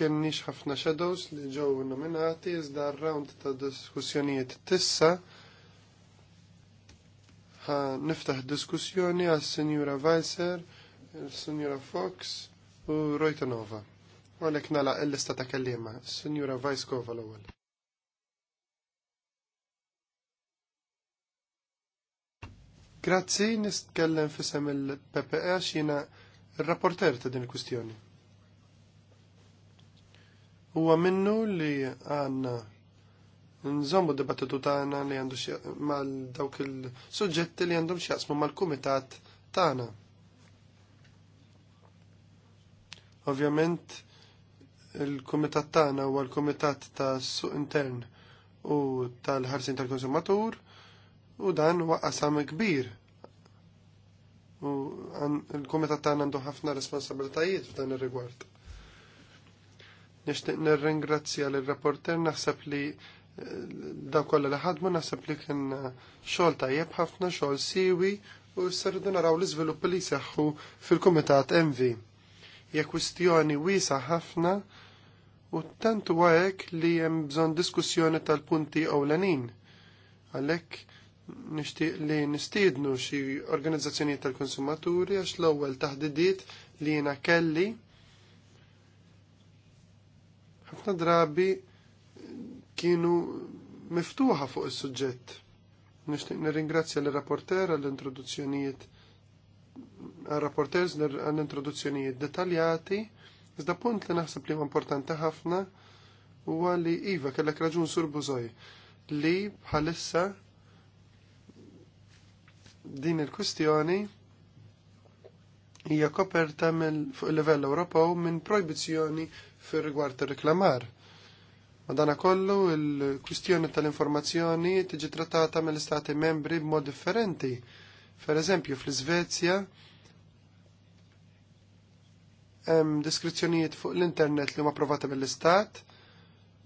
B: kenniex ħafna shadows li ġew nominati iżda r-round ta' diskussjonijiet tissa ħa niftaħ diskussjoni għas Sinjura Weiser, Sinjura Fox u Rojtanova. Għalek nala l-lista ta' kellima, Sinjura Vajskova l-ewwel. Grazzi, nistkellem fissem il-PPE xina il-rapporter ta' din il-kustjoni. Huwa minnu li għanna nżommu dibattitu tagħna li għandu mal dawk il-suġġetti li għandhom xjaqsmu mal-kumitat tagħna. Ovvjament il-kumitat tagħna huwa l-kumitat ta' suq intern u tal-ħarsin tal-konsumatur u dan waqqasam kbir. U il-kumitat tagħna għandu ħafna responsabiltajiet f'dan ir-rigward. Nixtieq nirringrazzja lir-rapporter naħseb li eh, da kollha li ħadmu naħseb li kien eh, xogħol tajjeb ħafna, xogħol siwi u s-sardu naraw l iżvilupp li seħħu fil-kumitat MV. Hija kwistjoni wiesa ħafna u tant huwa hekk li hemm bżonn diskussjoni tal-punti ewlenin. Għalhekk nixtieq li nistiednu xi organizzazzjonijiet tal-konsumaturi għax l-ewwel taħdidiet li jiena kelli ħafna drabi kienu miftuħa fuq is-suġġett. Nixtieq nirringrazzja l rapporter għall-introduzzjonijiet rapporters għall-introduzzjonijiet dettaljati, iżda punt li naħseb li importanti ħafna huwa li iva kellek raġun sur Buzoj li bħalissa din il-kustjoni hija koperta mill fuq il-livell Ewropew minn projbizzjoni fir rigward ir-reklamar. Madana kollu il-kwistjoni tal-informazzjoni tiġi trattata mill-Istati membri b'mod differenti. Per eżempju, fl-Iżvezja hemm diskrizzjonijiet fuq l-internet li huma approvati mill-Istat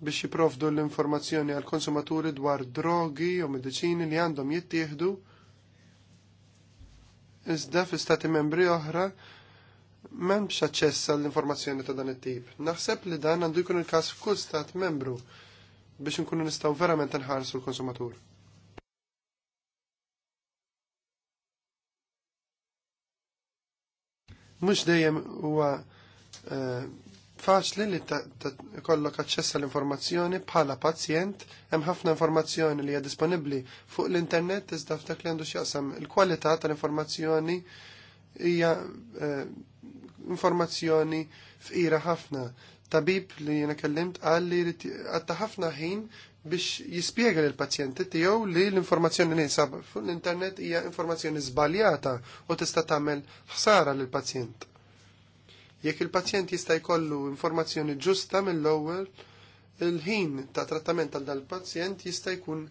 B: biex jipprovdu l-informazzjoni għal konsumaturi dwar drogi u mediċini li għandhom jittieħdu iżda fl istati membri oħra m'hemmx aċċess għall-informazzjoni ta' dan it-tip. Naħseb li dan għandu jkun il-każ f'kull stat membru biex nkunu nistgħu verament nħarsu l-konsumatur. Mhux dejjem huwa eh, faċli li kollok aċċess l-informazzjoni bħala pazjent, hemm ħafna informazzjoni li hija disponibbli fuq l-internet iżda ftak li għandu x'jaqsam il-kwalità tal-informazzjoni hija eh, informazzjoni fqira ħafna. Tabib li jiena kellimt qal li għatta ħafna ħin biex jispjega lill pazjenti tiegħu li l-informazzjoni li jinsab fuq l-internet hija informazzjoni żbaljata u tista' tagħmel ħsara lill pazjent Jekk il-pazjent jista' jkollu informazzjoni ġusta mill-ewwel, il-ħin ta' trattament għal dal-pazjent jista' jkun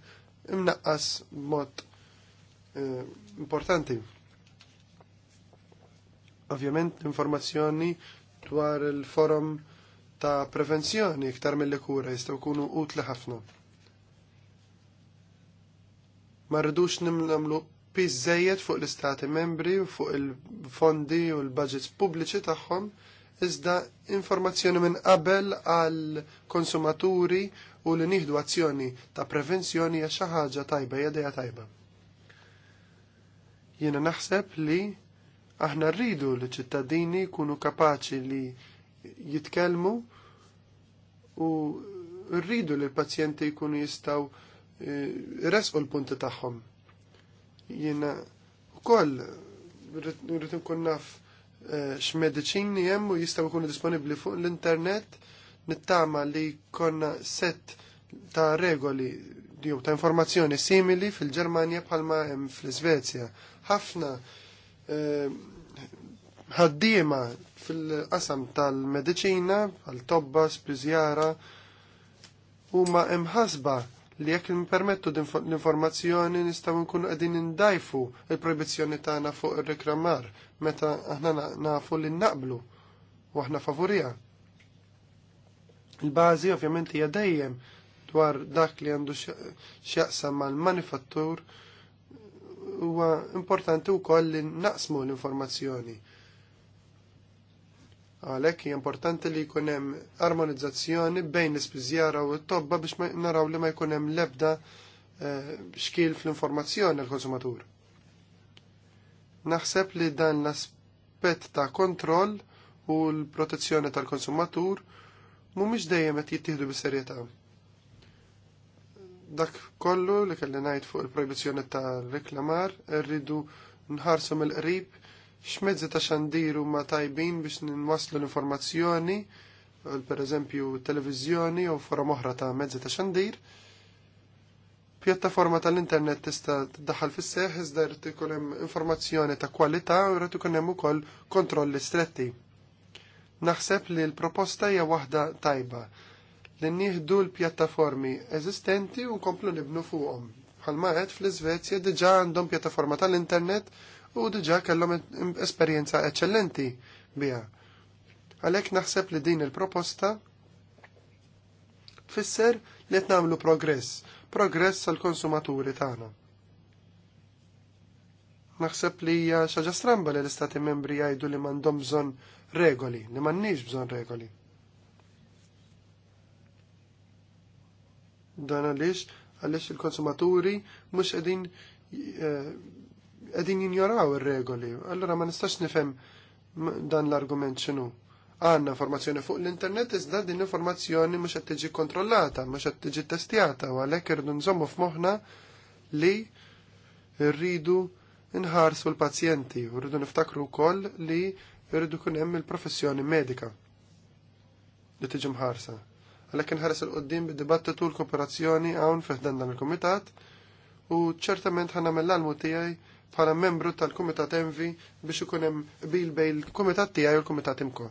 B: imnaqqas b'mod eh, importanti. Ovvjament informazzjoni dwar il-forum ta' prevenzjoni iktar mill kura jistgħu jkunu utli ħafna. Ma rridux nimlamlu spiż żejjed fuq l-istati membri u fuq il-fondi u l-budgets pubbliċi tagħhom, iżda informazzjoni minn qabel għal konsumaturi u li nieħdu azzjoni ta' prevenzjoni hija xi ħaġa tajba hija tajba. Jiena naħseb li aħna rridu li ċittadini kunu kapaċi li jitkellmu u rridu li l-pazjenti jkunu jistgħu eh, resqu l-punti tagħhom jiena wkoll rrid nkun naf eh, x'mediċini hemm u jistgħu jkunu disponibbli fuq l-internet nittama li konna set ta' regoli jew ta' informazzjoni simili fil-Ġermanja bħalma hemm fl-Iżvezja. Ħafna eh, ħaddiema fil-qasam tal medicina għal tobba spiżjara, huma imħasba li jekk nipermettu l-informazzjoni nistgħu nkunu qegħdin indajfu il-proibizzjoni tagħna fuq ir-reklamar meta aħna nafu li naqblu u aħna favurija. Il-bażi ovvjament hija dejjem dwar dak li għandu x'jaqsam mal-manifattur huwa importanti wkoll li naqsmu l-informazzjoni Għalhekk hija importanti li jkun hemm armonizzazzjoni bejn l-ispiżjara u t-tobba biex naraw li ma jkun hemm l-ebda eh, xkil fl-informazzjoni l-konsumatur. Naħseb li dan l-aspett ta' kontroll u l-protezzjoni tal-konsumatur mhumiex dejjem qed jittieħdu bis-serjetà. Dak kollu li kelli ngħid fuq il-projbizzjoni tal-reklamar rridu nħarsu mill-qrib x'mezzi ta' xandiru ma tajbin biex ninwaslu l-informazzjoni, per eżempju televizjoni u forum oħra ta' mezzi ta' xandir. Pjattaforma tal-internet tista' tiddaħħal fis-seħ iżda jrid ikun hemm informazzjoni ta' kwalità u jrid ikun hemm ukoll kontrolli stretti. Naħseb li l-proposta hija waħda tajba li nieħdu l-pjattaformi eżistenti u nkomplu nibnu fuqhom. Bħalma qed fl-Iżvezja diġà għandhom pjattaforma tal-internet u diġa kellhom esperjenza eċċellenti biha. Għalhekk naħseb li din il-proposta tfisser li qed nagħmlu progress, progress għall konsumaturi tagħna. Naħseb li hija stramba li l-istati membri jgħidu li m'għandhom bżonn regoli, li m'għandniex bżonn regoli. Dan għaliex għaliex il-konsumaturi mhux qegħdin eh, qegħdin jinjoraw ir-regoli. allora ma nistax nifhem dan l-argument x'inhu. Għanna informazzjoni fuq l-internet iżda din informazzjoni mhux qed tiġi kontrollata, mhux qed tiġi testjata u għalhekk irdu nżommu f'moħħna li rridu nħarsu l-pazjenti u rridu niftakru wkoll li rridu kun hemm il-professjoni medika li tiġi mħarsa. Għalhekk nħarsu l qoddim bid-dibattitu l-kooperazzjoni hawn fih dan il-kumitat u ċertament ħanna mill almu tiegħi bħala membru tal-Kumitat Envi biex ikun hemm qbil bejn il-Kumitat tiegħi u l-Kumitat Imko.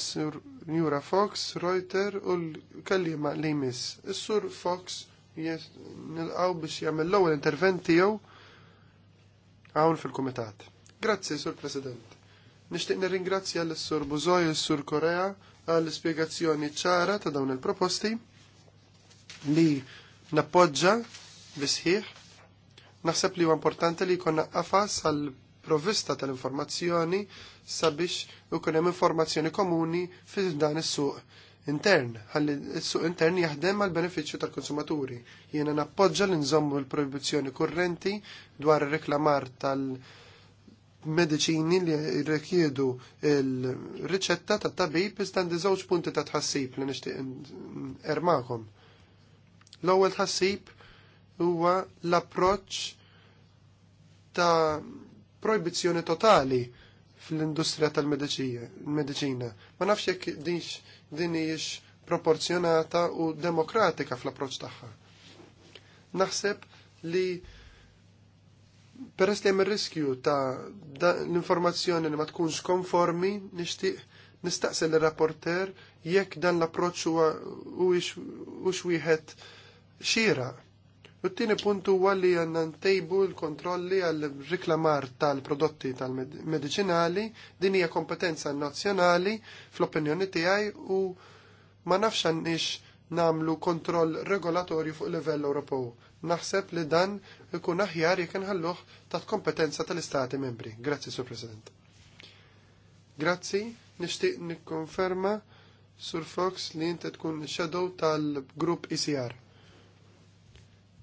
B: Is-Sur Njura Fox, Reuter u l-kellima li jmiss. Is-Sur Fox nilqaw biex jagħmel l-ewwel intervent tiegħu hawn fil-Kumitat. Grazzi, Sur President. Nixtieq nirringrazzja l-Sur Buzoj u sur Korea għall-ispjegazzjoni ċara ta' dawn il-proposti li nappoġġa bisħiħ Naħseb li huwa importanti li jkollna qafas għal provista tal-informazzjoni sabiex ikun hemm informazzjoni komuni fi dan is-suq intern, ħalli is suq intern jaħdem għal benefiċċju tal-konsumaturi. Jiena nappoġġa li nżommu l-proibizzjoni kurrenti dwar ir-reklamar tal-mediċini li jirrikjedu il-riċetta ta' tabib iżda żewġ punti ta' tħassib li nixtieq ermakom. L-ewwel tħassib huwa l-approċċ ta' proibizjoni totali fl-industrija tal-medicina. Ma nafx jekk dinx din hijiex proporzjonata u demokratika fl-approċċ tagħha. Naħseb li peress li hemm ir-riskju ta' l-informazzjoni li ma tkunx konformi nixtieq nistaqsi l-rapporter jekk dan l-approċċ huwa huwiex wieħed xieraq U t-tieni punt huwa li għandna ntejbu l-kontrolli għal riklamar tal-prodotti tal-medicinali din hija kompetenza nazzjonali fl-opinjoni tiegħi u ma nafx għandix namlu kontroll regolatorju fuq livell Ewropew. Naħseb li dan ikun aħjar jekk inħalluh taħt kompetenza tal-Istati membri. Grazzi, Sur President. Grazzi, nixtieq nikkonferma Sur Fox li inti tkun shadow tal-grupp ICR. E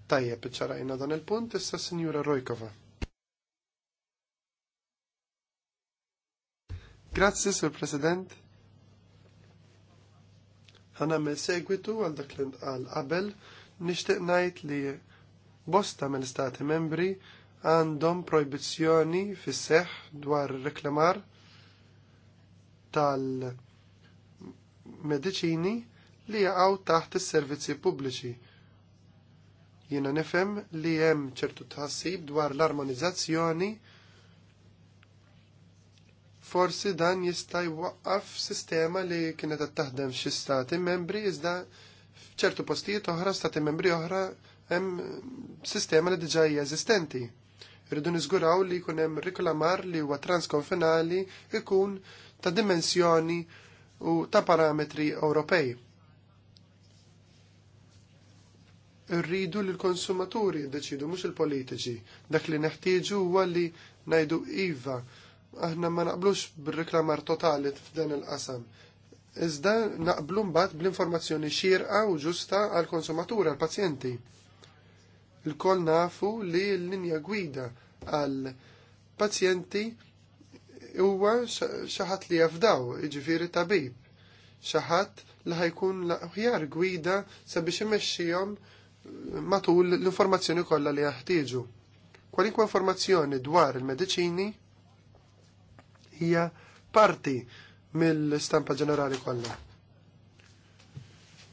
B: Tajjeb iċċarajna dan il-punt issa Sinjura Rojkova. Grazzi, Sur President. me segwitu għal dak li għal qabel nixtieq ngħid li bosta mill-Stati membri għandhom proibizjoni fis seħħ dwar reklamar tal-medicini li jaqgħu taħt is-servizzi pubbliċi Jiena nifhem li hemm ċertu tħassib dwar l-armonizzazzjoni forsi dan jista' jwaqqaf sistema li kienet qed taħdem f'xi stati membri iżda f'ċertu postijiet oħra stati membri oħra hemm sistema li diġà hija eżistenti. Irridu niżguraw li jkun hemm riklamar li huwa transkonfinali ikun ta' dimensjoni u ta' parametri Ewropej. rridu li l-konsumaturi jiddeċidu mhux il-politiċi. Dak li neħtieġu huwa li najdu iva. Aħna ma naqblux bir-reklamar totali f'dan il-qasam. Iżda naqblu mbagħad bl-informazzjoni xierqa u ġusta għall konsumatur għall pazjenti Il-koll nafu li l-linja gwida għal pazjenti huwa xi ħadd li jafdaw, jiġifieri tabib, xi ħadd li ħajkun l-aħjar gwida sabiex imexxihom matul l-informazzjoni kollha li jaħtieġu. Kwalinkwa informazzjoni dwar il-mediċini hija parti mill-stampa ġenerali kollha.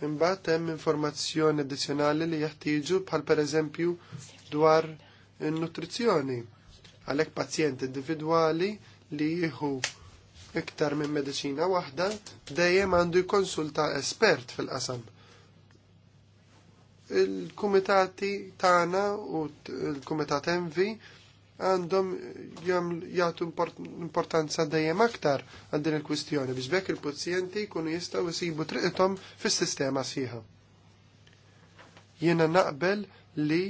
B: Imbagħad hemm informazzjoni addizzjonali li jaħtieġu bħal pereżempju dwar in-nutrizzjoni għalhekk pazjent individwali li jieħu iktar minn mediċina waħda dejjem għandu jkonsulta espert fil-qasam il-kumitati tagħna u l-kumitat Envi għandhom jagħtu importanza dejjem aktar għal din il-kwistjoni biex bekk il-pazjenti jkunu jistgħu jisibu triqtom fis-sistema sħiħa. Jiena naqbel li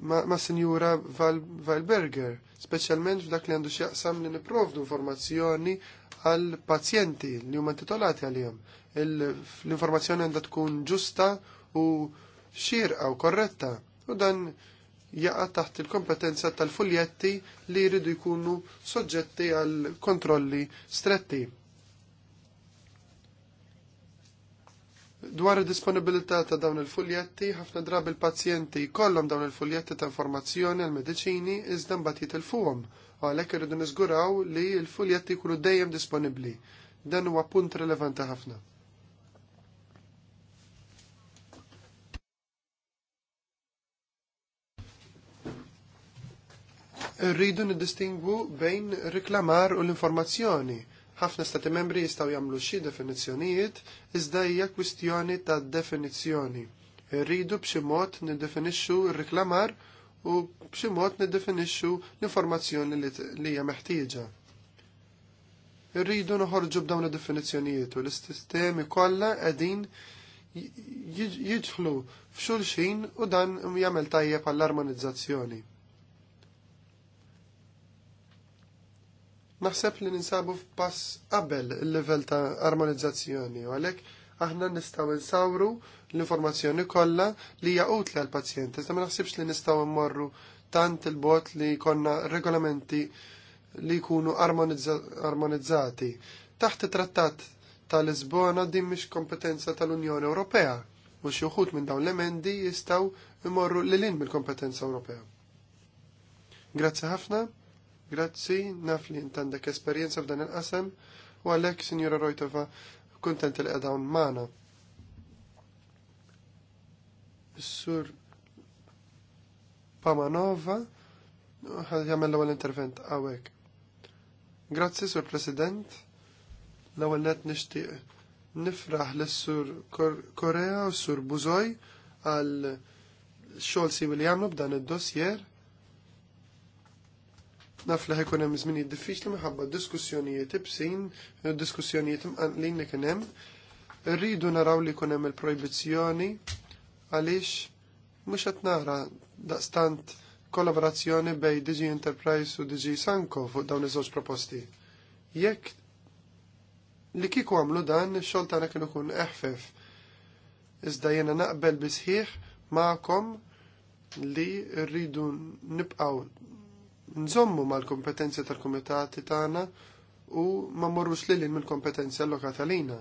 B: ma', ma Sinjura Valberger, speċjalment f'dak li għandu x'jaqsam li nipprovdu informazzjoni għal pazjenti li huma titolati għalihom l-informazzjoni għandha tkun ġusta u xirqa u korretta u dan jaqa taħt il-kompetenza tal-fuljetti li jridu jkunu soġġetti għal kontrolli stretti. Dwar id-disponibilità ta' dawn il-fuljetti, ħafna drabi il-pazjenti kollom dawn il-fuljetti ta' informazzjoni għal mediċini iżda mbagħad jitilfuhom u għalhekk irridu niżguraw li l-fuljetti jkunu dejjem disponibbli. Dan huwa punt rilevanti ħafna. rridu nidistingwu bejn riklamar u l-informazzjoni. Ħafna stati membri jistaw jagħmlu xi definizzjonijiet iżda hija kwistjoni ta' definizzjoni. Rridu b'xi mod niddefinixxu r-riklamar u b'xi mod niddefinixxu l-informazzjoni li hija meħtieġa rridu noħorġu b'dawn id-definizzjonijiet u l-istemi kollha qegħdin jidħlu f'xulxin u dan jagħmel tajjeb għall-armonizzazzjoni. Naħseb li ninsabu f'pass qabel il-level ta' armonizzazzjoni u għalhekk aħna nistgħu nsawru l-informazzjoni kollha li hija utli għall pazjent iżda ma naħsibx li nistgħu mmorru tant il-bot li konna regolamenti li jkunu armonizzati. Taħt it-trattat tal Lisbona din mhix kompetenza tal-Unjoni Ewropea u xi wħud minn dawn l-emendi jistgħu imorru lil mill-kompetenza Ewropea. Grazzi ħafna. Grazzi, naf li intandek esperjenza f'dan il-qasam, u għalek, Signora Rojtova, kontent li għadawn Mana. Sur Pamanova, jgħamil l intervent għawek. Grazzi, Sur President, l għal net nishti nifraħ l-Sur Korea u Sur Buzoj għal xol si li għamlu b'dan id-dossier naf li ħajkun hemm żminijiet diffiċli minħabba diskussjonijiet ibsin, diskussjonijiet imqanqlin li kien hemm. Irridu naraw li jkun hemm il-projbizzjoni għaliex mhux qed nara daqstant kollaborazzjoni bej Digi Enterprise u Digi Sanko fuq dawn iż-żewġ proposti. Jekk li kieku għamlu dan, ix-xogħol tagħna kien ikun eħfef. Iżda jiena naqbel bisħiħ magħkom li rridu nibqgħu nżommu mal-kompetenzi tal-kumitati tagħna u ma morrux li lin mill-kompetenzi allokata lina.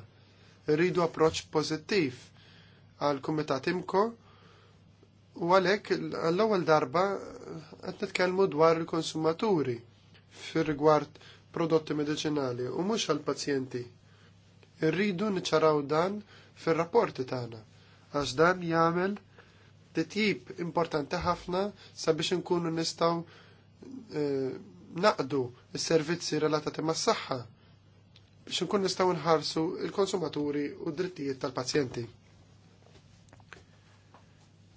B: Rridu approċ pożittiv għal-kumitat imko u għalhekk għall-ewwel darba qed nitkellmu dwar il-konsumaturi fir-rigward prodotti medicinali u mhux għall-pazjenti. Irridu niċċaraw dan fir-rapporti tagħna għax dan jagħmel titjib importanti ħafna sabiex inkunu nistgħu E, naqdu s-servizzi relatati mas saħħa biex nkun nistgħu nħarsu il-konsumaturi u d-drittijiet tal-pazjenti.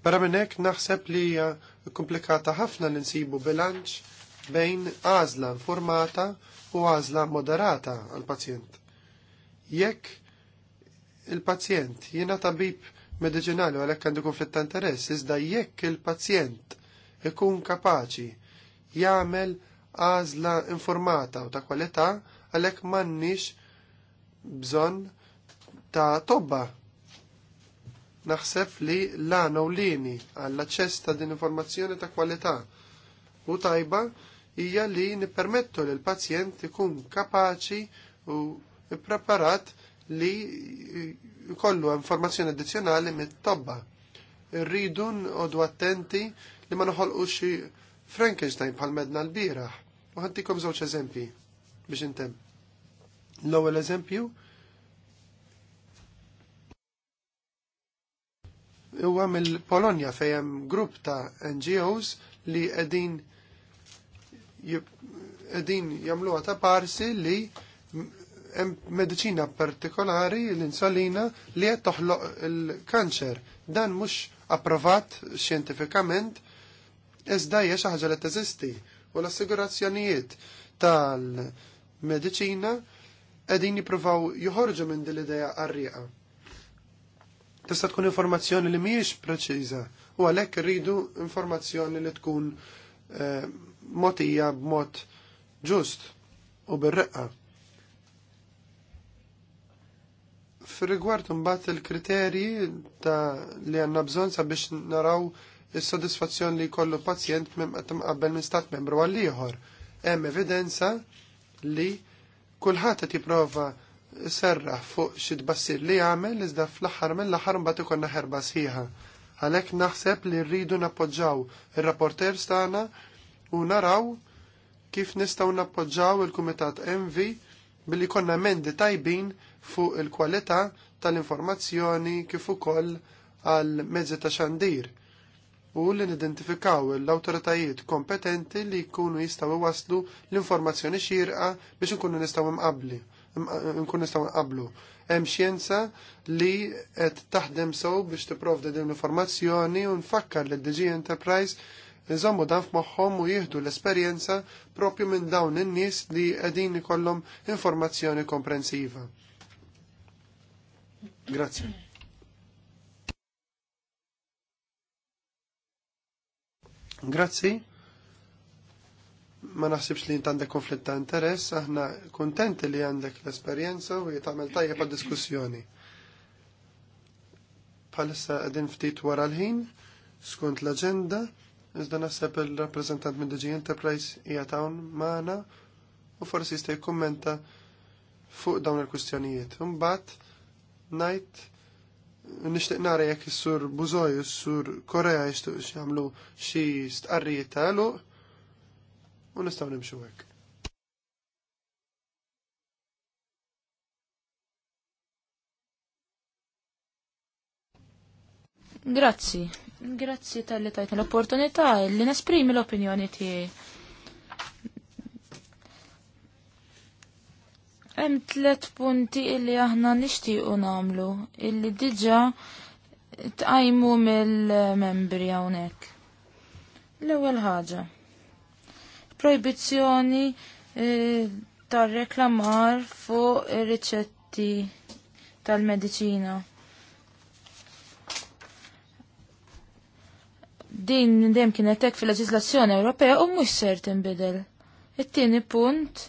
B: Barra minn hekk naħseb li hija komplikata ħafna li nsibu bilanċ bejn għażla informata u għażla moderata għal pazjent. Jekk il-pazjent jiena tabib mediċinali għalhekk għandu konflitt ta' interess, iżda jekk il-pazjent ikun kapaċi jagħmel għażla informata u ta' kwalità għalhekk m'għandniex bżonn ta' tobba. Naħseb li l-għana u lini għall-aċċess ta' din informazzjoni ta' kwalità u tajba hija li nippermettu li l-pazjent ikun kapaċi u preparat li jkollu informazzjoni addizzjonali mit-tobba. Irridu nqodu attenti li ma noħolqux Frankenstein bħal medna l-biraħ, u ħantikom żewġ eżempji biex intem. L-ewwel eżempju huwa mill-Polonja fejn hemm grupp ta' NGOs li qegħdin qegħdin jagħmluha ta' parsi li hemm mediċina partikolari l-insulina li qed toħloq il-kanċer. Dan mhux approvat xjentifikament iżda hija xi ħaġa li teżisti u l-assigurazzjonijiet tal-mediċina qegħdin jippruvaw joħorġu minn din l-idea qarrieqa. Tista' tkun informazzjoni li mhijiex preċiża u għalhekk irridu informazzjoni li tkun eh, motija b'mod ġust u bir-reqqa. Fir-rigward imbagħad il-kriterji ta' li għandna bżonn sabiex naraw is-sodisfazzjon li jkollu pazjent qabel minn stat membru għal ieħor. Hemm evidenza li kulħadd qed jipprova serra fuq xi tbassir li jagħmel iżda fl-aħħar mill-aħħar mbagħad ikollna ħerba sħiħa. Għalhekk naħseb li rridu nappoġġaw ir-rapporters tagħna u naraw kif nistgħu nappoġġaw il-Kumitat MV billi konna mendi tajbin fuq il-kwalità tal-informazzjoni kif ukoll għal mezzi ta' xandir u li nidentifikaw l-autoritajiet kompetenti li jkunu jistaw waslu l-informazzjoni xirqa biex nkunu nistaw imqabli, nkunu nistaw nqablu. Hemm xjenza li qed taħdem sew biex tipprovda din l-informazzjoni u nfakkar li DG Enterprise Nżommu dan f'moħħom u jieħdu l-esperjenza propju minn dawn in-nies li qegħdin ikollhom informazzjoni komprensiva. Grazie. Grazzi. Ma naħsibx li jintandek konflitt ta' interess, aħna kontenti li għandek l-esperjenza u jitamel tajjeb għad diskussjoni. Palissa qegħdin ftit wara l-ħin, skont l-aġenda, iżda naħseb il-rappreżentant minn DG Enterprise hija maħna u forsi jista' jikkummenta fuq dawn il-kwistjonijiet. Imbagħad ngħid nishtiq nara jekk is-sur Buzoj, is-sur Korea jistgħu jagħmlu xi stqarrijiet ta' eluq u nistgħu nimxu hekk.
C: Grazzi, grazzi tal-li tajt l-opportunità li nesprimi l-opinjoni tiegħi. Hemm tliet punti illi aħna nixtiequ nagħmlu illi diġà tqajmu mill-membri hawnhekk. L-ewwel ħaġa. Proibizzjoni e, tar-reklamar fuq ir-riċetti tal-medicina. Din dem kienet hekk fil-leġislazzjoni Ewropea u mhux ser tinbidel. It-tieni punt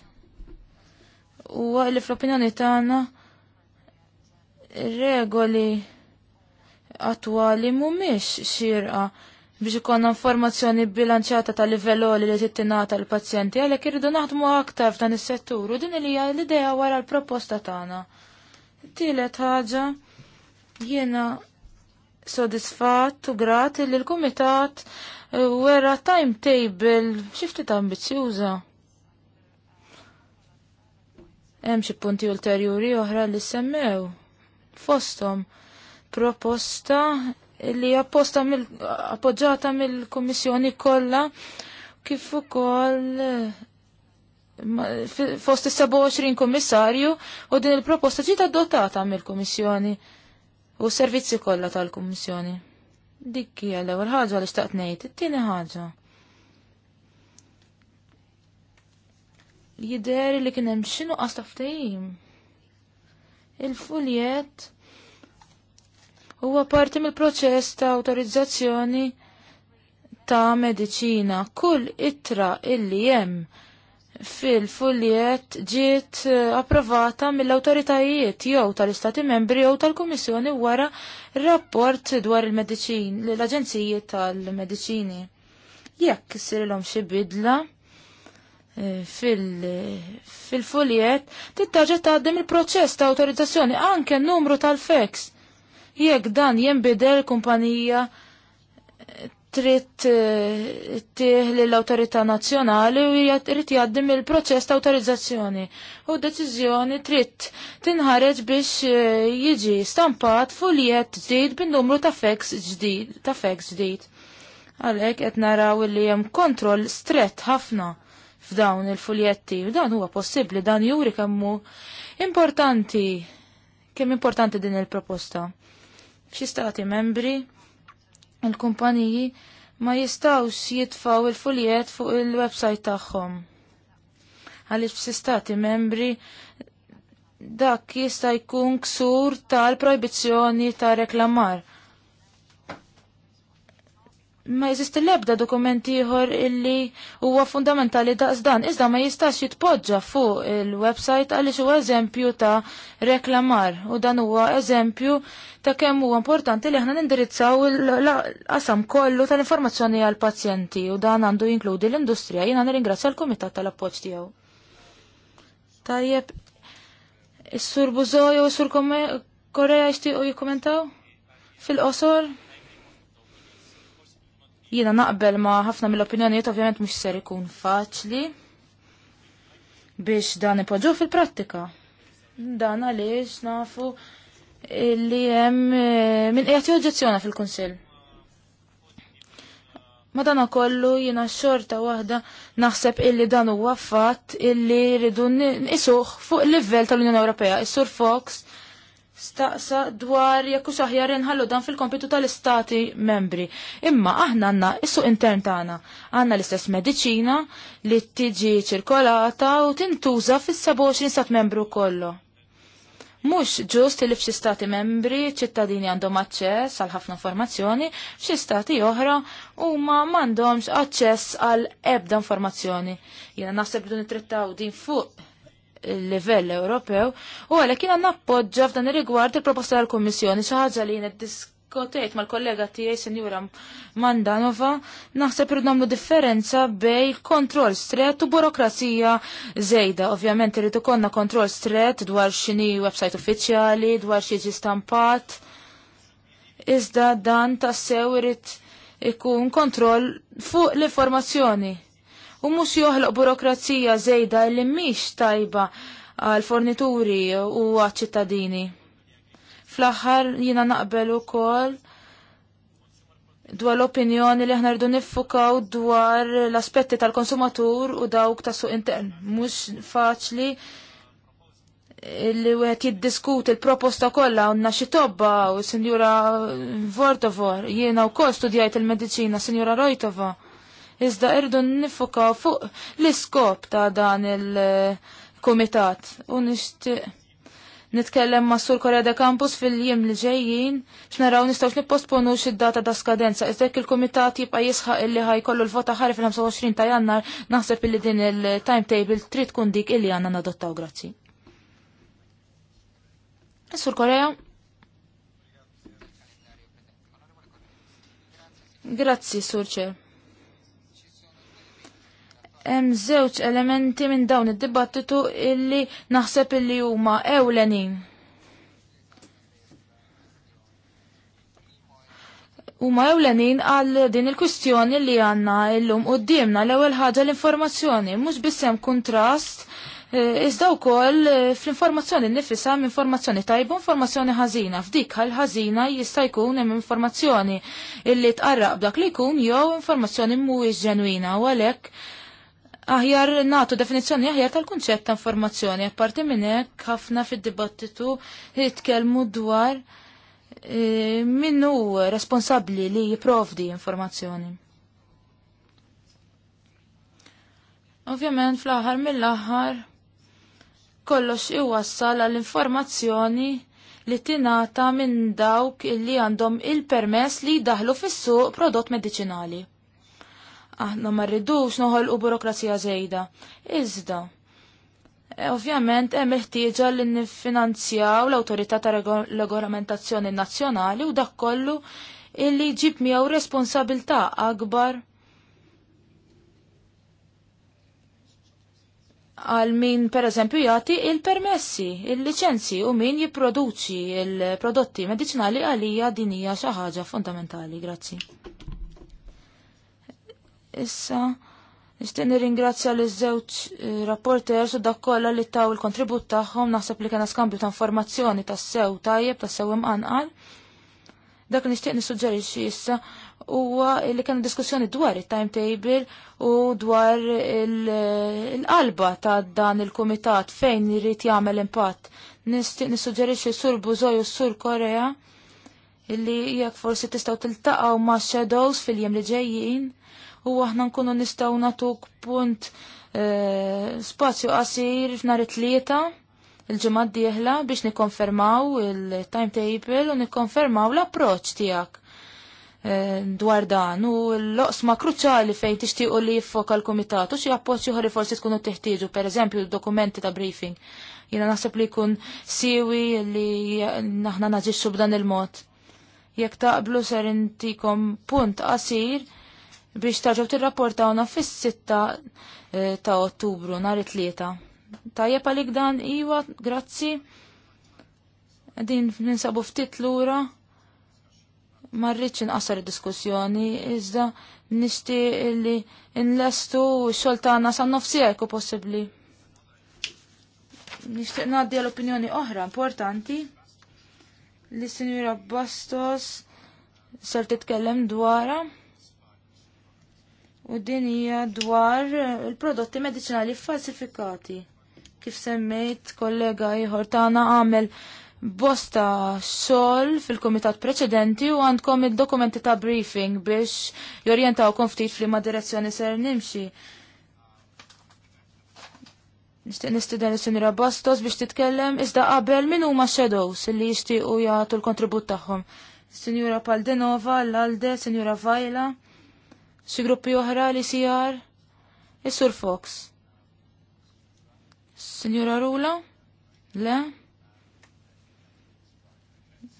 C: huwa li fl-opinjoni tagħna regoli attwali mhumiex xirqa biex ikonna informazzjoni bilanċjata ta' livelloli li li tittinata l pazjenti għalhekk irridu naħdmu aktar f'dan is-settur u din hija l-idea wara l-proposta tagħna. Tielet ħaġa jiena sodisfatt u grat li l-kumitat wera timetable xi ftit ambizzjuża. Hemm xi punti ulterjuri oħra li semmew fostom proposta li apposta mill appoġġata mill-Kummissjoni kollha kif ukoll fost is-27 kummissarju u din il-proposta ġiet adottata mill-Kummissjoni u s-servizzi kollha tal-Kummissjoni. Dik hija l-ewwel ħaġa li xtaqt ngħid, it-tieni ħaġa. Jidheri li kien hemm x'inhu Il-fuljet huwa parti mill-proċess ta' awtorizzazzjoni ta' mediċina. Kull ittra illi hemm fil-fuljet ġiet eh, approvata mill-autoritajiet jew tal-Istati membri jew tal-Kummissjoni wara rapport dwar il-medicin l-Aġenziji tal-Mediċini. Jekk sirilhom xi bidla fil-fuljet tittaġa taqdim il-proċess ta' autorizzazzjoni anke n-numru tal fex Jekk dan jembidel kumpanija trid eh, tih l-autorità nazzjonali u jrid jgħaddim il-proċess ta' autorizzazzjoni. U deċiżjoni trid tinħareġ biex eh, jiġi stampat fuljet ġdid bin-numru ta' feks ġdid ta' fEX ġdid. Għalhekk qed naraw li hemm kontroll strett ħafna f'dawn il-fuljetti u dan huwa possibbli dan juri kemmu importanti kemm importanti din il-proposta. F'xi stati membri il-kumpaniji ma jistawx jitfaw il-fuljet fuq il-website tagħhom. Għaliex f'xi stati membri dak jista' jkun ksur tal-projbizzjoni ta' reklamar ma jizist l-ebda dokumenti ieħor illi huwa fundamentali daqs dan, iżda ma jistax jitpoġġa fuq il-website għaliex huwa eżempju ta' reklamar u dan huwa eżempju ta' kemm huwa importanti li aħna nindirizzaw l-qasam kollu tal-informazzjoni għal pazjenti u dan għandu jinkludi l-industrija Jina nirringrazzja l-kumitat tal-appoġġ tiegħu. Tajjeb, is-sur Buzoj u s-sur Korea jixtiequ jikkumentaw fil-qosor? Jiena naqbel ma ħafna mill-opinjonijiet ovvjament mhux ser ikun faċli biex dan ipoġġu fil-prattika. Dan għaliex nafu li hemm min qiegħed joġġezzjona fil-Kunsill. dan kollu jina xorta wahda naħseb illi dan huwa fatt illi rridu nisuħ fuq il livell tal-Unjoni Ewropea. Is-Sur Fox staqsa dwar jekk aħjar inħallu dan fil-kompitu tal-istati membri. Imma aħna għandna issu intern tagħna għandna l-istess mediċina li tiġi ċirkolata u tintuża fis-27 stat membru kollu. Mhux ġust li f'xi stati membri ċittadini għandhom aċċess għal ħafna informazzjoni, f'xi stati oħra huma m'għandhomx aċċess għal ebda informazzjoni. Jiena naħseb li nitrittaw din fuq livell Ewropew u għalek jiena nappoġġa f'dan ir-rigward il-proposta tal-Kummissjoni xi ħaġa li diskotejt mal-kollega tiegħi Sinjura Mandanova naħseb irid nagħmlu differenza bej kontroll stret u burokrazija żejda. Ovvjament irid ikollna kontroll stret dwar x'inhi website uffiċjali, dwar xi stampat. Iżda dan tassew irid ikun kontroll fuq l-informazzjoni u mhux joħloq burokrazija żejda li mhix tajba għal fornituri u għal ċittadini. Fl-aħħar jiena naqbel ukoll dwar l-opinjoni li aħna rdu niffukaw dwar l-aspetti tal-konsumatur u dawk ta' suq intern. Mhux faċli li wieħed jiddiskut il-proposta kollha għandna xi tobba u Sinjura Vortovor, jiena wkoll studjajt il-mediċina Sinjura Rojtova iżda irdu nifokaw fuq l-iskop ta' dan il-komitat. U nishtiq nitkellem ma' Sur Korea de Campus fil-jiem li ġejjin, x'naraw nistgħux nipposponu id-data ta' skadenza. Iżdek il-komitat jibqa' jisħaq illi kollu l-vota ħari fil-25 ta' jannar, naħseb illi din il-timetable trid tkun dik illi għandna nadottaw grazzi. Sur Korea. Grazzi, Surċer hemm żewġ elementi minn dawn id-dibattitu illi naħseb illi huma ewlenin. Huma ewlenin għal din il-kwistjoni li għandna llum qudiemna l-ewwel ħaġa l-informazzjoni, mhux biss hemm kontrast eh, Iżda wkoll eh, fl-informazzjoni nifisa hemm informazzjoni tajbu, informazzjoni ħażina. F'dik għall-ħażina jista' jkun hemm informazzjoni illi tqarraq dak li jkun jew informazzjoni mhuwiex ġenwina u għalhekk aħjar natu definizzjoni aħjar tal-kunċett ta' informazzjoni, apparti minn hekk ħafna fid-dibattitu jitkellmu dwar e, minnu responsabbli li jipprovdi informazzjoni. Ovvjament fl-aħħar mill-aħħar kollox iwassal għall-informazzjoni li tingħata minn dawk li għandhom il-permess li jdaħlu fis-suq prodott mediċinali aħna ma rridux noħolqu burokrazija żejda. Iżda, e, Ovvjament, hemm il-ħtieġa li niffinanzjaw l-Awtorità ta' Regolamentazzjoni Nazzjonali u dak kollu illi jġib miegħu responsabilità akbar għal min pereżempju jagħti il-permessi, il-liċenzi u min jipproduċi il-prodotti mediċinali għalija din hija xi ħaġa fundamentali. Grazzi. Issa, nixtieq nirringrazzja l żewġ eh, rapporters u dak kollha li taw il-kontribut tagħhom naħseb li kena skambju ta' informazzjoni tas-sew tajjeb tas-sew imqanqal. Dak li nixtieq nissuġġerixxi issa huwa li kena diskussjoni dwar it-timetable u dwar il-qalba ta' dan il-komitat fejn irrid jagħmel impatt. Nistiq nissuġġerixxi sur Bużoj u sur Korea illi jekk forsi tistgħu tiltaqgħu ma' shadows fil-jiem li ġejjin u aħna nkunu nistgħu nagħtuk punt e, spazju qasir f'nar it-tlieta il-ġimgħa d-dieħla biex nikkonfermaw il-timetable u nikkonfermaw l-approċċ tiegħek e, dwar dan u l-oqsma kruċali fejn tixtiequ li jiffoka l-kumitat u xi appoġġ ieħor forsi tkunu teħtieġu, pereżempju dokumenti ta' briefing. Jiena naħseb li jkun siwi li aħna naġixxu b'dan il-mod. Jekk taqblu ser intikom punt qasir biex t-rapporta tirrapportawna fis-6 eh, ta' Ottubru nhar it-tlieta. Tajjeb għalik dan iwa, grazzi. Din ninsabu ftit lura. ura inqasar id-diskussjoni, iżda nishti li nlestu x-xogħol tagħna sa nofsijek u possibbli. Nixtieq ngħaddi l-opinjoni oħra importanti li Sinjura Bastos ser titkellem dwara. U din hija dwar eh, il-prodotti medicinali falsifikati. Kif semmejt kollega ieħor tagħna għamel bosta xogħol fil-kumitat preċedenti u għandkom id-dokumenti ta' briefing biex konftit ftit f'liema direzzjoni ser nimxi. Nishtiq nistiden is-Sinjura Bastos biex titkellem iżda qabel min huma shadows li jixtiequ jagħtu l-kontribut tagħhom. Sinjura Paldenova, l-Alde, Sinjura Vajla. Xi gruppi oħra li sijar? Is-Sur Fox. Signora Rula? Le?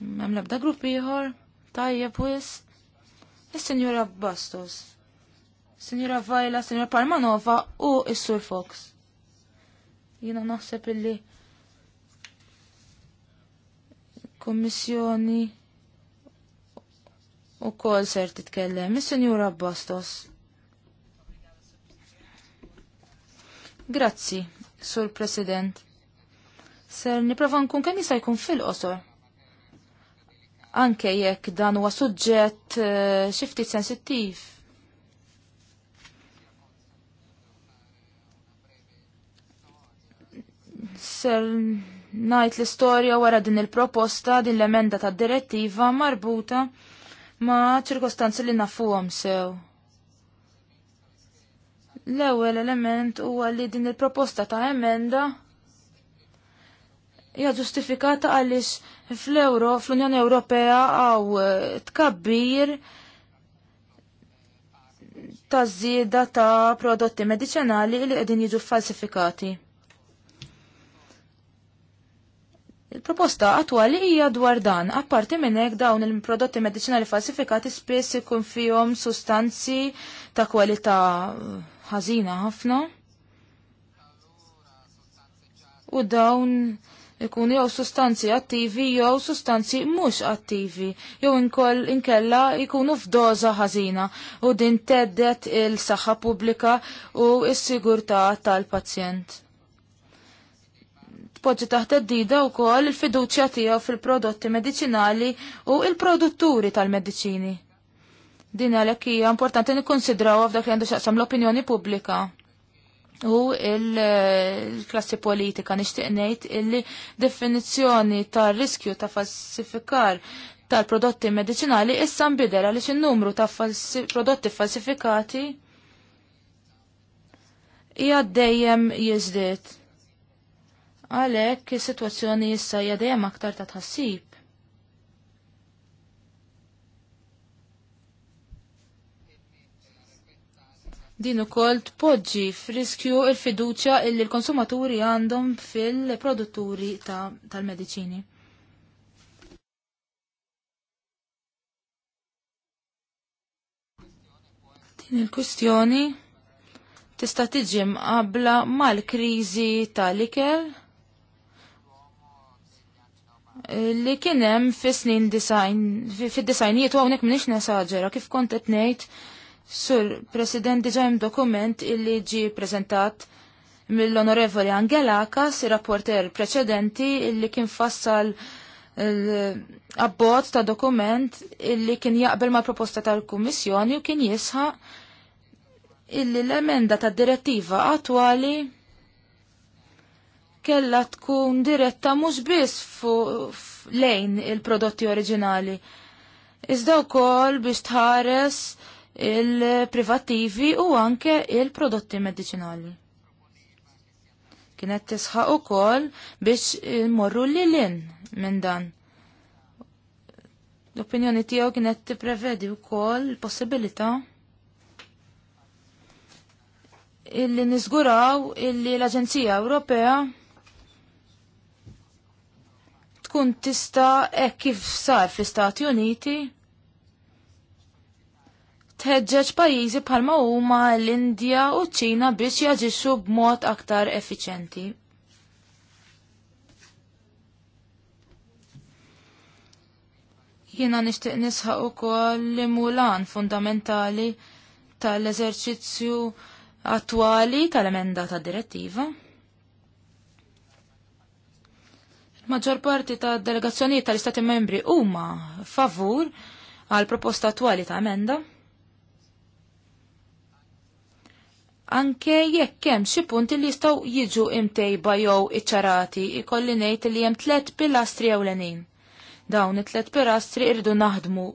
C: Mem labda gruppi ieħor? Tajja wis? Is-Signora Bastos. Signora Vajla, Signora Parmanova u is-Sur Fox. Jina naħseb illi kommissjoni u kol ser titkellem, il-Senjura Bastos. Grazzi, Sur President. Ser niprofa nkun kemm jista' jkun fil-qosor. Anke jekk dan huwa suġġett eh, xi ftit sensittiv. Ser ngħid l-istorja wara din il-proposta din l-emenda tad-direttiva marbuta ma' ċirkostanzi li nafuhom sew. L-ewwel element huwa li din il-proposta ta' emenda hija ġustifikata għaliex fl-Euro, fl-Unjoni Ewropea għaw eh, tkabbir ta' żieda ta' prodotti medicinali li qegħdin jiġu falsifikati. Il-proposta attuali hija dwar dan, apparti minn hekk dawn il-prodotti medicinali falsifikati spiss ikun fihom sustanzi ta' kwalità ħażina ħafna. U dawn ikun jew sustanzi attivi jew sustanzi mhux attivi, jew inkoll inkella jkunu f'doża ħażina u din teddet il-saħħa pubblika u s-sigurtà tal-pazjent tpoġġi taħt id-dida wkoll il-fiduċja tiegħu fil-prodotti mediċinali u il-produtturi tal-mediċini. Din għalhekk hija importanti nikkonsidraw f'dak li għandu xaqsam l-opinjoni pubblika u il-klassi politika nixtieq ngħid illi definizzjoni tar-riskju ta' falsifikar tal-prodotti medicinali issa nbidel għaliex in-numru ta' falsi prodotti falsifikati hija dejjem jiżdied. Għalhekk is-sitwazzjoni issa hija aktar ta' tħassib. Din ukoll tpoġġi f'riskju il-fiduċja illi l-konsumaturi għandhom fil-produtturi tal-mediċini. Ta Din il-kustjoni tista' tiġi mqabla mal-kriżi tal-ikel li kienem fi snin design, fi disajnijiet u għonek minix nesaġera, kif kont etnejt sur president diġajm dokument illi ġi prezentat mill-onorevoli Angelakas, rapporter preċedenti illi kien fassal l abbot ta' dokument illi kien jaqbel ma' proposta tal-Kummissjoni u kien jisħa illi l-emenda ta' direttiva attwali kella tkun diretta mhux biss lejn il-prodotti oriġinali. Iżda wkoll biex tħares il-privattivi u anke il-prodotti medicinali. Kienet tisħaq ukoll biex morru lilin minn dan. L-opinjoni tiegħu kienet tipprevedi wkoll il-possibilità illi niżguraw illi l-Aġenzija Ewropea tkun tista' hekk kif sar fl-Istati Uniti tħeġġeġ pajjiżi bħalma huma l-Indja u ċ-Ċina biex jaġixxu b'mod aktar effiċjenti. Jiena nixtieq nisħaq ukoll li mulan fundamentali tal-eżerċizzju attwali tal-emenda tad direttiva. Maġġor parti ta' delegazzjonijiet tal-Istati membri huma favur għal proposta attuali ta' emenda. Anke jekk hemm xi punti li jistgħu jiġu imtejba jew iċċarati, ikolli ngħid li hemm tliet pilastri ewlenin. Dawn it-tliet pilastri irdu naħdmu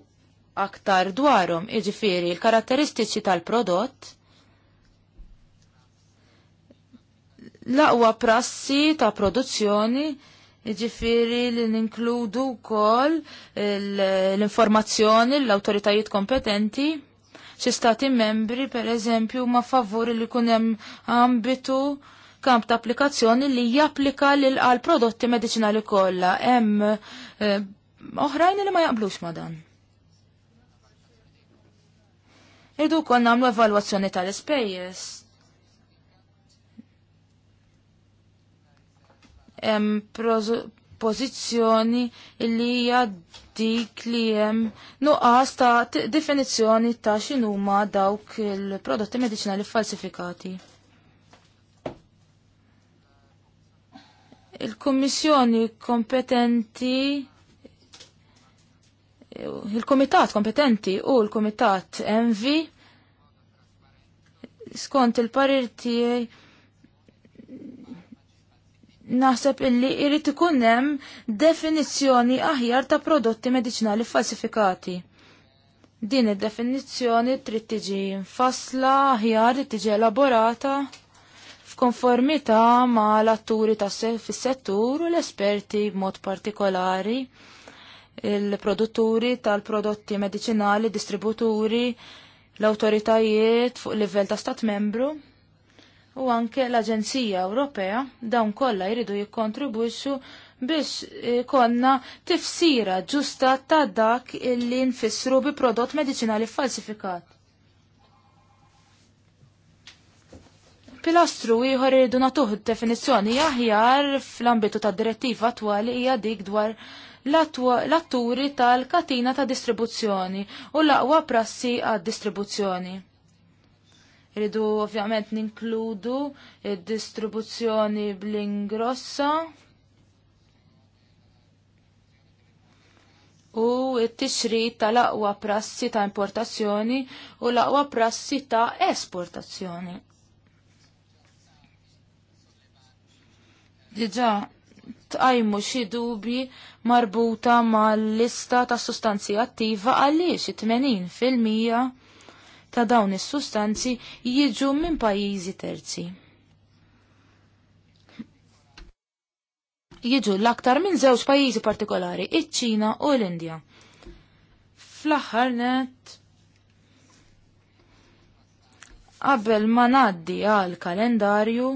C: aktar dwarhom, iġifieri l-karatteristiċi tal-prodott, l-aqwa prassi ta' produzzjoni, Ġifiri li ninkludu kol l-informazzjoni l-autoritajiet kompetenti xi stati membri per eżempju ma favuri li kun hemm ambitu kamp ta' applikazzjoni li japplika lil għal prodotti medicinali kollha hemm eh, oħrajn li ma jaqblux ma dan. Irdu kon nagħmlu evalwazzjoni tal-ispejjeż hemm pozizjoni li hija dik li hemm nuqqas ta' definizzjoni ta' x'inhuma dawk il-prodotti mediċinali falsifikati. Il-Kummissjoni kompetenti il-Komitat kompetenti u l-Komitat Envi skont il-parir tiegħi naħseb illi irrit ikun hemm definizzjoni aħjar ta' prodotti mediċinali falsifikati. Din id-definizzjoni trid tiġi mfassla aħjar trid tiġi elaborata f'konformità ma' l-atturi tas fis-settur u l-esperti b'mod partikolari il-produtturi tal-prodotti medicinali, distributuri, l-autoritajiet fuq livell ta' stat membru u anke l-Aġenzija Ewropea dawn kollha jridu jikkontribwixxu biex eh, konna tifsira ġusta ta' dak illi nfissru bi prodott medicinali falsifikat. Pilastru ieħor iridu natuħ definizzjoni aħjar fl-ambitu tad direttiva attwali hija dik dwar l-atturi tal-katina ta' distribuzzjoni u l-aqwa prassi għad distribuzzjoni. Rridu ovvjament ninkludu id-distribuzzjoni bl-ingrossa u t-tixrid tal-aqwa prassi ta' importazzjoni u l-aqwa prassi ta' esportazzjoni. Diġa, tqajmu xi dubi marbuta mal-lista ta' sustanzi attiva għaliex 80 fil-mija ta' dawn is-sustanzi jiġu minn pajjiżi terzi. Jiġu l-aktar minn żewġ pajjiżi partikolari, iċ-Ċina u l-Indja. Fl-aħħar net qabel ma ngħaddi għal kalendarju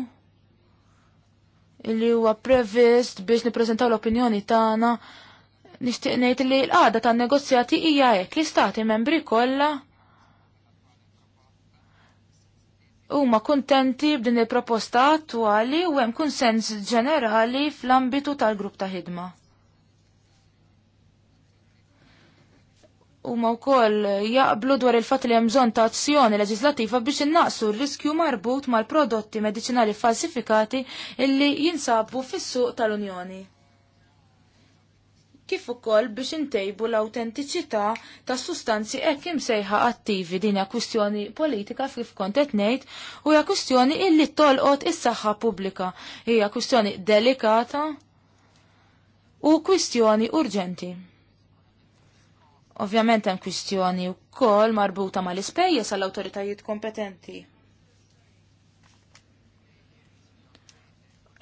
C: li huwa previst biex nippreżentaw l-opinjoni tagħna nixtieq ngħid li l-qagħda tan-negozjati hija hekk l-istati membri kollha huma kuntenti b'din il-proposta attwali u hemm kunsens ġenerali fl-ambitu tal-grupp ta' ħidma. Huma wkoll jaqblu dwar il-fatt li hemm bżonn ta' azzjoni leġislattiva biex innaqsu r-riskju marbut mal-prodotti mediċinali falsifikati illi jinsabu fis-suq tal-Unjoni kif ukoll biex intejbu l-autentiċità ta' sustanzi hekk imsejħa attivi din hija kwistjoni politika kif kont qed ngħid u hija kwistjoni illi tolqot is-saħħa pubblika. Hija kwistjoni delikata u kwistjoni urġenti. Ovvjament hemm kwistjoni wkoll marbuta mal-ispejjeż għall-awtoritajiet kompetenti.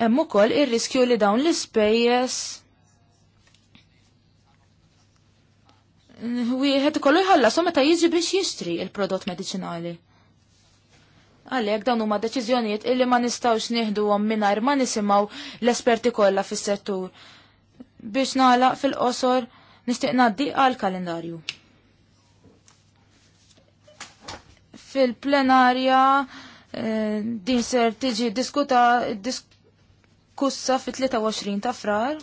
C: Hemm ukoll ir-riskju li dawn l-ispejjeż wieħed ikollu jħallasu meta jiġi biex jixtri il-prodott mediċinali. Għalhekk dawn huma deċiżjonijiet illi ma nistgħux nieħduhom mingħajr ma nisimgħu l-esperti kollha fis-settur. Biex nagħlaq fil-qosor nixtieq ngħaddi għal kalendarju. Fil-plenarja eh, din ser tiġi diskuta diskussa fit-23 ta' frar.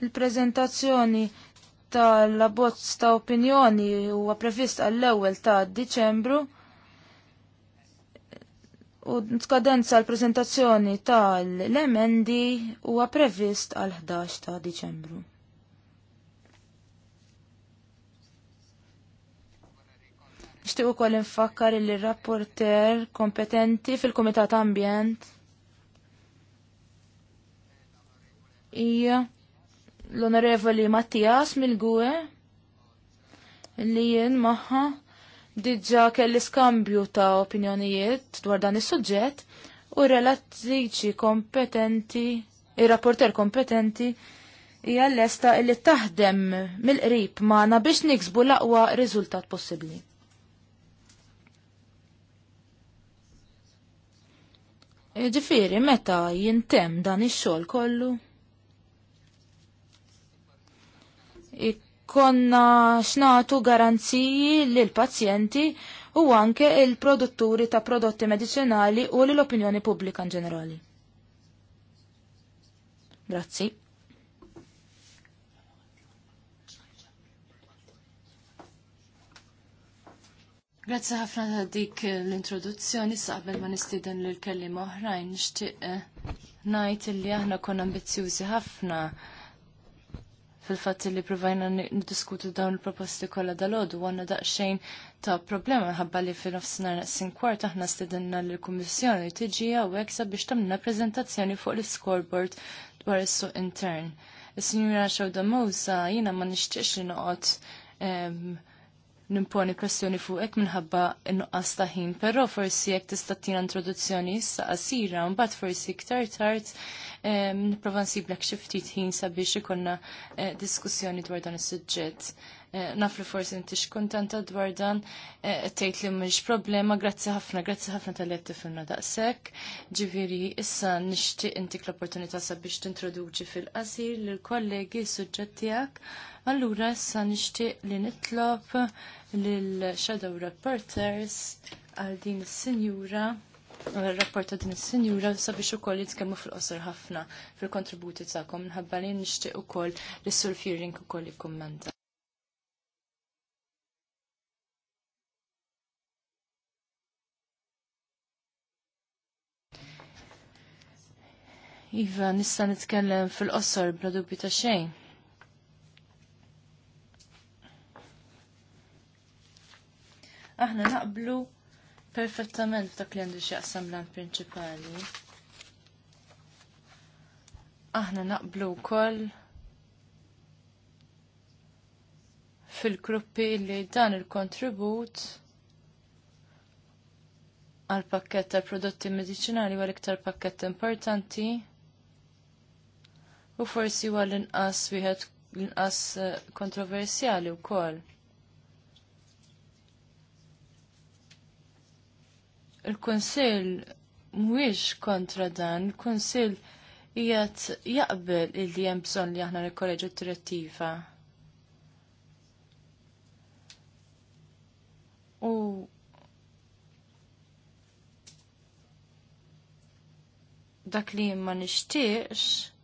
C: Il-prezentazzjoni tal-abbozz ta' opinjoni huwa previst għall-ewwel ta' Diċembru u skadenza l-prezentazzjoni tal-emendi huwa previst għal 11 ta' Diċembru. Nixtieq ukoll infakkar li rapporter kompetenti fil-Kumitat Ambjent hija l-onorevoli Mattias mill-Gwe li jien maħħa diġa kelli skambju ta' opinjonijiet dwar dan is-suġġett u relatriċi kompetenti, ir-rapporter kompetenti hija lesta li taħdem mill-qrib magħna biex niksbu l-aqwa riżultat possibbli. Ġifieri meta jintem dan ix-xogħol kollu? ikkonna xnatu garanziji lil pazjenti u anke il-produtturi ta' prodotti medicinali u l-opinjoni pubblika in ġenerali. Grazzi.
A: Grazzi ħafna ta' dik l-introduzzjoni saqbel ma nistieden l kelli oħrajn nixtieq eh, ngħid li aħna konna ambizzjużi ħafna fil-fatt li provajna niddiskutu dawn il-proposti kollha dal ħodu għandna daqsxejn ta' problema ħabba li fil-nofsinhar sin kwart aħna stedinna l-Kummissjoni tiġi għawek sabiex tamna prezentazzjoni fuq l-scoreboard dwar is-suq intern. Is-Sinjura Xawda Mowsa jiena ma nixtiex li noqgħod nimponi kwestjoni fuqek minħabba innuqqas ta' ħin, però forsi jekk tista' tina introduzzjoni issa qasira, mbagħad forsi iktar tard ehm, nipprova nsiblek xi ftit ħin sabiex ikollna eh, diskussjoni dwar dan is-suġġett. Eh, naf li forsi inti xkuntanta dwar dan, eh, tgħid li mhix problema, grazzi ħafna, grazzi ħafna tal qed tifhimna daqshekk. Ġifieri issa nixtieq intik l-opportunità sabiex tintroduċi fil-qasir lill kollegi suġġett tiegħek. Allura issa nixtieq li nitlob lil Shadow Reporters għal din is-sinjura rapport ta' din is-sinjura sabiex ukoll jitkellmu fil-qosor ħafna fil-kontributi tagħkom minħabba li nixtieq ukoll li sur Fearing ukoll jikkummenta. Iva, nista nitkellem fil-qossor bla ta' xejn. Aħna naqblu perfettament f'dak li għandu xi lan prinċipali. Aħna naqblu wkoll fil-gruppi li dan il-kontribut għal pakket ta' prodotti medicinali għal iktar pakket importanti u forsi huwa l-inqas wieħed l-inqas eh, kontroversjali wkoll. Il-Kunsill mhuwiex kontra dan, il-Kunsill qiegħed jaqbel illi hemm bżonn li aħna nikkoreġu t-direttiva. U dak li ma nixtieqx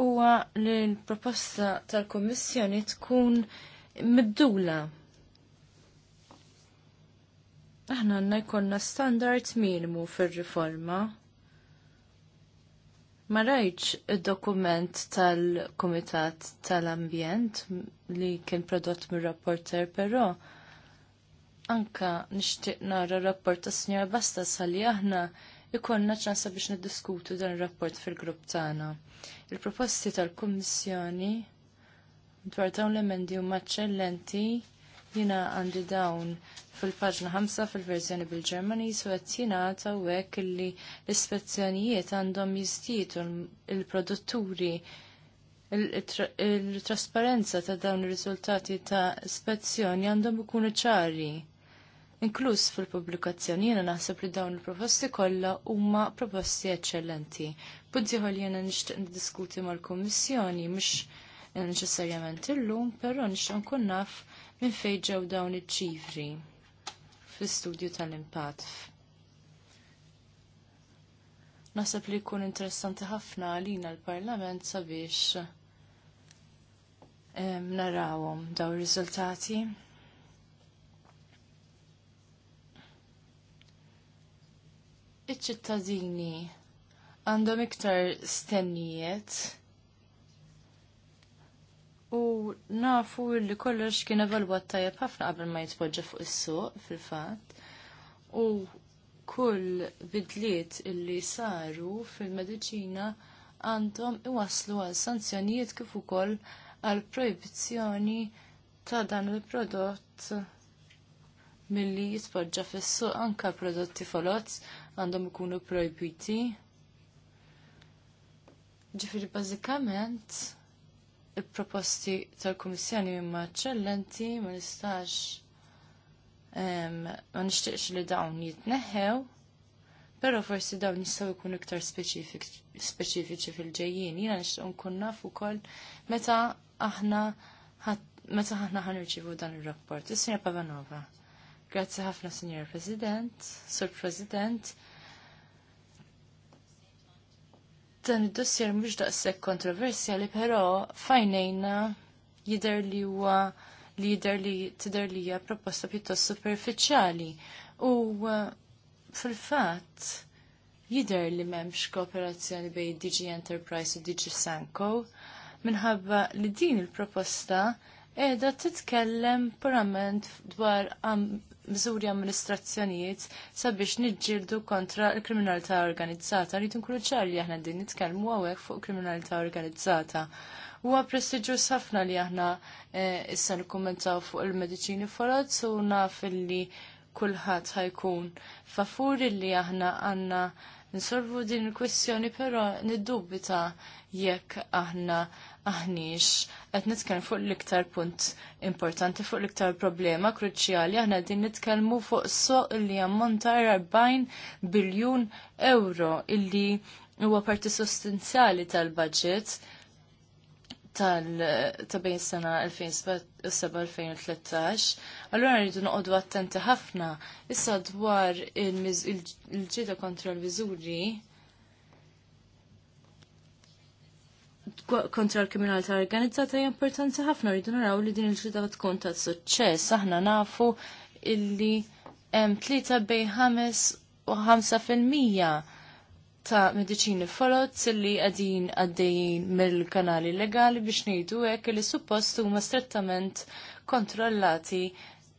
A: huwa li l-proposta tal kummissjoni tkun middula. Aħna għanna jkollna standard minimu fir-riforma. Ma rajċ il-dokument tal-Komitat tal-Ambjent li kien prodott mir rapporter però anka nixtieq nara rapport ta' Sinjora Basta sali aħna ikonna ċansa biex niddiskutu dan ir-rapport fil-grupp tagħna. Il-proposti tal-Kummissjoni dwar dawn l-emendi huma eċċellenti jina għandi dawn fil-paġna 5 fil-verżjoni bil-Ġermani su qed jingħata u wek li l-ispezzjonijiet għandhom jistitu il-produtturi il-trasparenza ta' dawn il-rizultati ta' ispezzjoni għandhom ikunu ċari inkluż fil-pubblikazzjoni jiena naħseb li dawn il-proposti kollha huma proposti eċċellenti. ħol jiena nixtieq niddiskuti mal-Kummissjoni mhux neċessarjament illum, però nixtieq nkun naf minn fejn ġew dawn iċ-ċifri fl-istudju tal-impatt. Naħseb li jkun interessanti ħafna għalina l-Parlament sabiex narawhom daw ir-riżultati. iċ-ċittadini għandhom iktar stennijiet u nafu li kollox kien evalwat tajjeb ħafna qabel ma jitpoġġa fuq is-suq fil-fatt u kull bidliet illi saru fil-mediċina għandhom iwaslu għal sanzjonijiet kif ukoll għal proibizzjoni ta' dan il-prodott milli jitpoġġa fis-suq anke prodotti folot għandhom ikunu projbiti. Ġifieri bażikament il-proposti tal-Kummissjoni huma eċċellenti ma nistax ma nixtieqx li dawn jitneħħew, però forsi dawn jistgħu jkunu iktar speċifiċi fil-ġejjin. Jiena nishtiq nkun naf ukoll meta aħna meta aħna ħanirċivu dan ir-rapport. Is-Sinja Pavanova. Grazzi ħafna, Signor President, Sur President. Dan id-dossier mhux daqshekk kontroversjali, però fajnejna jidher li huwa li jidher li tidher li hija proposta pjuttost superfiċjali u uh, fil-fatt jidher li m'hemmx kooperazzjoni bejn DG Enterprise u DG Sanko minħabba li din il-proposta qiegħda titkellem purament dwar miżuri amministrazzjonijiet sabiex niġġieldu kontra l-kriminalità organizzata. Rrid nkunu ċari li aħna din nitkellmu hawnhekk fuq kriminalità organizzata. Huwa prestiġu ħafna li aħna eh, issa nikkummentaw fuq il-mediċini forod u naf li kulħadd ħajkun Fafur li aħna għandna Nsolvu din il-kwestjoni, pero niddubita jekk aħna aħniex qed nitkellmu fuq l-iktar punt importanti fuq l-iktar problema kruċjali aħna din nitkellmu fuq soq li ammontar 40 biljun euro illi huwa parti sostanzjali tal-budget tal-tabejn sena 2007-2013, allora rridu noqogħdu attenti ħafna issa dwar il-ġieda kontra l-miżuri kontra l-kriminalità organizzata hija importanti ħafna rridu naraw li din il-ġlida tkun ta' suċċess. Aħna nafu illi hemm tlieta bej ħames u ħamsa fil-mija ta' mediċini folot li għadin għaddejjin mill-kanali legali biex ngħidu hekk li suppost huma strettament kontrollati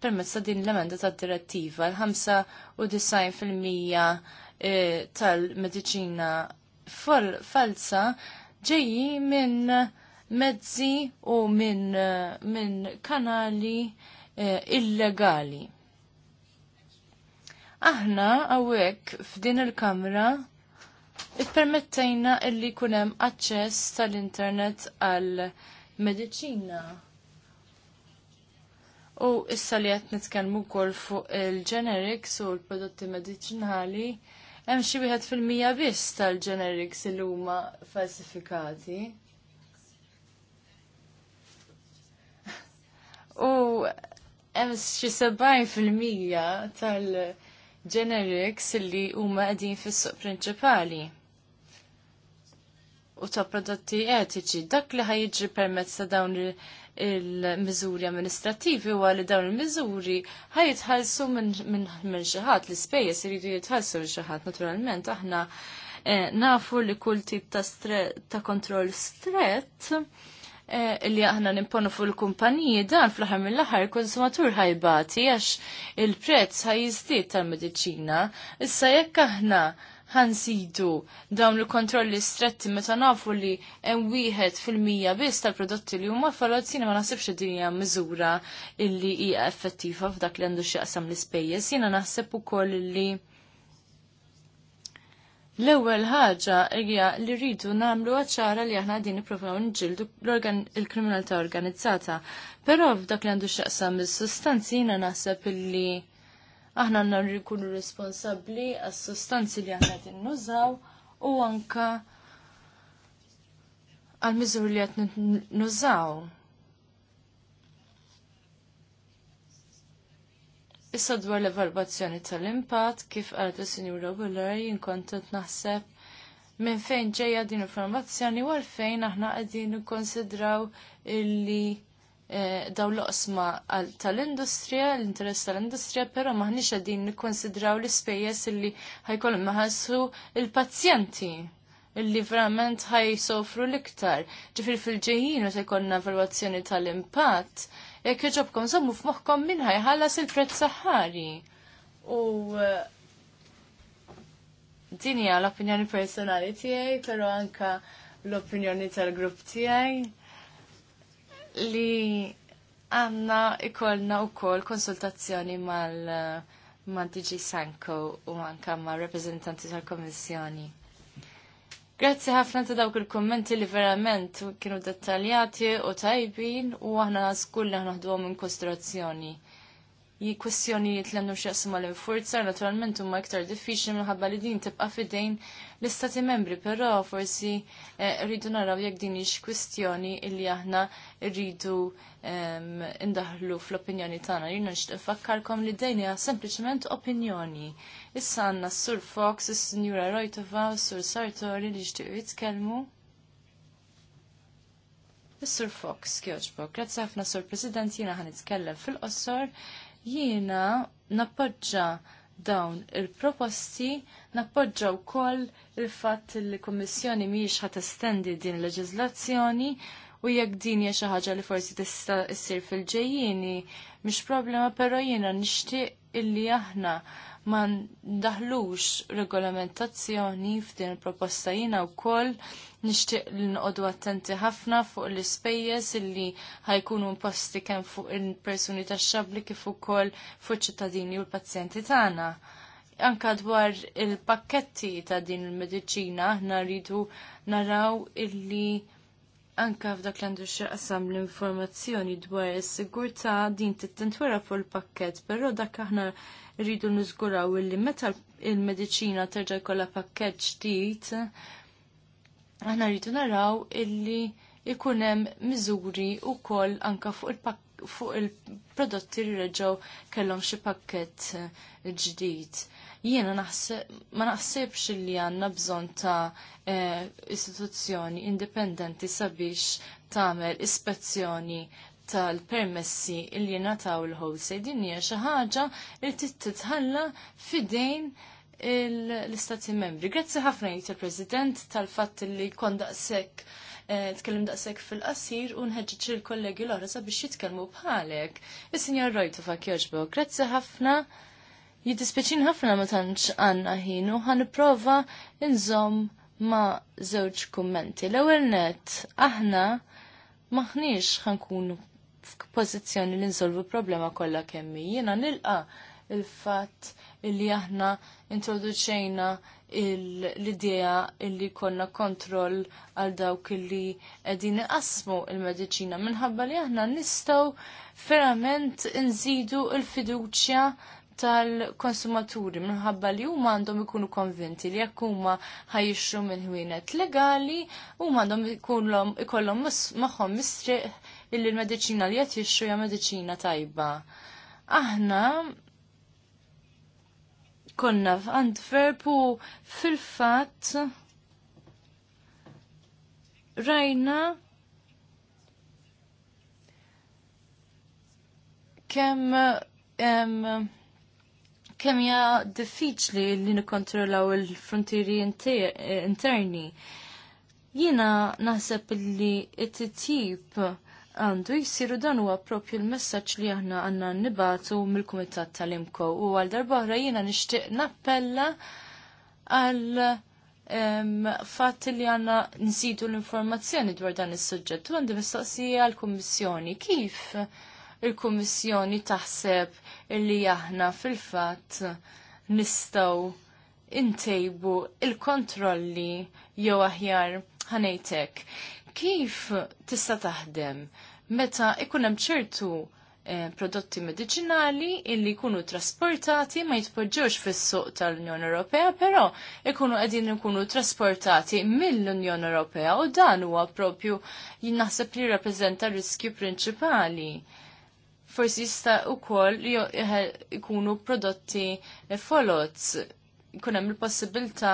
A: permezz ta' din l-emenda ta' direttiva l-95% eh, tal-mediċina falsa Ġeji minn mezzi u minn min kanali eh, illegali. Aħna għawek f'din il-kamra ippermettejna illi kunem aċċess tal-internet għal medicina. U issa li għet nitkelmu kol fuq il-generics u l-prodotti medicinali hemm xi wieħed fil-mija biss tal-generics li huma falsifikati. U hemm xi fil-mija tal-generics li huma qegħdin fis-suq prinċipali u ta' prodotti etiċi. Dak li ħajġi permezz ta' dawn il-miżuri amministrativi huwa li dawn il-miżuri ħajitħallsu minn xi ħadd l-ispejjeż iridu jitħallsu minn xi ħadd naturalment aħna eh, nafu li kull tip ta' ta' kontroll strett eh, li aħna nimponu fuq il-kumpaniji dan fl-aħħar mill-aħħar konsumatur ħajbati għax il-prezz ħajjiżdied tal-mediċina. Issa jekk aħna ħansidu dawn il-kontrolli stretti meta nafu li hemm wieħed fil-mija biss tal-prodotti li huma falozzina ma naħsibx din hija miżura illi hija effettiva f'dak li għandu x'jaqsam l-ispejjeż. Jiena naħseb ukoll li L-ewwel ħaġa hija li rridu nagħmlu ċara li aħna qegħdin nippruvaw nġildu l-kriminalità organizzata. Però f'dak li għandu x'aqsam is-sustanzi jiena naħseb illi aħna għanna rikunu responsabli għas sostanzi li għanna tinnużaw u anka għal miżur li għat nużaw. Issa dwar l-evalvazzjoni tal-impatt, kif għalet il-Sinjura Willer, jinkontent naħseb minn fejn ġeja din informazzjoni u għalfejn aħna għadin konsidraw illi Eh, daw l-oqsma tal-industrija, l-interess tal-industrija, pero m'aħniex għadin nikkonsidraw l-spejjes illi ħajkollhom maħassu il-pazjenti illi verament ħaj sofru l-iktar. Ġifir fil-ġejjin se jkollna evalwazzjoni tal-impatt, jekk iġobkom sommu f'moħħkom minn ħajħallas il-prezz saħħari. U eh, din hija l-opinjoni personali tiegħi, però anka l-opinjoni tal-grupp tiegħi li għanna ikollna u kol konsultazzjoni mal eh, mal DG Sanko u anka ma' reprezentanti tal-Komissjoni. Grazzi ħafna ta' dawk il-kommenti li verament kienu dettaljati u tajbin u aħna skulli għahna ħduhom in konsiderazzjoni. Ji kwestjoni li t-lemnu x'jaqsmu l-infurza naturalment huma iktar diffiċli minħabba li din tibqa' fidejn L-istati membri però forsi eh, rridu naraw jekk din hix kwistjoni illi aħna rridu ehm, indaħlu fl-opinjoni tagħna. Jien nixtieq li dejn hija sempliċement opinjoni. Issa għandna s-Sur Fox, is-Sinjura Rojtova, s-Sur Sartori li jixtiequ jitkellmu. sur Fox, kjoċbo, grazzi ħafna, Sur President, jina ħan fil-qossor, jina nappoġġa dawn il-proposti nappoġġaw wkoll il-fatt li l-Kummissjoni mhijiex ħat estendi din leġizlazzjoni leġiżlazzjoni u jekk din hija xi ħaġa li forsi tista' ssir fil ġejjini mhix problema però jiena nixtieq illi aħna ma ndaħlux regolamentazzjoni f'din il-proposta jina u koll nishtiq li nqodu attenti ħafna fuq l-ispejjeż illi ħajkunu imposti kemm fuq il-persuni tax-xabli kif ukoll fuq ċittadini u l-pazjenti tagħna. Anka dwar il-pakketti ta' din il-mediċina aħna rridu naraw illi anka f'dak li għandu xaqsam l-informazzjoni dwar is-sigurtà din tittentwera fuq il-pakket, però dak aħna rridu niżguraw illi meta il medicina terġa' jkollha pakket ġdid, aħna rridu naraw illi ikun hemm miżuri wkoll anka fuq il fuq il-prodotti li reġgħu kellhom xi pakket ġdid jiena ma naħsibx li għandna bżonn ta' eh, istituzzjoni indipendenti sabiex tagħmel ispezzjoni tal-permessi li nataw il-wholesale din hija xi ħaġa li titħalla fidejn l-istati membri. Grazzi ħafna jgħid il-President tal-fatt li daqshekk eh, tkellim daqshekk fil-qasir u nħeġġeġ il-kollegi l-oħra sabiex jitkellmu bħalek. Is-Sinjor Rojtu fak joġbok. Grazzi ħafna. Jidispeċin ħafna ma tantx għanna ħin u prova nżomm ma' żewġ kummenti. L-ewwel net aħna maħniex ħankun f'pożizzjoni li nżolvu problema kollha kemm jiena nilqa' il-fatt illi aħna introduċejna l-idea illi konna kontroll għal dawk illi qegħdin qasmu il-medicina minħabba li aħna nistaw verament nżidu il-fiduċja tal-konsumaturi minħabba li huma għandhom ikunu konvinti li jekk huma ħajixru minn ħwienet legali huma għandhom ikollhom magħhom mistriq illi l-mediċina li qed jixxu hija mediċina tajba. Aħna konna f'Antwerp u fil-fatt rajna kemm um, kemm hija diffiċli li nikkontrollaw il-frontieri interni. Jiena naħseb li it-tip għandu jisiru dan huwa propju l-messaġġ li aħna għandna nibatu mill-Kumitat tal-Imko u għal darbohra jiena nixtieq nappella għal fatt li għanna nżidu l-informazzjoni dwar dan is-suġġett u għandi mistoqsija għall kummissjoni Kif il-Kummissjoni taħseb illi aħna fil-fatt nistgħu intejbu il-kontrolli jew aħjar ħanejtek. Kif tista' taħdem meta ikun hemm ċertu eh, prodotti mediċinali illi jkunu trasportati ma jitpoġġewx fis-suq tal-Unjoni Ewropea, però ikunu qegħdin ikunu trasportati mill-Unjoni Ewropea u dan huwa propju jinnaħseb li jirrappreżenta riskju prinċipali forsi jista' ukoll eh, ikunu prodotti eh, folots ikun hemm il-possibilità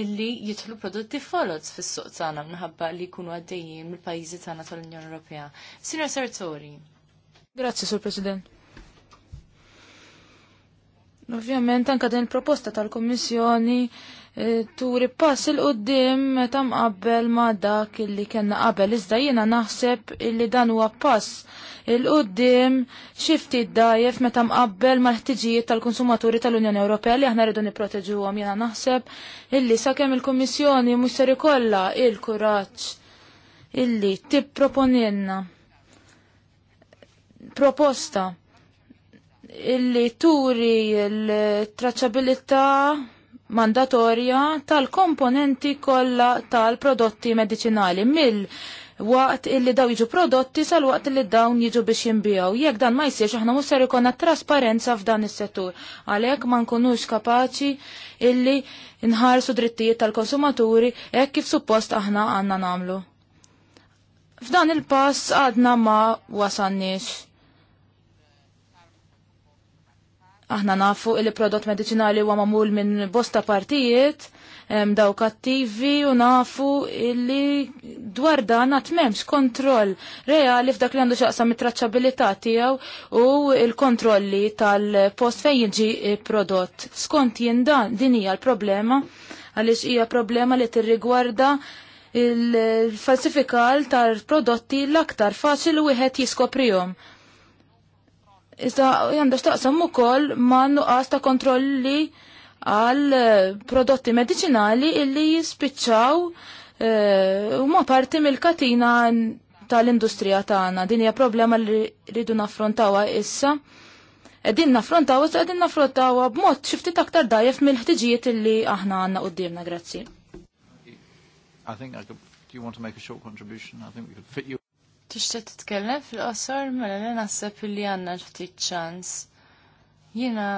A: illi jidħlu prodotti folots fis-suq tagħna minħabba li jkunu għaddejjin mill-pajjiżi tagħna tal-Unjoni Ewropea. Sinjor Sertori. Grazzi, Sur President.
C: Ovvjament anka din il-proposta tal-Kommissjoni eh, turi pass il-qoddim meta mqabbel ma dak illi kellna qabel iżda jiena naħseb illi dan huwa pass il-qoddim xifti d-dajef meta mqabbel mal-ħtiġijiet tal-konsumaturi tal-Unjoni Ewropea li aħna rridu għom jena naħseb illi sakemm il-Kummissjoni mhux ser il-kuraġġ illi tipproponilna proposta illi turi l-traċabilità mandatorja tal-komponenti kollha tal-prodotti medicinali mill waqt illi daw jiġu prodotti sal-waqt illi dawn jiġu biex jimbijaw. Jekk dan ma jsirx aħna mhux ser ikonna trasparenza f'dan is-settur. Għalhekk ma nkunux kapaċi illi nħarsu drittijiet tal-konsumaturi hekk kif suppost aħna għandna nagħmlu. F'dan il-pass għadna ma wasanniex. Aħna nafu il-prodott medicinali huwa mamul minn bosta partijiet hemm daw kattivi u nafu illi dwar dan għatmemx m'hemmx kontroll reali f'dak li għandu xaqsam it-traċċabilità tiegħu u l-kontrolli tal-post fejn jiġi prodott. Skont jien dan din hija l-problema għaliex hija problema li tirrigwarda il-falsifikal tal-prodotti l-aktar faċil u wieħed jiskoprihom. Iżda għandax taqsam ukoll ma' nuqqas ta' kontrolli għal eh, prodotti medicinali illi jispiċċaw eh, u ma parti mill-katina tal-industrija tagħna. Din hija problema li rridu naffrontawha issa. Qegħdin naffrontawha u qegħdin naffrontawha b'mod xi ftit aktar dajjef mill-ħtiġijiet
A: illi aħna għandna qudiemna, grazzi.
B: I think I could, do you want to make a short contribution? I think we could fit you.
A: titkellem fil-qosor mela li naħseb li għandna ftit ċans. Jiena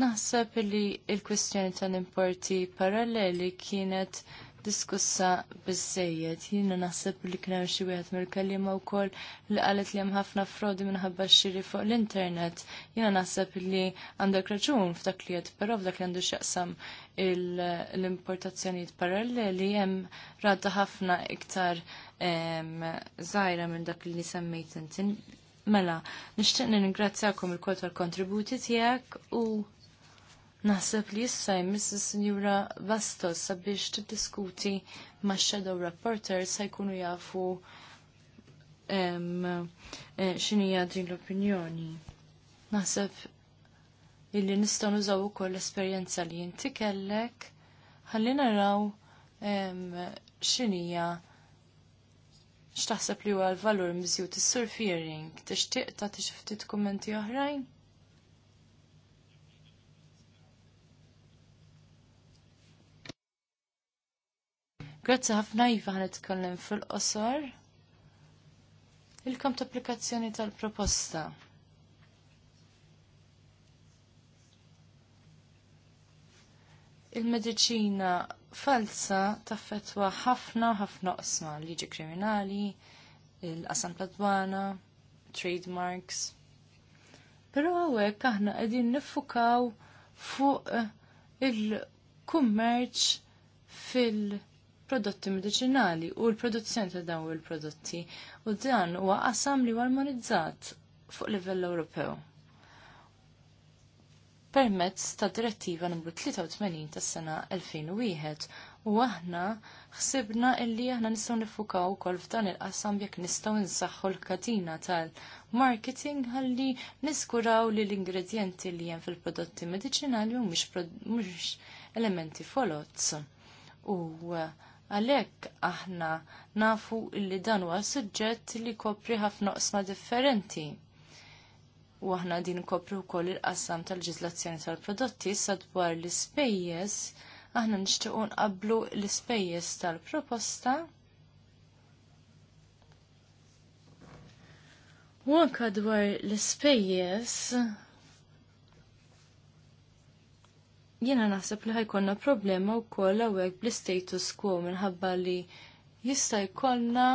A: Naħseb li il-kwestjoni tal-importi paralleli kienet diskussa bizzejiet. Jina naħseb li kien hemm xi wieħed mill-kelliema wkoll li qalet li hemm ħafna frodi minħabba xiri fuq l-internet. Jina naħseb li għandek raġun f'dak li qed, però f'dak li għandu x'jaqsam l-importazzjonijiet paralleli hemm radda ħafna iktar żgħira minn dak li semmejt inti. Mela, nixtieq ningrazzjakom il-kol tal-kontributi tiegħek u Naħseb li issa Mrs. Sinjura Bastos sabiex tiddiskuti ma' Shadow Reporter se jkunu jafu eh, xini din l-opinjoni. Naħseb illi nistgħu nużaw ukoll l-esperjenza li jinti kellek, ħalli naraw xinija x'taħseb li huwa l-valur miżjud is-surfiering, tixtieq ta' t-kommenti oħrajn? Grazzi ħafna Iva ħanitkellem fil-qosor. il kom ta' applikazzjoni tal-proposta. Il-medicina falsa taffetwa ħafna ħafna qosma liġi kriminali, il-qasam tad-dwana, trademarks. Pero għawek aħna għedin nifukaw fuq il-kummerċ fil- prodotti medicinali u l-produzzjoni ta' dawn il-prodotti u dan huwa qasam li armonizzat fuq livell Ewropew permezz ta' direttiva numru 83 tas sena 2001 u aħna ħsibna illi aħna nistgħu nifukaw ukoll f'dan il-qasam jekk nistgħu nsaħħu l-katina tal-marketing ħalli niskuraw li l-ingredjenti li hemm fil-prodotti mediċinali mhumiex elementi folozz. U uh, Għalhekk aħna nafu illi dan huwa suġġett li kopri ħafna qsma differenti. U aħna din kopri wkoll il-qassam tal-ġiżlazzjoni tal-prodotti sadwar l-ispejjeż aħna nixtiequ nqablu l-ispejjeż tal-proposta. U anka dwar l-ispejjeż Jena naħseb li ħajkonna problema u koll għawek bl-status quo minħabba li jista jkollna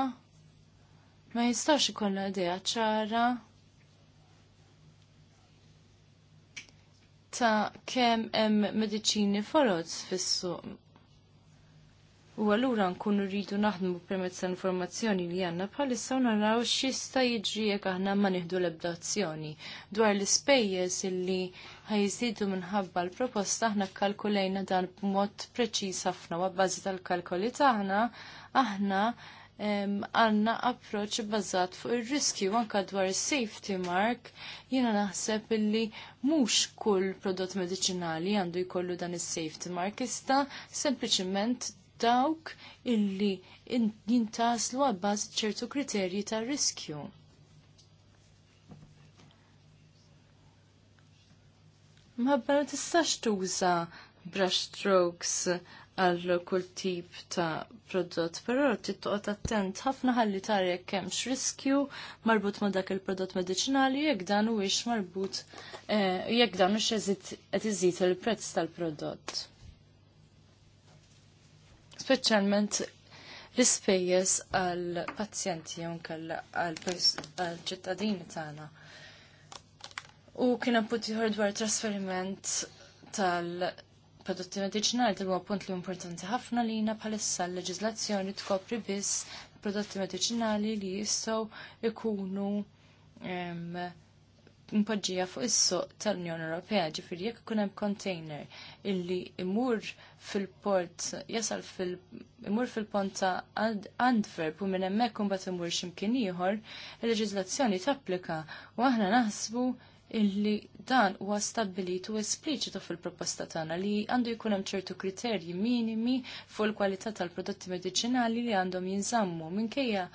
A: ma jistax ikollna idea ċara ta' kem hemm mediċini forod fis-suq U allura nkunu rridu naħdmu permezz informazzjoni li għandna bħalissa u naraw x'jista' jiġri jekk aħna ma nieħdu l abdazzjoni Dwar l-ispejjeż illi ħajżidu minħabba l-proposta aħna kkalkulejna dan b'mod preċiż ħafna u bbażi tal-kalkoli tagħna aħna għanna approċ bazzat fuq il-riskju anka dwar safety mark jina naħseb illi mux kull prodott medicinali għandu jkollu dan is safety mark ista sempliciment dawk illi jintaslu għabbaż ċertu kriterji ta' riskju. Ma ma tistax tuża brush strokes għal kull tip ta' prodott, però tittoqgħod attent ħafna ħalli tara jekk hemmx riskju marbut ma' dak il-prodott mediċinali jekk dan huwiex marbut eh, jekk dan hux qed iżid il-prezz tal-prodott speċjalment l-ispejjeż għal pazjenti jew għal ċittadini tagħna. U kien hemm punt ieħor dwar trasferiment tal prodotti medicinali tal huwa punt li importanti ħafna lina bħalissa l-leġiżlazzjoni tkopri biss prodotti medicinali li jistgħu jkunu impoġġija fuq is-suq tal-Unjoni Ewropea, ġifieri jekk ikun hemm container illi imur fil-port jasal fil imur fil-pont ta' Antwerp u minn hemmhekk imbagħad imur x'imkien ieħor, il-leġiżlazzjoni tapplika u aħna naħsbu illi dan huwa stabbilit u espliċitu fil-proposta tagħna li għandu jkun hemm ċertu kriterji minimi fuq il-kwalità tal-prodotti mediċinali li għandhom jinżammu minkejja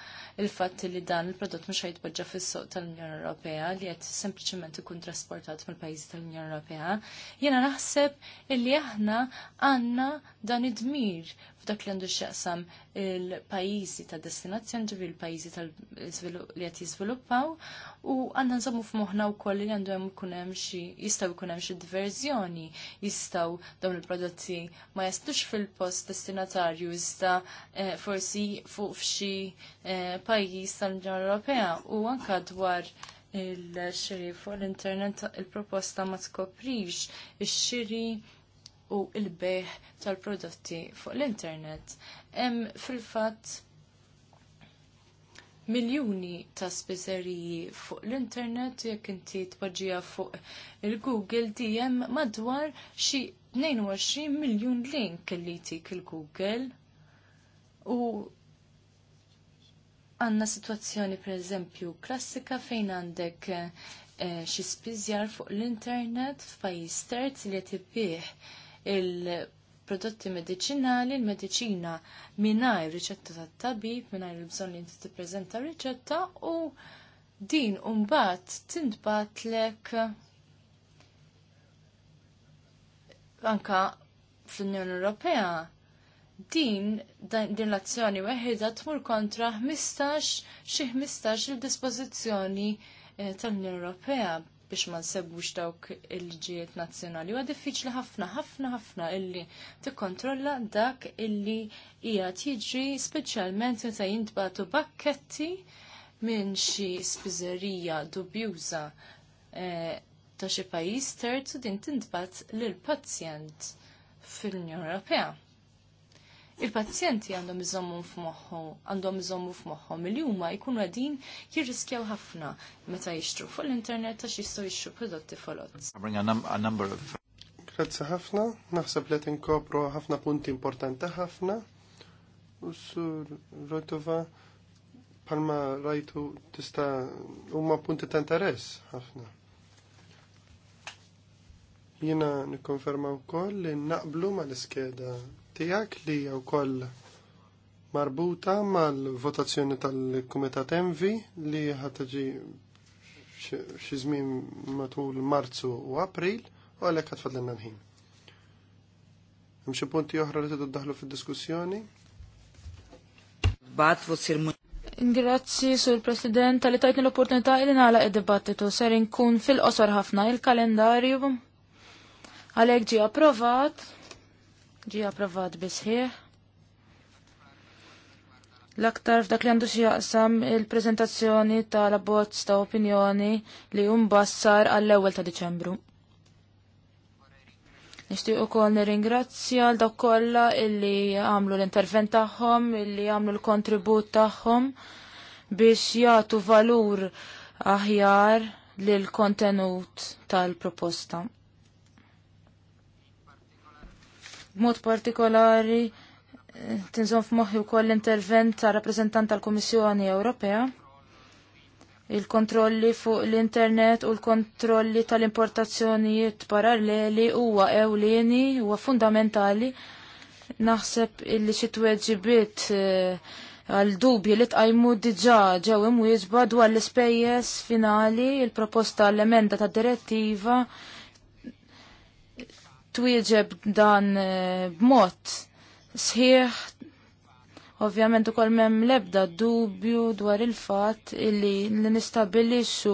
A: il-fatt li dan il-prodott mhux jitpoġġa fis-soq tal-Unjoni Ewropea li qed sempliċement ikun trasportat mill-pajjiżi tal-Unjoni Ewropea. Jiena naħseb illi aħna għandna dan id-dmir f'dak li għandu x'jaqsam il-pajjiżi ta' destinazzjoni ġivi il-pajjiżi li qed jiżviluppaw u għandna nżommu f'moħħna wkoll li għandu għem kunem xie xi jistgħu jkun hemm xi diverżjoni, jistgħu dawn il-prodotti ma jastux fil-post destinatarju jista' eh, forsi fuq f'xi eh, pajjiż tal-Unjoni Ewropea u anke dwar il-xiri fuq l-internet il-proposta ma tkoprix ix-xiri u il-beħ tal-prodotti fuq l-internet. Hemm fil-fatt miljuni ta' spiżeriji fuq l-internet jekk inti tpoġġija fuq il-Google DM madwar xi 22 miljun link li tik il-Google u għanna situazzjoni per eżempju klassika fejn għandek eh, xi spiżjar fuq l-internet f'pajjiż terz li qed ibbieħ il-prodotti medicinali, il-medicina mingħajr riċetta tat tabib, mingħajr il-bżon li inti t-prezenta riċetta u din umbat tintbatlek anka fl-Unjoni Ewropea din din l-azzjoni weħida tmur kontra 15 xi 15 il-dispożizzjoni eh, tal-Unjoni Ewropea biex ma nsebbux dawk il-ġiet nazzjonali. Huwa diffiċli ħafna, ħafna, ħafna illi tikkontrolla dak illi hija jiġri speċjalment meta jintbatu bakketti minn xi spiżerija dubjuża eh, ta' xi pajjiż terzu din tintbat lill pazjent fil-Unjoni Ewropea il-pazjenti għandhom iżommu f'moħħu, għandhom iżommu f'moħħom li huma jkunu għadin jirriskjaw ħafna meta jixtru fuq l-internet għax jistgħu jixtru prodotti folot.
B: Grazzi ħafna, naħseb li tinkopru ħafna punti importanti ħafna. U sur Rotova, palma rajtu tista' huma punti ta' interess ħafna. Jiena nikkonferma wkoll li naqblu mal iskeda tijak li jew koll marbuta mal-votazzjoni tal-Kumitat Envi li ħataġi xi żmien matul Marzu u April u għalhekk ħad l-ħin. Hemm xi punti oħra li tidu ddaħlu fid-diskussjoni?
C: Ingrazzi sur President tal-li tajtni l-opportunità li nagħlaq id-dibattitu ser inkun fil-qosor ħafna il-kalendarju għalhekk ġie approvat ġi approvat bisħieħ. L-aktar f'dak li għandu xi jaqsam il-preżentazzjoni tal-abbozz ta' opinjoni li jumbassar għall-ewwel ta' Diċembru. Nixtieq ukoll nirringrazzja l-dok kollha illi għamlu l-intervent tagħhom, illi għamlu l-kontribut tagħhom biex jagħtu valur aħjar l kontenut tal-proposta. B'mod partikolari eh, tinżon f'moħħi wkoll l-intervent ta' rappreżentant tal-Kummissjoni Ewropea il-kontrolli fuq l-internet u l-kontrolli tal-importazzjonijiet paralleli huwa ewlieni huwa fundamentali naħseb illi xi tweġibiet eh, għal dubji li tqajmu diġà ġew imwieġba dwar l-ispejjeż finali il-proposta l-emenda tad direttiva twieġeb dan eh, b'mod sħiħ Ovvjament ukoll m'hemm l-ebda dubju dwar il-fatt illi li nistabilixu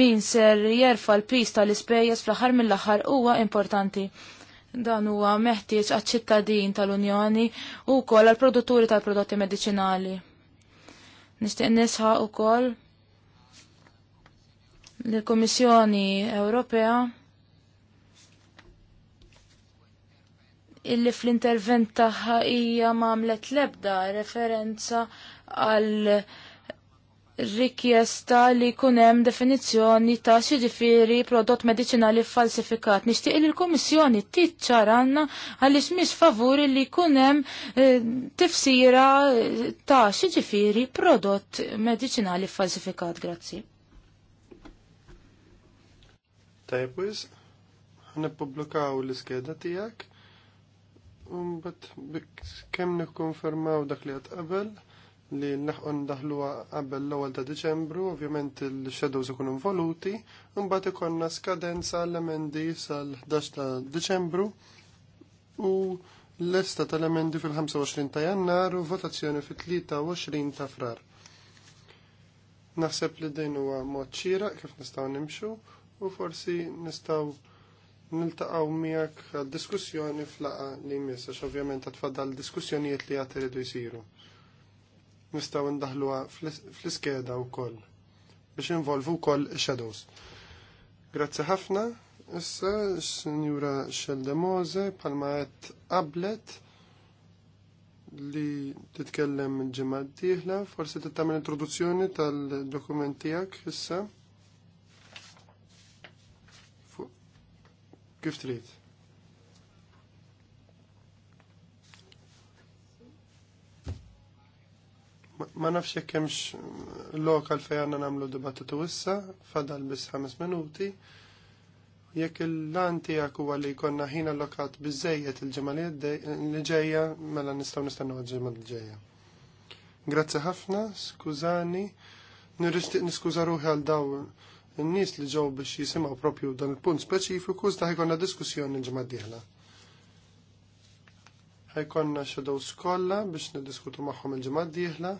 C: min ser jerfa l-pis tal-ispejjeż fl-aħħar mill-aħħar huwa importanti. Dan huwa meħtieġ għaċ-ċittadin tal-Unjoni u wkoll għall-produtturi tal-prodotti mediċinali. Nixtieq u ukoll l-Kummissjoni Ewropea illi fl-intervent tagħha hija mamlet lebda referenza għal rikjesta li jkun hemm definizzjoni ta' xiġifieri prodott medicinali falsifikat. Nixtieq li l-Kummissjoni ċaranna għal ismis favuri li jkun hemm eh, tifsira eh, ta' xiġifieri prodott medicinali falsifikat. Grazzi.
B: Tajbwiz, ħanippublikaw l-iskeda tiegħek Umbat kemm nikkonfermaw dak li għad qabel li naħqon daħluha qabel l-ewwel ta' Diċembru, ovvjament il-shadows ikunu involuti, imbagħad ikonna skadenza l-emendi sal-11 ta' Diċembru u l esta tal-emendi fil-25 ta' Jannar u votazzjoni fit-23 ta' Frar. Naħseb li din huwa mod xieraq kif nistgħu nimxu u forsi nistgħu niltaqgħu miegħek għad-diskussjoni flaqa li jmiss għax ovvjament l diskussjonijiet li għad iridu jsiru. Nistgħu ndaħluha fl-iskeda wkoll biex involvu wkoll shadows. Grazzi ħafna. Issa s-Sinjura Xeldemose bħalma qed qablet li titkellem ġimgħa d-dieħla, forsi tittamel introduzzjoni tal-dokument tiegħek issa. Kif trid? Ma nafx jekk hemmx mm, lokal fejn għandna nagħmlu dibattitu issa, fadal biss ħames minuti. Jekk il-lan tiegħek huwa li jkollna ħin allokat biżejjed il-ġimgħa li ġejja, mela nistgħu nistennu ġimgħa li ġejja. Grazzi ħafna, skużani, nirrixtieq niskuża ruħi għal dawn n-nies li ġew biex jisimgħu propju dan il-punt speċifiku iżda ħajkonna diskussjoni l-ġimgħa d-dieħla. Ħajkonna shadows kollha biex niddiskutu magħhom il-ġimgħa d-dieħla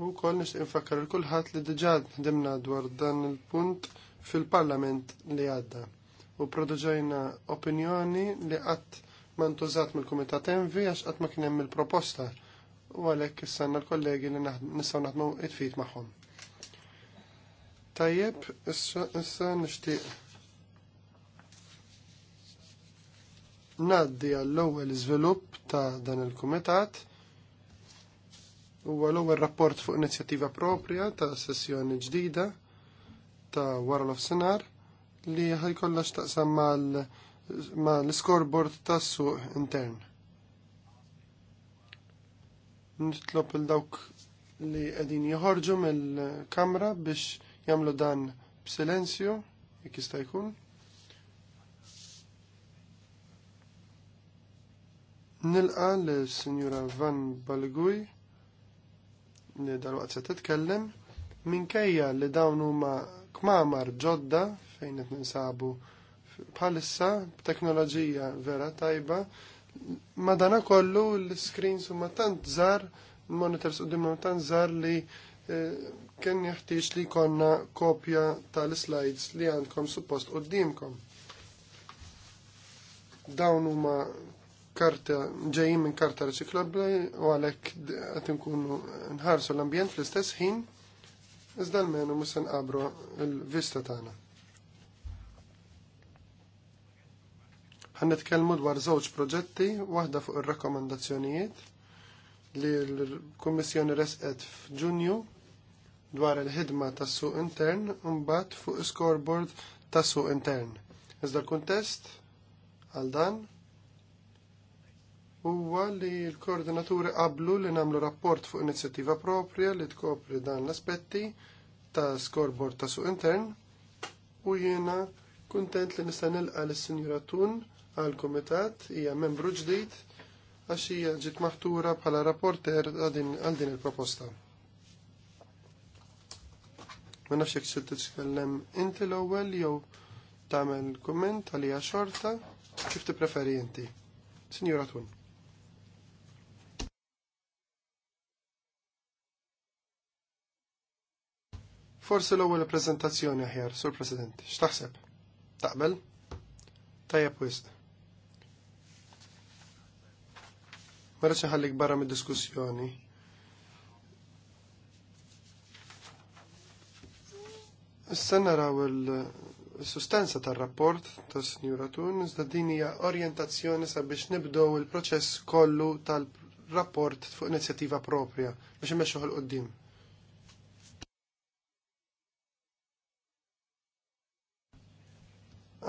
B: u kol nix infakkar il kulħadd li diġà ħdimna dwar dan il-punt fil-Parlament li għadda u produġajna opinjoni li qatt mantużat mill-Kumitat Envi għax qatt ma kien hemm proposta u għalhekk issanna l-kollegi li nistgħu naħdmu it-fit magħhom. Tajjeb, issa, issa nixtieq ngħaddi għall-ewwel iżvilupp ta' dan il-kumitat huwa l-ewwel rapport fuq inizjattiva propria ta' sessjoni ġdida ta' wara l-offsenar li ħajkollha x'taqsam mal l-scoreboard tas-suq intern. Nitlob il dawk li qegħdin joħorġu mill-kamra biex jamlu dan b'silenzju jekk jista' jkun. Nilqa l-Sinjura Van Balguj li dal-waqt se titkellem minkejja li dawn huma kmamar ġodda fejn qed ninsabu bħalissa b'teknoloġija vera tajba madana kollu l-screens huma tant żgħar monitors qudiemhom tant żgħar li eh, kien jeħtieġ li konna kopja tal-slides li għandkom suppost qoddimkom. Dawn huma karta ġejjin minn karta riċiklabbli u għalhekk qed inkunu nħarsu l-ambjent fl-istess ħin iżda l-menu mhux se nqabru l-vista tagħna. Ħannitkellmu dwar żewġ proġetti, waħda fuq ir-rakkomandazzjonijiet li l-Kummissjoni resqet f'Ġunju dwar il-ħidma tas suq intern mbagħad fuq scoreboard tas suq intern. Iżda l-kuntest għal dan huwa li l-koordinaturi qablu li nagħmlu rapport fuq inizjattiva proprja li tkopri dan l-aspetti ta' scoreboard ta' suq intern u jiena kuntent li nista' nilqa' lis-Sinjura Tun għal kumitat hija membru ġdid għax hija ġiet maħtura bħala rapporter għal din il-proposta. Ma nafx jekk se titkellem inti l-ewwel jew tagħmel kumment għalija xorta kif tippreferi inti. Sinjura Tun. Forsi l-ewwel prezentazzjoni aħjar, Sur President, x'taħseb? Taqbel? Tajjeb wisq. Ma ħallik barra mid-diskussjoni Issa raw il-sustanza tar-rapport ta' Sinjura Tun, iżda din hija orjentazzjoni sabiex nibdew il-proċess kollu tal-rapport fuq inizjattiva propria biex imexxu l qoddim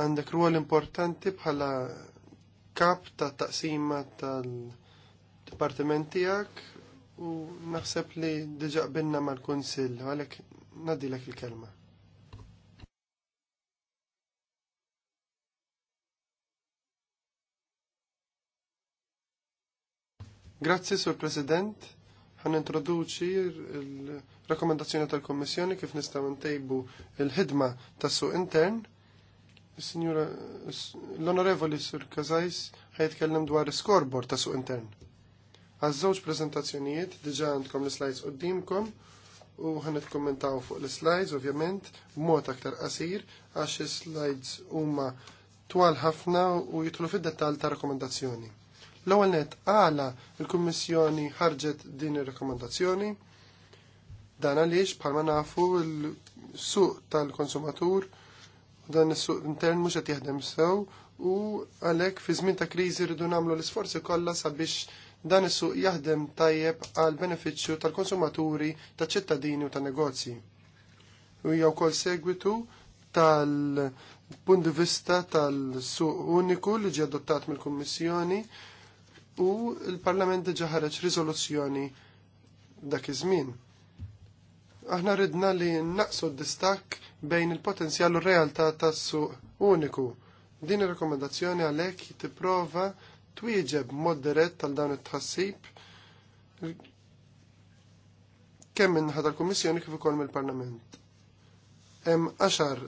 B: Għandek ruol importanti bħala kap ta' taqsima tal-dipartiment tijak u naħseb li diġa binna mal-konsil, għalek nadilek il-kelma. Grazzi, Sur President. Għan introduċi il-rekomendazzjoni tal-Kommissjoni kif nistaw ntejbu il-ħidma ta' suq intern. Signora, l-onorevoli Sur Kazajs ħajtkellem dwar skorbor ta' suq intern. Għazzoċ prezentazzjonijiet, diġa għandkom l-slides d-dimkom u ħanet kommentaw fuq l-slides, ovvjament, b'mod aktar qasir, għax slides huma twal ħafna u jitlu fid-dettal ta' rekomendazzjoni. L-ewwel net għala l-Kummissjoni ħarġet din ir-rakkomandazzjoni. Dan għaliex bħalma nafu l-suq tal-konsumatur dan is-suq intern mhux qed jaħdem sew u għalhekk fi żmien ta' kriżi rridu nagħmlu l-isforzi kollha sabiex dan is-suq jaħdem tajjeb għal benefiċċju tal-konsumaturi, taċ-ċittadini u tan-negozji. U hija wkoll segwitu tal-punt di vista tal-suq uniku li ġi adottat mill-Kummissjoni u l-Parlament diġa ħareġ rizoluzzjoni dak iż-żmien. Aħna ridna li naqsu d-distak bejn il-potenzjal u realtà tas-suq uniku. Din ir-rekomendazzjoni għalhekk tipprova twieġeb mod dirett tal dawn it-tħassib kemm minn ħadar kummissjoni kif ukoll mill-Parlament. Hemm għaxar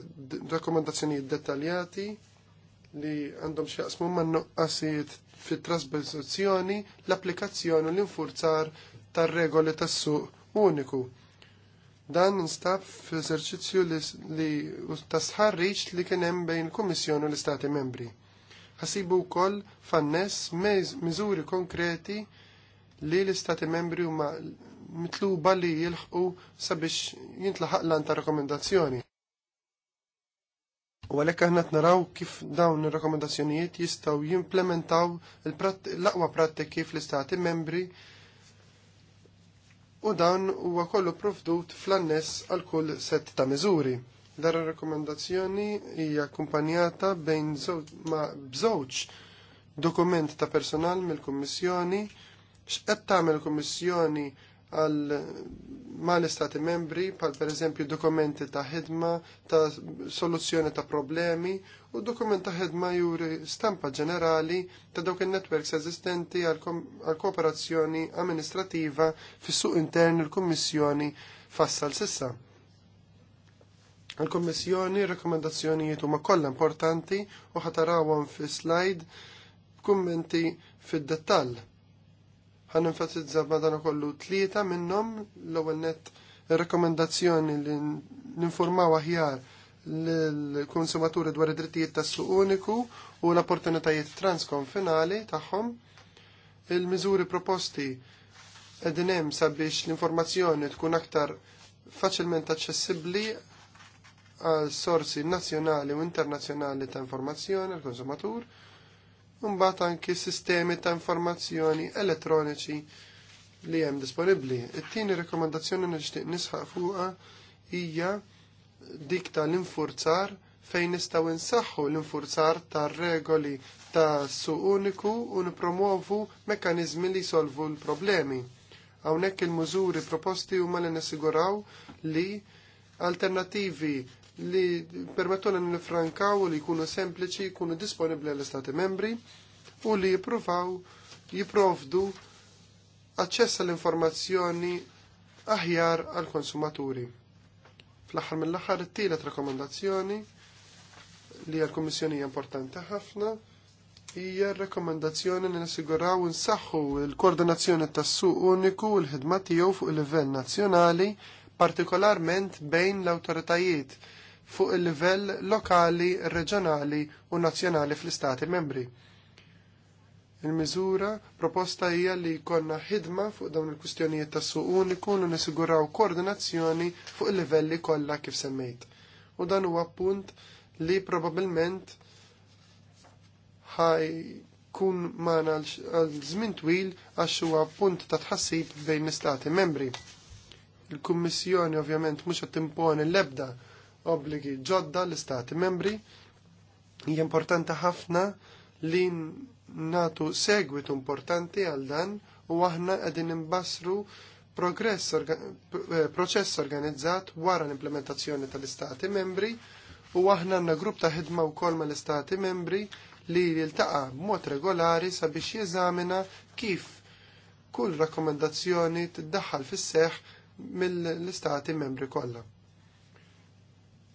B: rakkomandazzjonijiet dettaljati li għandhom xjaqsmu man nuqqasijiet fit trasposizzjoni l-applikazzjoni u l-infurzar tar-regoli tas-suq uniku. Dan instab f'eżerċizzju li tas sħarriġ li kien hemm bejn l kummissjoni u l-Istati membri. Ħasibu wkoll fannes miżuri konkreti li l-Istati membri huma mitluba li jilħqu sabiex jintlaħaq l-anta rekomendazzjoni. U għalhekk aħna naraw kif dawn ir-rakkomandazzjonijiet jistgħu jimplementaw l-aqwa prattiki fl-istati membri u dan huwa kollu provdut fl-anness għal kull set ta' miżuri. Dar rekomendazzjoni hija akkumpanjata bejn ma' bżewġ dokument ta' personal mill-Kummissjoni x'qed tagħmel Kummissjoni għal ma l-istati membri, pal per eżempju dokumenti ta' ħidma, ta' soluzzjoni ta' problemi u dokumenti ta' ħidma juri stampa ġenerali ta' dawk il-networks eżistenti għal kooperazzjoni amministrativa fis suq intern il-Kummissjoni fassal sissa. Għal-Kommissjoni rekomendazzjonijiet huma kollha importanti u ħatarawhom fi slide kummenti fid-dettall Għan enfatizza madan kollu tlieta minnhom l-ewwel net rekomendazzjoni li ninformaw aħjar l-konsumaturi dwar id-drittijiet tas-suq uniku u l-opportunitajiet transkonfinali tagħhom. Il-miżuri proposti qegħdin hemm sabiex l-informazzjoni tkun aktar faċilment aċċessibbli għal sorsi nazzjonali u internazzjonali ta' informazzjoni għal konsumatur mbagħad anki sistemi ta' informazzjoni elettroniċi li hemm disponibbli. It-tieni rekomandazzjoni nixtieq nisħaq fuqha hija dik tal-infurzar fejn nistgħu insaħħu l-infurzar tar-regoli ta' suq uniku u nipromuovu mekkaniżmi li solvu l-problemi. Hawnhekk il-mużuri proposti huma li nassiguraw li alternativi li permettuna nifrankaw li jkunu sempliċi, jkunu disponibli għall-Istati membri u li jiprufaw, jiprofdu aċċess l-informazzjoni aħjar għal-konsumaturi. Fl-aħħar mill-aħħar it-tielet rekomendazzjoni li għal-Kummissjoni importanti ħafna hija rekomendazzjoni li nassiguraw nsaħħu l-koordinazzjoni tas-suq uniku u l-ħidma tiegħu fuq il-livell nazzjonali partikolarment bejn l-awtoritajiet fuq il-livell lokali, reġjonali u nazzjonali fl-istati membri. Il-miżura proposta hija li jkollna ħidma fuq dawn il-kustjonijiet tas suq uniku u nisiguraw koordinazzjoni fuq il-livelli kollha kif semmejt. U dan huwa punt li probabbilment ħaj kun man għal żmien twil għax huwa punt ta' tħassib bejn l-istati membri. Il-Kummissjoni ovvjament mhux qed timponi l-ebda obbligi ġodda l-Istati membri. Hija importanti ħafna li natu segwitu importanti għal dan u aħna qegħdin imbassru progress orga eh, proċess organizzat wara l-implementazzjoni tal-Istati membri u aħna għandna grupp ta' ħidma wkoll mal-Istati membri li jiltaqa b'mod regolari sabiex jeżamina kif kull rakkomendazzjoni tiddaħħal fis-seħħ mill-istati membri kollha.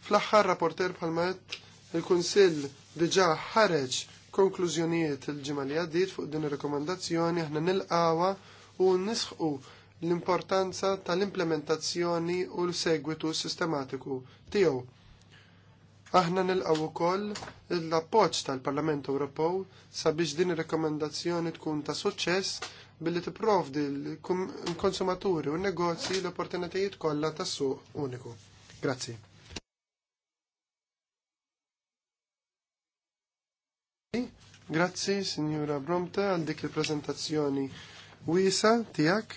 B: Fl-aħħar rapporter bħalmet il-Kunsill diġà ħareġ konklużjonijiet il-ġimgħa li għaddiet fuq din ir-rekomandazzjoni aħna nilqawa u nisħu l-importanza tal-implementazzjoni u l-segwitu sistematiku tiegħu. Aħna nilqaw ukoll l-appoġġ tal-Parlament Ewropew sabiex din ir-rekomendazzjoni tkun ta' suċċess billi tipprovdi l-konsumaturi u n-negozji l-opportunitajiet kollha tas-suq uniku. Grazzi. Grazzi, Signora Bromta, għal dik il presentazzjoni wisa tijak.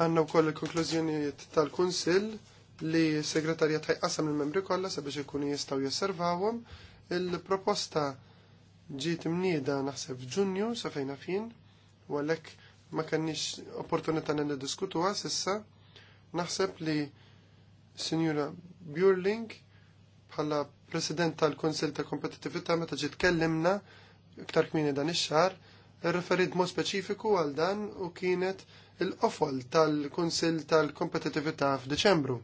B: Għanna wkoll il-konklużjonijiet tal-Kunsill li s-Segretarja tajqasam il-membri kollha sabiex ikunu jistgħu josservawhom. Il-proposta ġiet imnieda naħseb f'Ġunju sa fejna fin, u għalhekk ma kenniex opportunità li niddiskutuha s'issa. Naħseb li Signora Bjurling bħala President tal-Konsil ta' Kompetitività meta ġiet kellimna iktar kmini dan ix-xahar, irreferit mod speċifiku għal dan u kienet il-qofol tal konsil tal-Kompetitività f'Deċembru.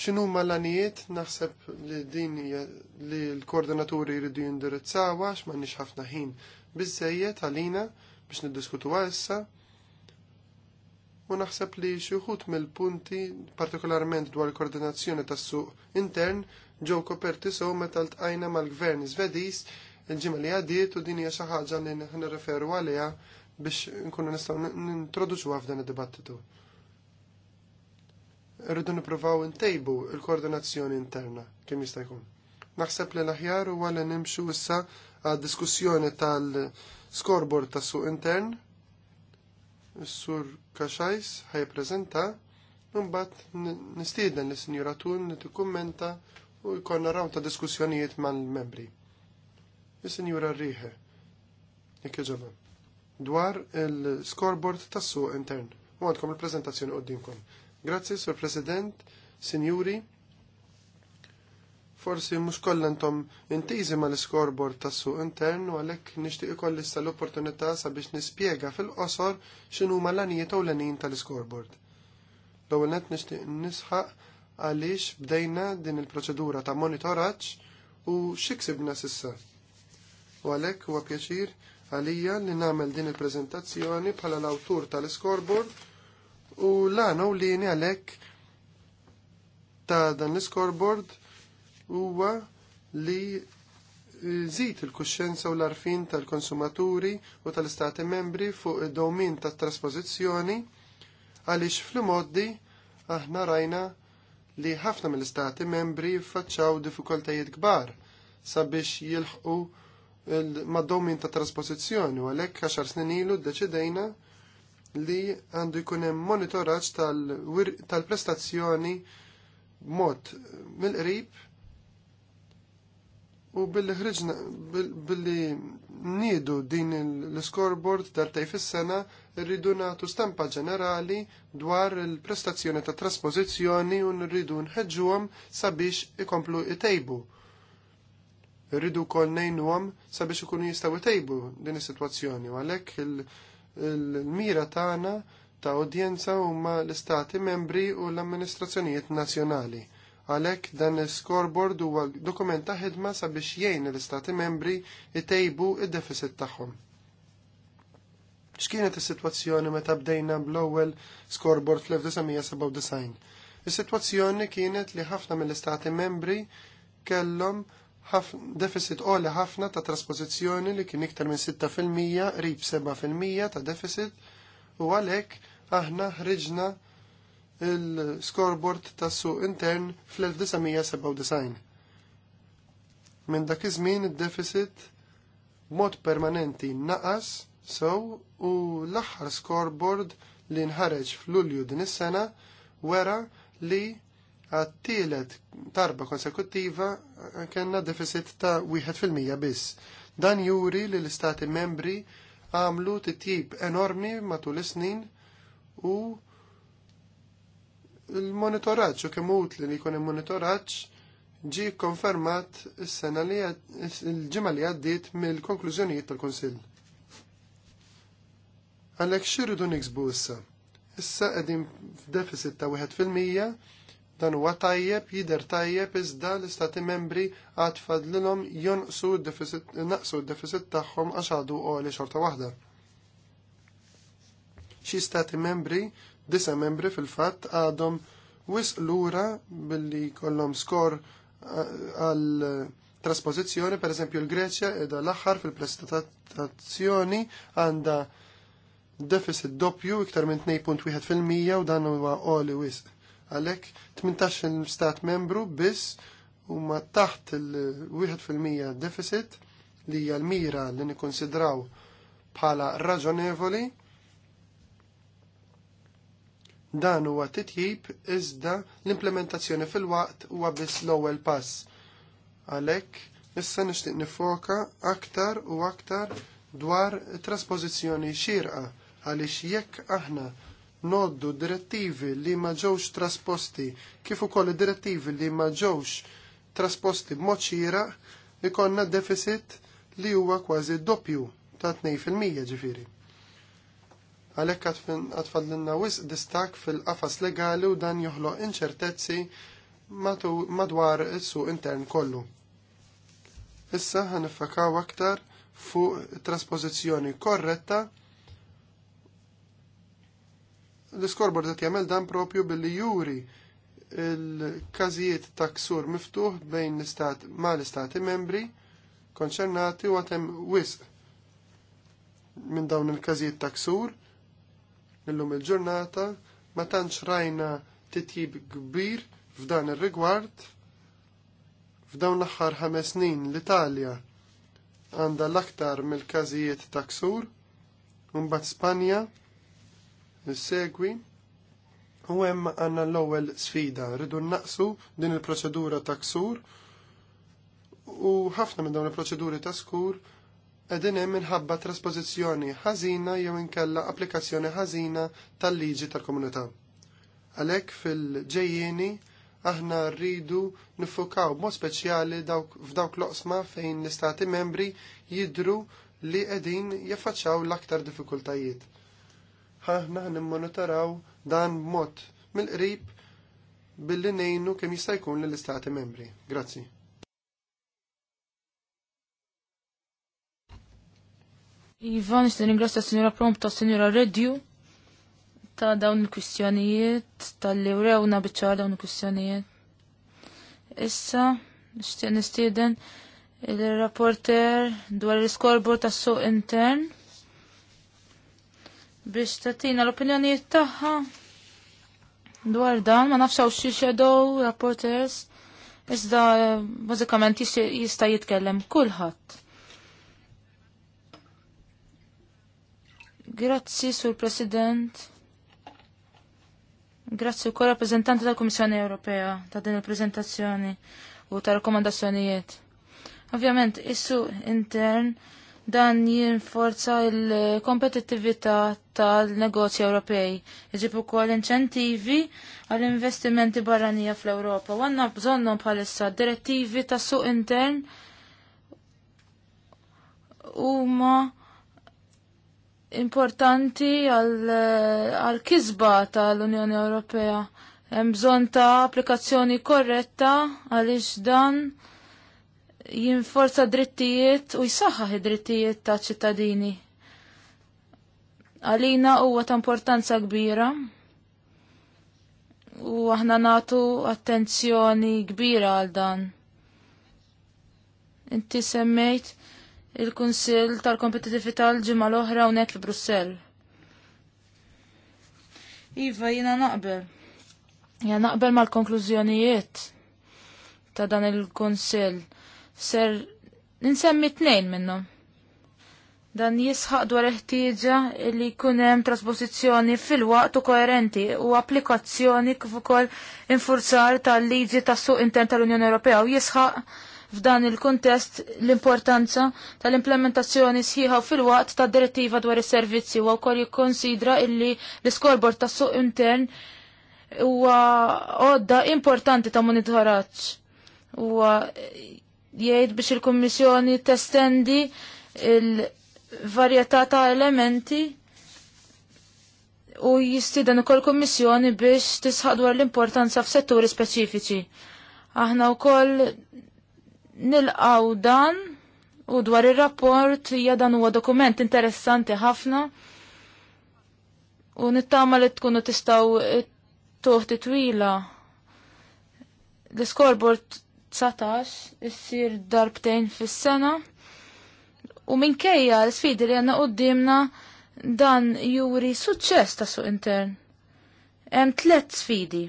B: X'inhu mal-għanijiet naħseb li din li l-koordinaturi jridu jindirizzawa x'ma ħafna ħin biżejjed għalina biex niddiskutuha issa u naħseb li xi wħud mill-punti, partikolarment dwar il-koordinazzjoni tas-suq intern, ġew koperti sew meta ltqajna mal-gvern Svediż il-ġimgħa li għaddiet u din hija xi ħaġa li nirreferu għaliha biex nkunu nistgħu nintroduċuha f'dan id-dibattitu. Irridu nippruvaw intejbu l koordinazzjoni interna kemm jista' jkun. Naħseb li l-aħjar huwa li nimxu issa għad diskussjoni tal-scoreboard tas-suq intern s-sur Kaxajs ħaj prezenta, mbat nistieden li sinjura Tun li tikkummenta u jkollna raw ta' diskussjonijiet mal-membri. Is-sinjura Rihe? jekk iġoba, dwar il-scoreboard tas-suq intern. U għadkom il-prezentazzjoni qoddimkom. Grazzi, sur President, sinjuri, forsi mhux kollentom intiżi mal-iskorbord tas-suq intern u għalhekk nixtieq ikolli issa l-opportunità sabiex nispjega fil-qosor x'inhu huma l-għanijiet ewlenin tal-iskorbord. L-ewwel nett nixtieq nisħaq għaliex bdejna din il-proċedura ta' monitoraġġ u x'iksibna sissa. U għalhekk huwa pjaċir għalija li namel din il-prezentazzjoni bħala l-awtur tal-scoreboard u l-għana u lini għalek ta' dan l-scoreboard huwa li żid eh, il-kuxxenza u l-arfin tal-konsumaturi u tal-istati membri fuq id-domin tat trasposizjoni għaliex fl-modi aħna rajna li ħafna mill-istati membri faċċaw diffikultajiet kbar sabiex jilħqu mad-domin ta' trasposizjoni u għalhekk għaxar snin ilu ddeċidejna li għandu jkun hemm monitoraġġ tal-prestazzjoni mod mill-qrib U billi ħriġna, billi nidu din l-scoreboard tej fis-sena, rridu natu stampa ġenerali dwar il-prestazzjoni ta' traspożizzjoni u nridu nħedġuhom sabiex ikomplu itejbu. Rridu kol nejnuhom sabiex ikunu jistgħu itejbu din is-sitwazzjoni u għalhekk il-mira tagħna ta' udjenza huma l-istati membri u l-amministrazzjonijiet nazzjonali Għalhekk dan il scoreboard huwa dokumenta ħidma sabiex jgħin l-Istati membri jtejbu il deficit tagħhom. X'kienet is-sitwazzjoni meta bdejna bl-ewwel scoreboard fl-1997? Is-sitwazzjoni kienet li ħafna mill-Istati membri kellhom deficit qoli ħafna ta' trasposizzjoni li kien iktar minn 6% rib 7% ta' deficit u għalhekk aħna ħriġna il-scoreboard tas-suq intern fl-1997. Minn dak iż-żmien id-deficit mod permanenti naqas so u l-aħħar scoreboard li nħareġ f'Lulju din is-sena wera li għat-tielet tarba konsekuttiva kellna deficit ta' 1% biss. Dan juri li l-istati membri għamlu titjib enormi matul is-snin u il-monitoraġġ u kemm utli li jkun hemm monitoraġġ ġi konfermat is-sena li il-ġimgħa li għaddiet mill-konklużjonijiet tal-Kunsill. Għalhekk dun iksbu issa. Issa qegħdin f'deficit ta' wieħed fil-mija dan huwa tajjeb, jider tajjeb iżda l-istati membri għad fadlilom jonqsu d-deficit, naqsu d-deficit tagħhom għax għadu qoli xorta waħda. Xi stati membri disa membri fil-fatt għadhom wis lura billi kollom skor eh, għal trasposizjoni, per esempio l-Greċja edha l-aħħar fil-prestazzjoni għandha deficit doppju iktar minn 2.1% u dan huwa qoli wisq. Għalhekk 18 stat membru biss huma taħt il-1% deficit li hija l-mira li nikkonsidraw bħala raġonevoli Dan huwa titjib iżda l-implementazzjoni fil-waqt huwa biss l-ewwel pass. Għalhekk issa nixtieq nifoka aktar u aktar dwar traspożizzjoni xirqa għaliex jekk aħna noddu direttivi li ma ġewx trasposti kif ukoll direttivi li ma ġewx trasposti b'mod xieraq ikonna deficit li huwa kważi doppju ta' 2% ġifieri. Għalhekk għatfadlinna wisq distak fil-qafas legali u dan joħloq inċertezzi madwar is-suq intern kollu. Issa iffakaw aktar fuq traspożizzjoni korretta l-iskorbor qed jagħmel dan propju billi juri il-każijiet ta' ksur miftuħ bejn l-istat ma' l-istati membri konċernati u għatem wisq minn dawn il-każijiet ta' ksur illum il-ġurnata ma tantx rajna titjib kbir f'dan ir-rigward f'dawn l-aħħar ħames snin l-Italja għandha l-aktar mill-każijiet ta' ksur, mbagħad Spanja segwi u hemm għandna l-ewwel sfida, rridu naqsu din il-proċedura ta' ksur u ħafna minn dawn il-proċeduri ta' skur edin hemm minħabba traspożizzjoni ħażina jew inkella applikazzjoni ħażina tal-liġi tal-komunità. Għalhekk fil-ġejjieni aħna rridu nifukaw mod speċjali f'dawk loqsma fejn l-istati membri jidru li qegħdin jaffaċċaw l-aktar diffikultajiet. Aħna nimmonitoraw dan mod mill-qrib billi nejnu kemm jista' jkun lill-istati membri. Grazzi.
C: Iva, nishtin ringrazzja s-Sinjora Prompt ta' Sinjora Redju ta' dawn il-kwistjonijiet, tal-li urewna bieċar dawn il-kwistjonijiet. Issa, nishtin nistieden il-rapporter dwar il-skorbor ta' suq intern biex tatina l-opinjonijiet tagħha dwar dan, ma nafxaw xie shadow rapporters, iżda eh, bazzikament jista jitkellem kulħadd. Grazzi, Sur President. Grazzi u kora rappresentanti tal-Komissjoni Ewropea ta' din il-prezentazzjoni u ta' rekomandazzjonijiet. Ovvjament, issu intern dan jinforza il-kompetittività tal-negozji Ewropej. Iġib ukoll inċentivi għall-investimenti barranija fl-Ewropa. U għandna bżonnhom bħalissa direttivi ta' suq intern huma importanti għal kisba tal-Unjoni Ewropea. Hemm bżonn ta' applikazzjoni korretta għaliex dan jinforza drittijiet u jsaħħaħ id-drittijiet ta' ċittadini. Għalina huwa ta' importanza kbira u aħna natu attenzjoni kbira għal dan. Inti semmejt il-Kunsill tal-Kompetitività l-ġimgħa l-oħra hawnhekk l Brussell. Iva, jiena naqbel. Jina naqbel mal-konklużjonijiet ta' dan il-Kunsill. Ser ninsemmi tnejn minnhom. Dan jisħaq dwar eħtieġa li jkun hemm trasposizzjoni fil-waqt u koerenti u applikazzjoni kif ukoll infurzar tal-liġi tas-suq intern tal-Unjoni Ewropea u jisħaq f'dan il-kontest l-importanza tal-implementazzjoni sħiħa fil-waqt ta' direttiva dwar is-servizzi u wkoll jikkonsidra illi l-iskorbord tas suq intern huwa għodda importanti ta' monitoraġġ. Huwa jgħid biex il-Kummissjoni testendi il-varjetà ta' elementi u u ukoll kommissjoni biex tisħaq dwar l-importanza f'setturi speċifiċi. Aħna wkoll nilqaw dan u dwar ir-rapport hija dan huwa dokument interessanti ħafna u nittama li tkunu tistaw eh, toħti twila. L-scoreboard 19 issir darbtejn fis-sena u minkejja l-sfidi li għanna qoddimna dan juri suċċess ta' suq intern. Hemm tliet sfidi.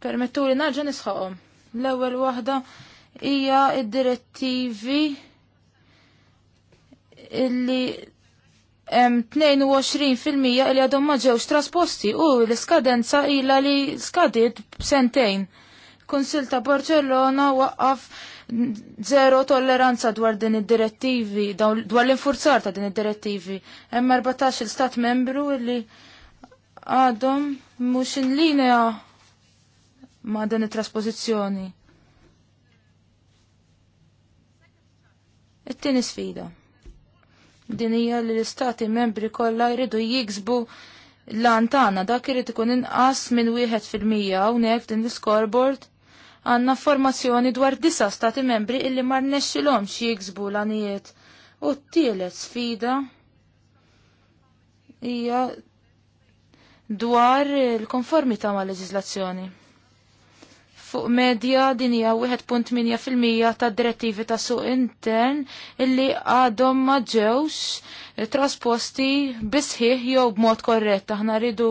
C: Permettu li narġa' nisħaqhom. L-ewwel waħda hija id-direttivi illi 22% li għadhom ma ġewx trasposti u l-skadenza ilha li skadiet b'sentejn. Konsil ta' Barcellona waqqaf zero tolleranza dwar din id-direttivi, dwar l-infurzar ta' din id-direttivi. Hemm 14 il-stat membru li għadhom mhux in linea ma' dan it trasposizjoni It-tieni sfida. Din hija li l-istati membri kollha jridu jiksbu l-lan tagħna dak irid ikun inqas minn wieħed fil-mija hawnhekk din l-scoreboard għandna formazzjoni dwar disa stati membri illi ma rnexxilhomx jiksbu l-anijiet. U t-tielet sfida hija dwar il-konformità ma' leġislazzjoni fuq medja din hija 1.8% ta' direttivi ta' suq intern illi għadhom ma ġewx eh, trasposti bisħiħ jew b'mod korrett. Aħna rridu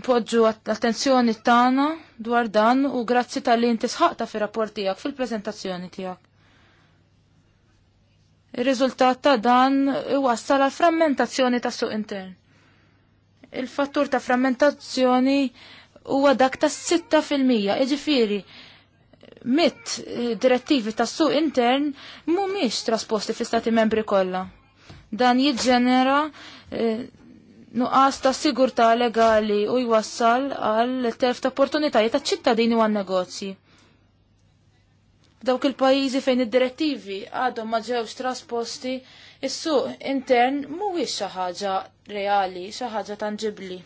C: npoġġu attenzjoni tagħna dwar dan u grazzi tal-li inti sħaqta fir-rapport tiegħek fil-preżentazzjoni tiegħek. Ir-riżultat ta' dan iwassal għal frammentazzjoni ta' suq intern. Il-fattur ta' frammentazzjoni huwa dak ta' 6%, iġifiri, mit eh, direttivi tas suq intern mhumiex trasposti fi stati membri kollha. Dan jiġġenera eh, nuqqas ta' sigurtà legali u jwassal għal terf ta' opportunitajiet ta' ċittadini u għan negozji. Dawk il-pajjiżi fejn id-direttivi għadhom ma ġewx trasposti, is-suq intern mhuwiex xi ħaġa reali, xi ħaġa tanġibbli.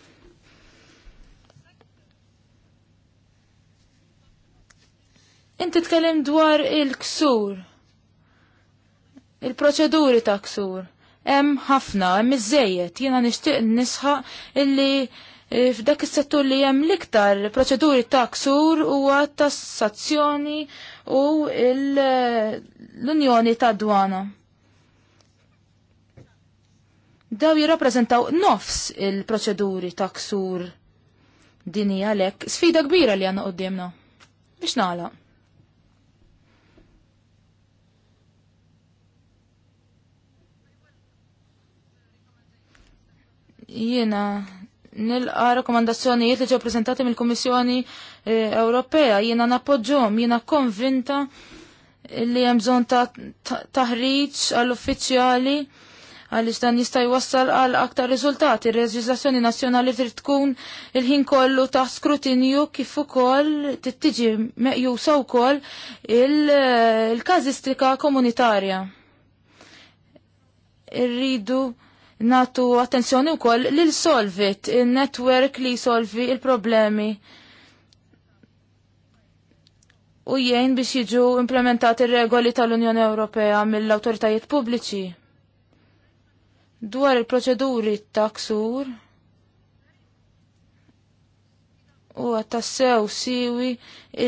C: Inti tkellem dwar il-ksur. Il-proċeduri ta' ksur. Hemm ħafna, hemm iżejjed, jiena nixtieq nisħa illi eh, f'dak is-settur li hemm l-iktar proċeduri ta' ksur huwa tassazzjoni u eh, l-Unjoni ta' Dwana. Daw jirrappreżentaw nofs il-proċeduri ta' ksur dini għalhekk sfida kbira li għandna qudiemna. Biex nagħlaq. Jiena nilqa rakkomandazzjonijiet li ġew preżentati mill-Kummissjoni eh, Ewropea, jiena nappoġġhom, jiena konvinta li hemm bżonn ta' taħriġ għall-uffiċjali għaliex dan jista' jwassal għal aktar riżultati. il reġislazzjoni nazzjonali trid tkun il-ħin kollu ta' skrutinju kif ukoll tittiġi meqjusa wkoll eh, il-każistika komunitarja. Irridu il Natu attenzjoni wkoll l solvit, il-network li solvi il-problemi. U jien biex jiġu implementati regoli tal-Unjoni Ewropea mill-autoritajiet pubbliċi. Dwar il-proċeduri ta' ksur u għattassew siwi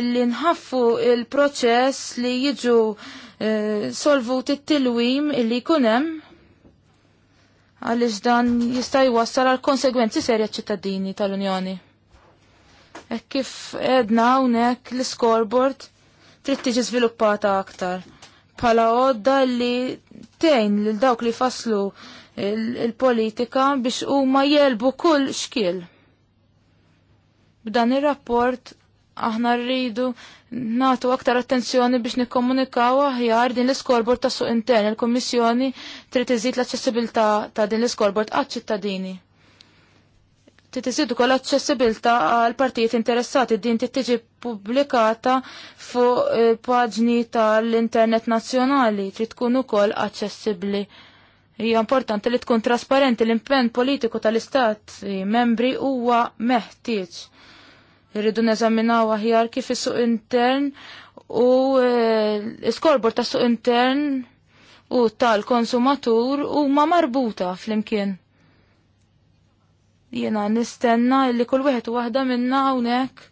C: illi nħaffu il-proċess li jiġu eh, solvu t-tilwim illi kunem għaliex dan jista' jwassal għal konsegwenzi serja ċittadini tal-Unjoni. E kif edna hawnhekk l-scoreboard trid tiġi żviluppata aktar bħala għodda li tejn lil dawk li faslu il-politika il biex huma jelbu kull xkil. B'dan ir-rapport aħna rridu natu aktar attenzjoni biex nikkomunikaw aħjar din l-iskorbord ta' suq intern. Il-Kommissjoni trid iżid l-aċċessibilità ta' din l-iskorbord għaċ-ċittadini. Trid iżid ukoll aċċessibilità għal partijiet interessati din trid tiġi pubblikata fuq eh, paġni tal-Internet nazzjonali, trid tkun ukoll aċċessibbli. Hija importanti li tkun trasparenti l-impenn politiku tal-Istat eh, membri huwa meħtieġ Irridu neżaminaw aħjar kif is-suq intern u eh, l-iskorbor ta' suq intern u tal-konsumatur u ma marbuta fl-imkien. Jena nistenna li kull wieħed u waħda minna hawnhekk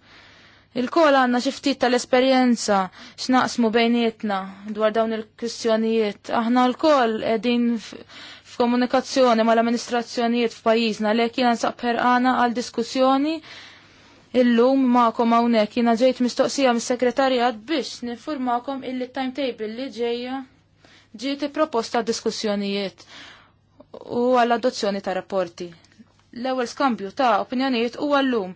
C: Il-kol għanna xiftit tal-esperienza x'naqsmu bejnietna dwar dawn il-kwistjonijiet. Aħna l-kol edin f'komunikazzjoni mal-amministrazzjonijiet f'pajjiżna li jiena nsaqper għana għal diskussjoni illum ma'kom hawnhekk jiena ġejt mistoqsija mis-sekretarjat biex nifurmakom illi timetable li ġejja ġiet proposta diskussjonijiet u għall-adozzjoni ta' rapporti. L-ewwel skambju ta' opinjonijiet huwa llum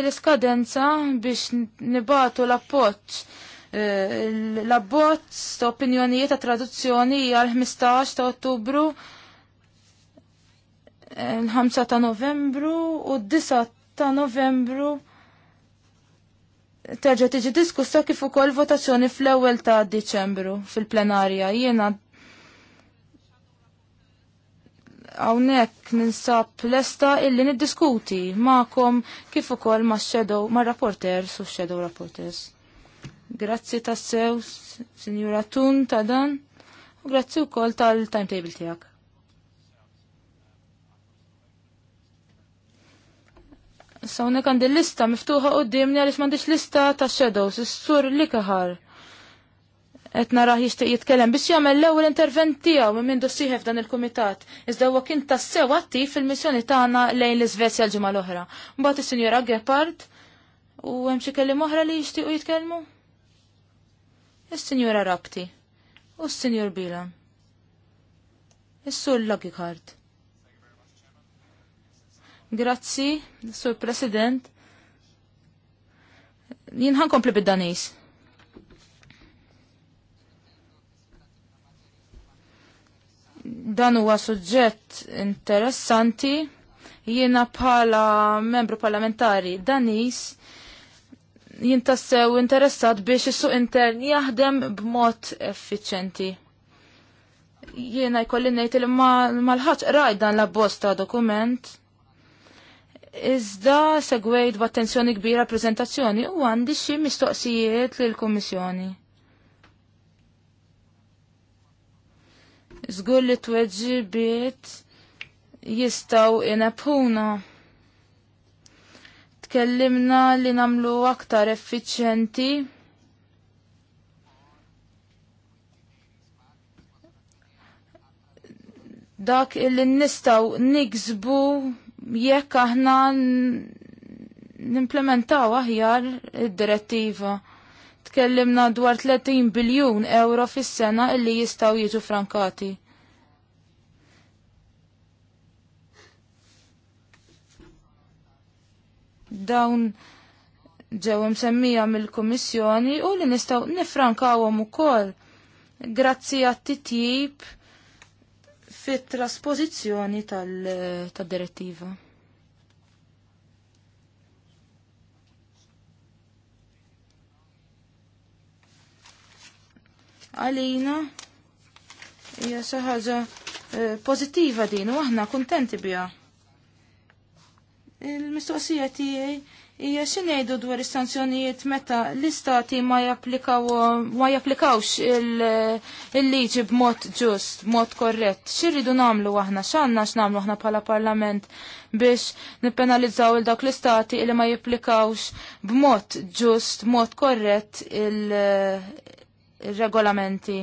C: il-skadenza biex nibatu l-appoġġ eh, l-abbozz ta' opinjonijiet ta' traduzzjoni hija l-15 ta' Ottubru, eh, l-5 ta' Novembru u d ta' novembru terġa' tiġi diskussa kif ukoll votazzjoni fl-ewwel ta' Diċembru fil-plenarja. Jiena hawnhekk ninsab lesta illi niddiskuti magħkom kif ukoll ma' shadow ma' rapporters u shadow rapporters. Grazzi tas-sew, Sinjura Tun ta' dan, u grazzi wkoll tal-timetable tiegħek. Sawnek għandi lista miftuħa qoddimni għaliex m'għandix lista ta' shadows, is-sur li kħar. Qed narah jixtieq jitkellem biex jagħmel l-ewwel intervent tiegħu minn min dossieħ f'dan il-kumitat. Iżda huwa kien tassew attiv fil-missjoni tagħna lejn l-Iżvezja l-ġimgħa l-oħra. Mbagħad is-Sinjora Gepard u hemm xi kelliem oħra li jixtiequ jitkellmu? Is-Sinjora Rapti u s sinjur Bilan. Is-Sur Logicard. Grazzi, Sur President. Jien ħankompli bid-Danis. Dan huwa suġġett interessanti. Jiena bħala membru parlamentari Danis jintassew interessat biex is-suq intern jaħdem b'mod effiċenti. Jiena jkolli ngħid li ma l-ħaġ rajdan la bosta dokument Iżda segwejt b'attenzjoni kbira prezentazzjoni u għandi xi mistoqsijiet lil kummissjoni. Żgur li tweġibiet jistgħu inabħuna tkellimna li namlu aktar effiċjenti dak illi nistaw nigzbu jekk aħna nimplementaw aħjar id-direttiva. Tkellimna dwar 30 biljun euro fis-sena illi jistgħu jiġu frankati. Dawn ġew msemmija mill-Kummissjoni u li nistgħu nifrankawhom ukoll grazzi għat-titjib fit trasposizzjoni tal-direttiva. Għalina hija xi ħaġa eh, pożittiva din u aħna kuntenti biha. Il-mistoqsija tiegħi hija xi ngħidu dwar is-sanzjonijiet meta l-istati ma ma japplikawx il-liġi b'mod ġust, b'mod korrett. X'irridu nagħmlu aħna, x'għandna x'nagħmlu aħna bħala parlament biex nippenalizzaw il dawk l-istati li ma jipplikawx b'mod ġust, b'mod korrett il-regolamenti.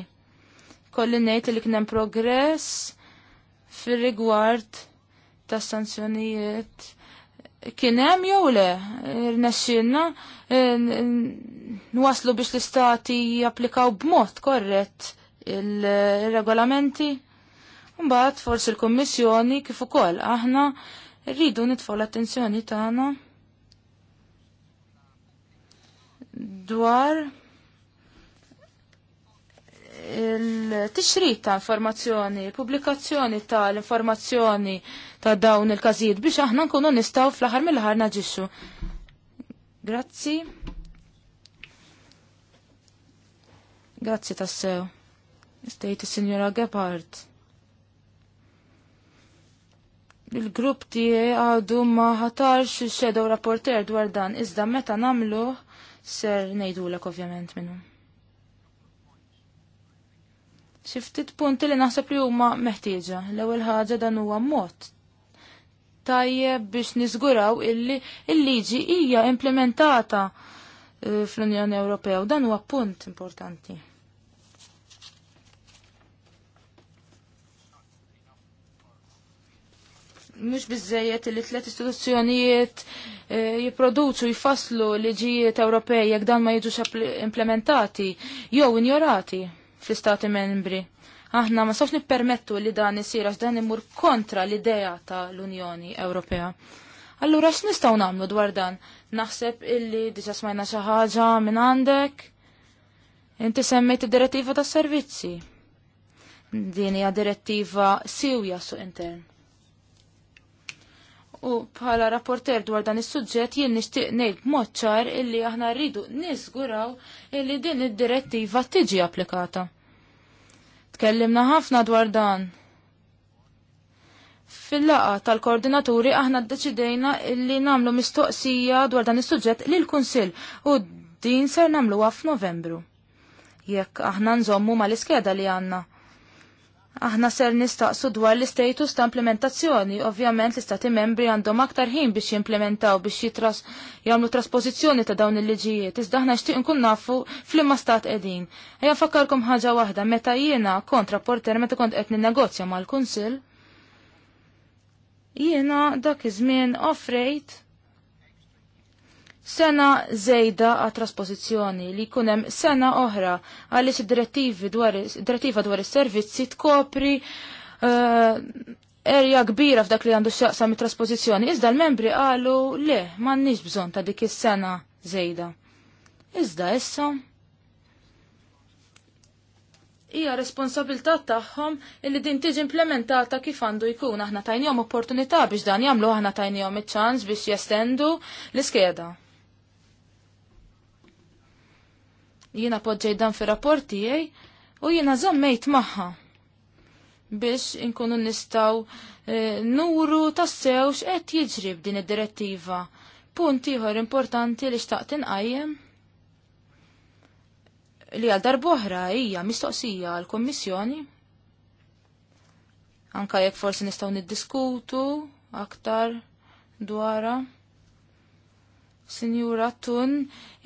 C: Kolli ngħid li kien hemm progress fir-rigward tas-sanzjonijiet kienem jew le, rnexxinna eh, nwaslu biex l-istati japplikaw b'mod korrett il-regolamenti. Mbagħad forsi l-Kummissjoni kif ukoll aħna rridu nitfgħu l-attenzjoni tagħna dwar il-tixrit ta' informazzjoni, publikazzjoni ta' l-informazzjoni ta' dawn il-każijiet biex aħna nkunu nistgħu fl-aħħar mill-aħħar naġixxu. Grazzi. Grazzi tassew. Istejt is-Sinjora Gebhardt il-grupp tiegħi għadu ma ħatarx xedow rapporter dwar dan, iżda meta nagħmlu ser ngħidulek ovvjament minnu. Xi ftit punti li naħseb li huma meħtieġa. L-ewwel ħaġa dan huwa mod tajjeb biex niżguraw illi l liġi hija implementata eh, fl-Unjoni Ewropea u dan huwa punt importanti. Mhux biżejjed li tliet istituzzjonijiet eh, jipproduċu jfasslu liġijiet Ewropej jekk dan ma jiġux implementati jew injorati fl-istati membri. Aħna ma sofni nippermettu li dan isir għax dan imur kontra l-idea ta' l-Unjoni Ewropea. Allura x'nistgħu nagħmlu dwar dan? Naħseb illi diġà smajna xi ħaġa minn għandek. Inti semmejt id-direttiva tas-servizzi. Din hija direttiva siwja suq intern. U bħala rapporter dwar dan is-suġġett jien nixtieq ngħid moċċar ċar illi aħna rridu niżguraw illi din id-direttiva tiġi applikata. Tkellimna ħafna dwar dan. Fil-laqa tal-koordinaturi aħna ddeċidejna illi nagħmlu mistoqsija dwar dan is-suġġett lil kunsill u din ser nagħmluha f'Novembru. Jekk aħna nżommu mal-iskeda li għandna. Aħna ser nistaqsu dwar l-istatus ta' implementazzjoni. Ovvjament l-istati membri għandhom aktar ħin biex jimplementaw biex jitras jagħmlu traspożizzjoni ta' dawn il-liġijiet. Iżda aħna xtieq nkun nafu fl-imma stat qegħdin. Ejja nfakkarkom ħaġa waħda meta jiena kont rapporter meta kont qed ninnegozja mal-Kunsill. Jiena dak iż-żmien offrejt sena zejda għat trasposizjoni li kunem sena oħra għaliex id-direttiva dwar is-servizzi tkopri uh, erja kbira f'dak li għandu xaqsam mit trasposizjoni iżda l-membri qalu le m'għandniex bżonn ta' dik is-sena zejda. Iżda issa hija responsabilità tagħhom illi din tiġi implementata kif għandu jkun aħna tajnihom opportunità biex dan jagħmlu aħna tajnihom iċ-ċans biex jestendu l-iskeda. Jiena poġġej dan fi rapportijaj u jiena zommejt maħħa biex inkunu nistaw e, nuru sewx qed jiġri din id-direttiva. Punt ieħor importanti li xtaqt inqajjem li għal darboħra hija mistoqsija għal kommissjoni anka jekk forsi nistgħu niddiskutu aktar dwara. Sinjura Tun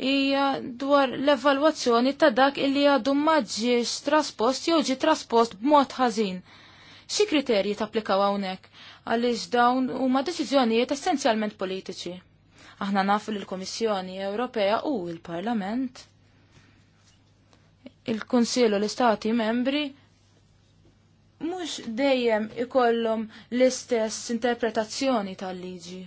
C: hija dwar l-evalwazzjoni ta' dak illi għadu maġġiex traspost jew ġi traspost b'mod ħażin. Xi kriterji tapplikaw hawnhekk għaliex dawn huma deċiżjonijiet essenzjalment politiċi. Aħna nafu li l-Komissjoni Ewropea u l-Parlament il u l-Istati membri mhux dejjem ikollhom l-istess interpretazzjoni tal-liġi.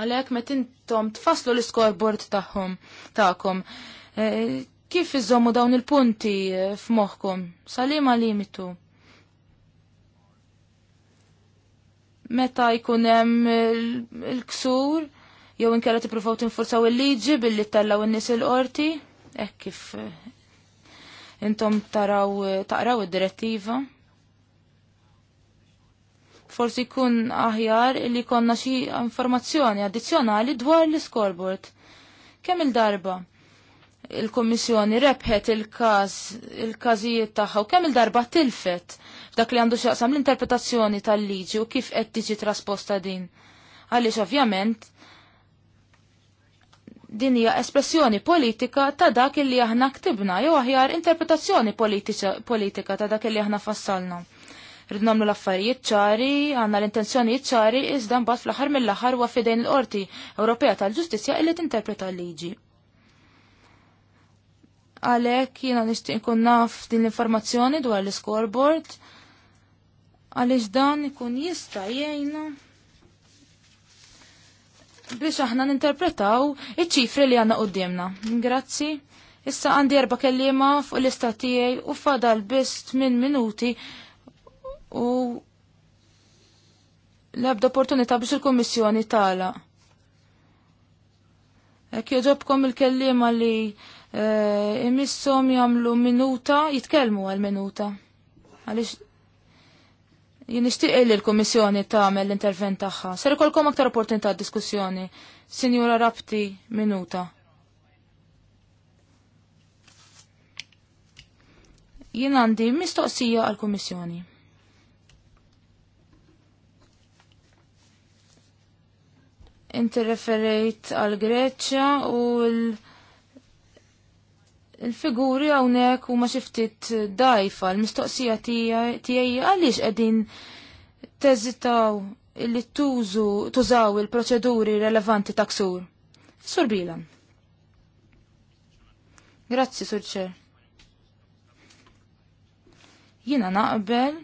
C: Għalhekk meta intom tfasslu l scoreboard tagħhom taħkom. Eh, kif iżommu dawn il-punti eh, f'moħħkom? Salim għalimitu. limitu Meta jkun hemm il-ksur, jew inkella tippruvaw tinfurzaw il-liġi billi tellaw in-nies il-qorti, hekk kif eh, intom taraw taqraw id-direttiva forsi kun aħjar li konna xi informazzjoni addizzjonali dwar l-scoreboard. Kemm il-darba? il-Kommissjoni rebħet il-każ il-każijiet tagħha u kemm il-darba tilfet f'dak li għandu xaqsam l-interpretazzjoni tal-liġi u kif qed tiġi trasposta din. Għaliex ovvjament din hija espressjoni politika ta' dak li aħna ktibna jew aħjar interpretazzjoni politika ta' dak li aħna fassalna. Rid nagħmlu l-affarijiet ċari, għandna l-intenzjonijiet ċari, iżda mbagħad fl-aħħar mill-aħħar huwa fidejn l-Qorti Ewropea tal-Ġustizzja illi tinterpreta l-liġi. Għalhekk jiena nixtieq nkun naf din l-informazzjoni dwar l-scoreboard għaliex dan ikun jista' jgħinna biex aħna ninterpretaw iċ-ċifri li għanna qudiemna. Grazzi. Issa għandi erba kelliema fuq l-istatijaj u fadal biss 8 minuti u l-ebda opportunità biex il-Kommissjoni tala. Ek joġobkom il-kellima li e, imissom jamlu minuta, jitkelmu għal-minuta. Għalix jien nixtieq li l-Kummissjoni tagħmel l-intervent tagħha. Ser ikolkom aktar opportunità diskussjoni. Sinjura Rapti, minuta. Jien għandi mistoqsija għall-Kummissjoni. Inti referejt għal Greċja u l-figuri għawnek u ma xiftit dajfa l-mistoqsija tijaj għalix għedin teżitaw illi tużu tużaw il-proċeduri relevanti taksur. Sur Bila. Grazzi, Sur Ċer. Jina naqbel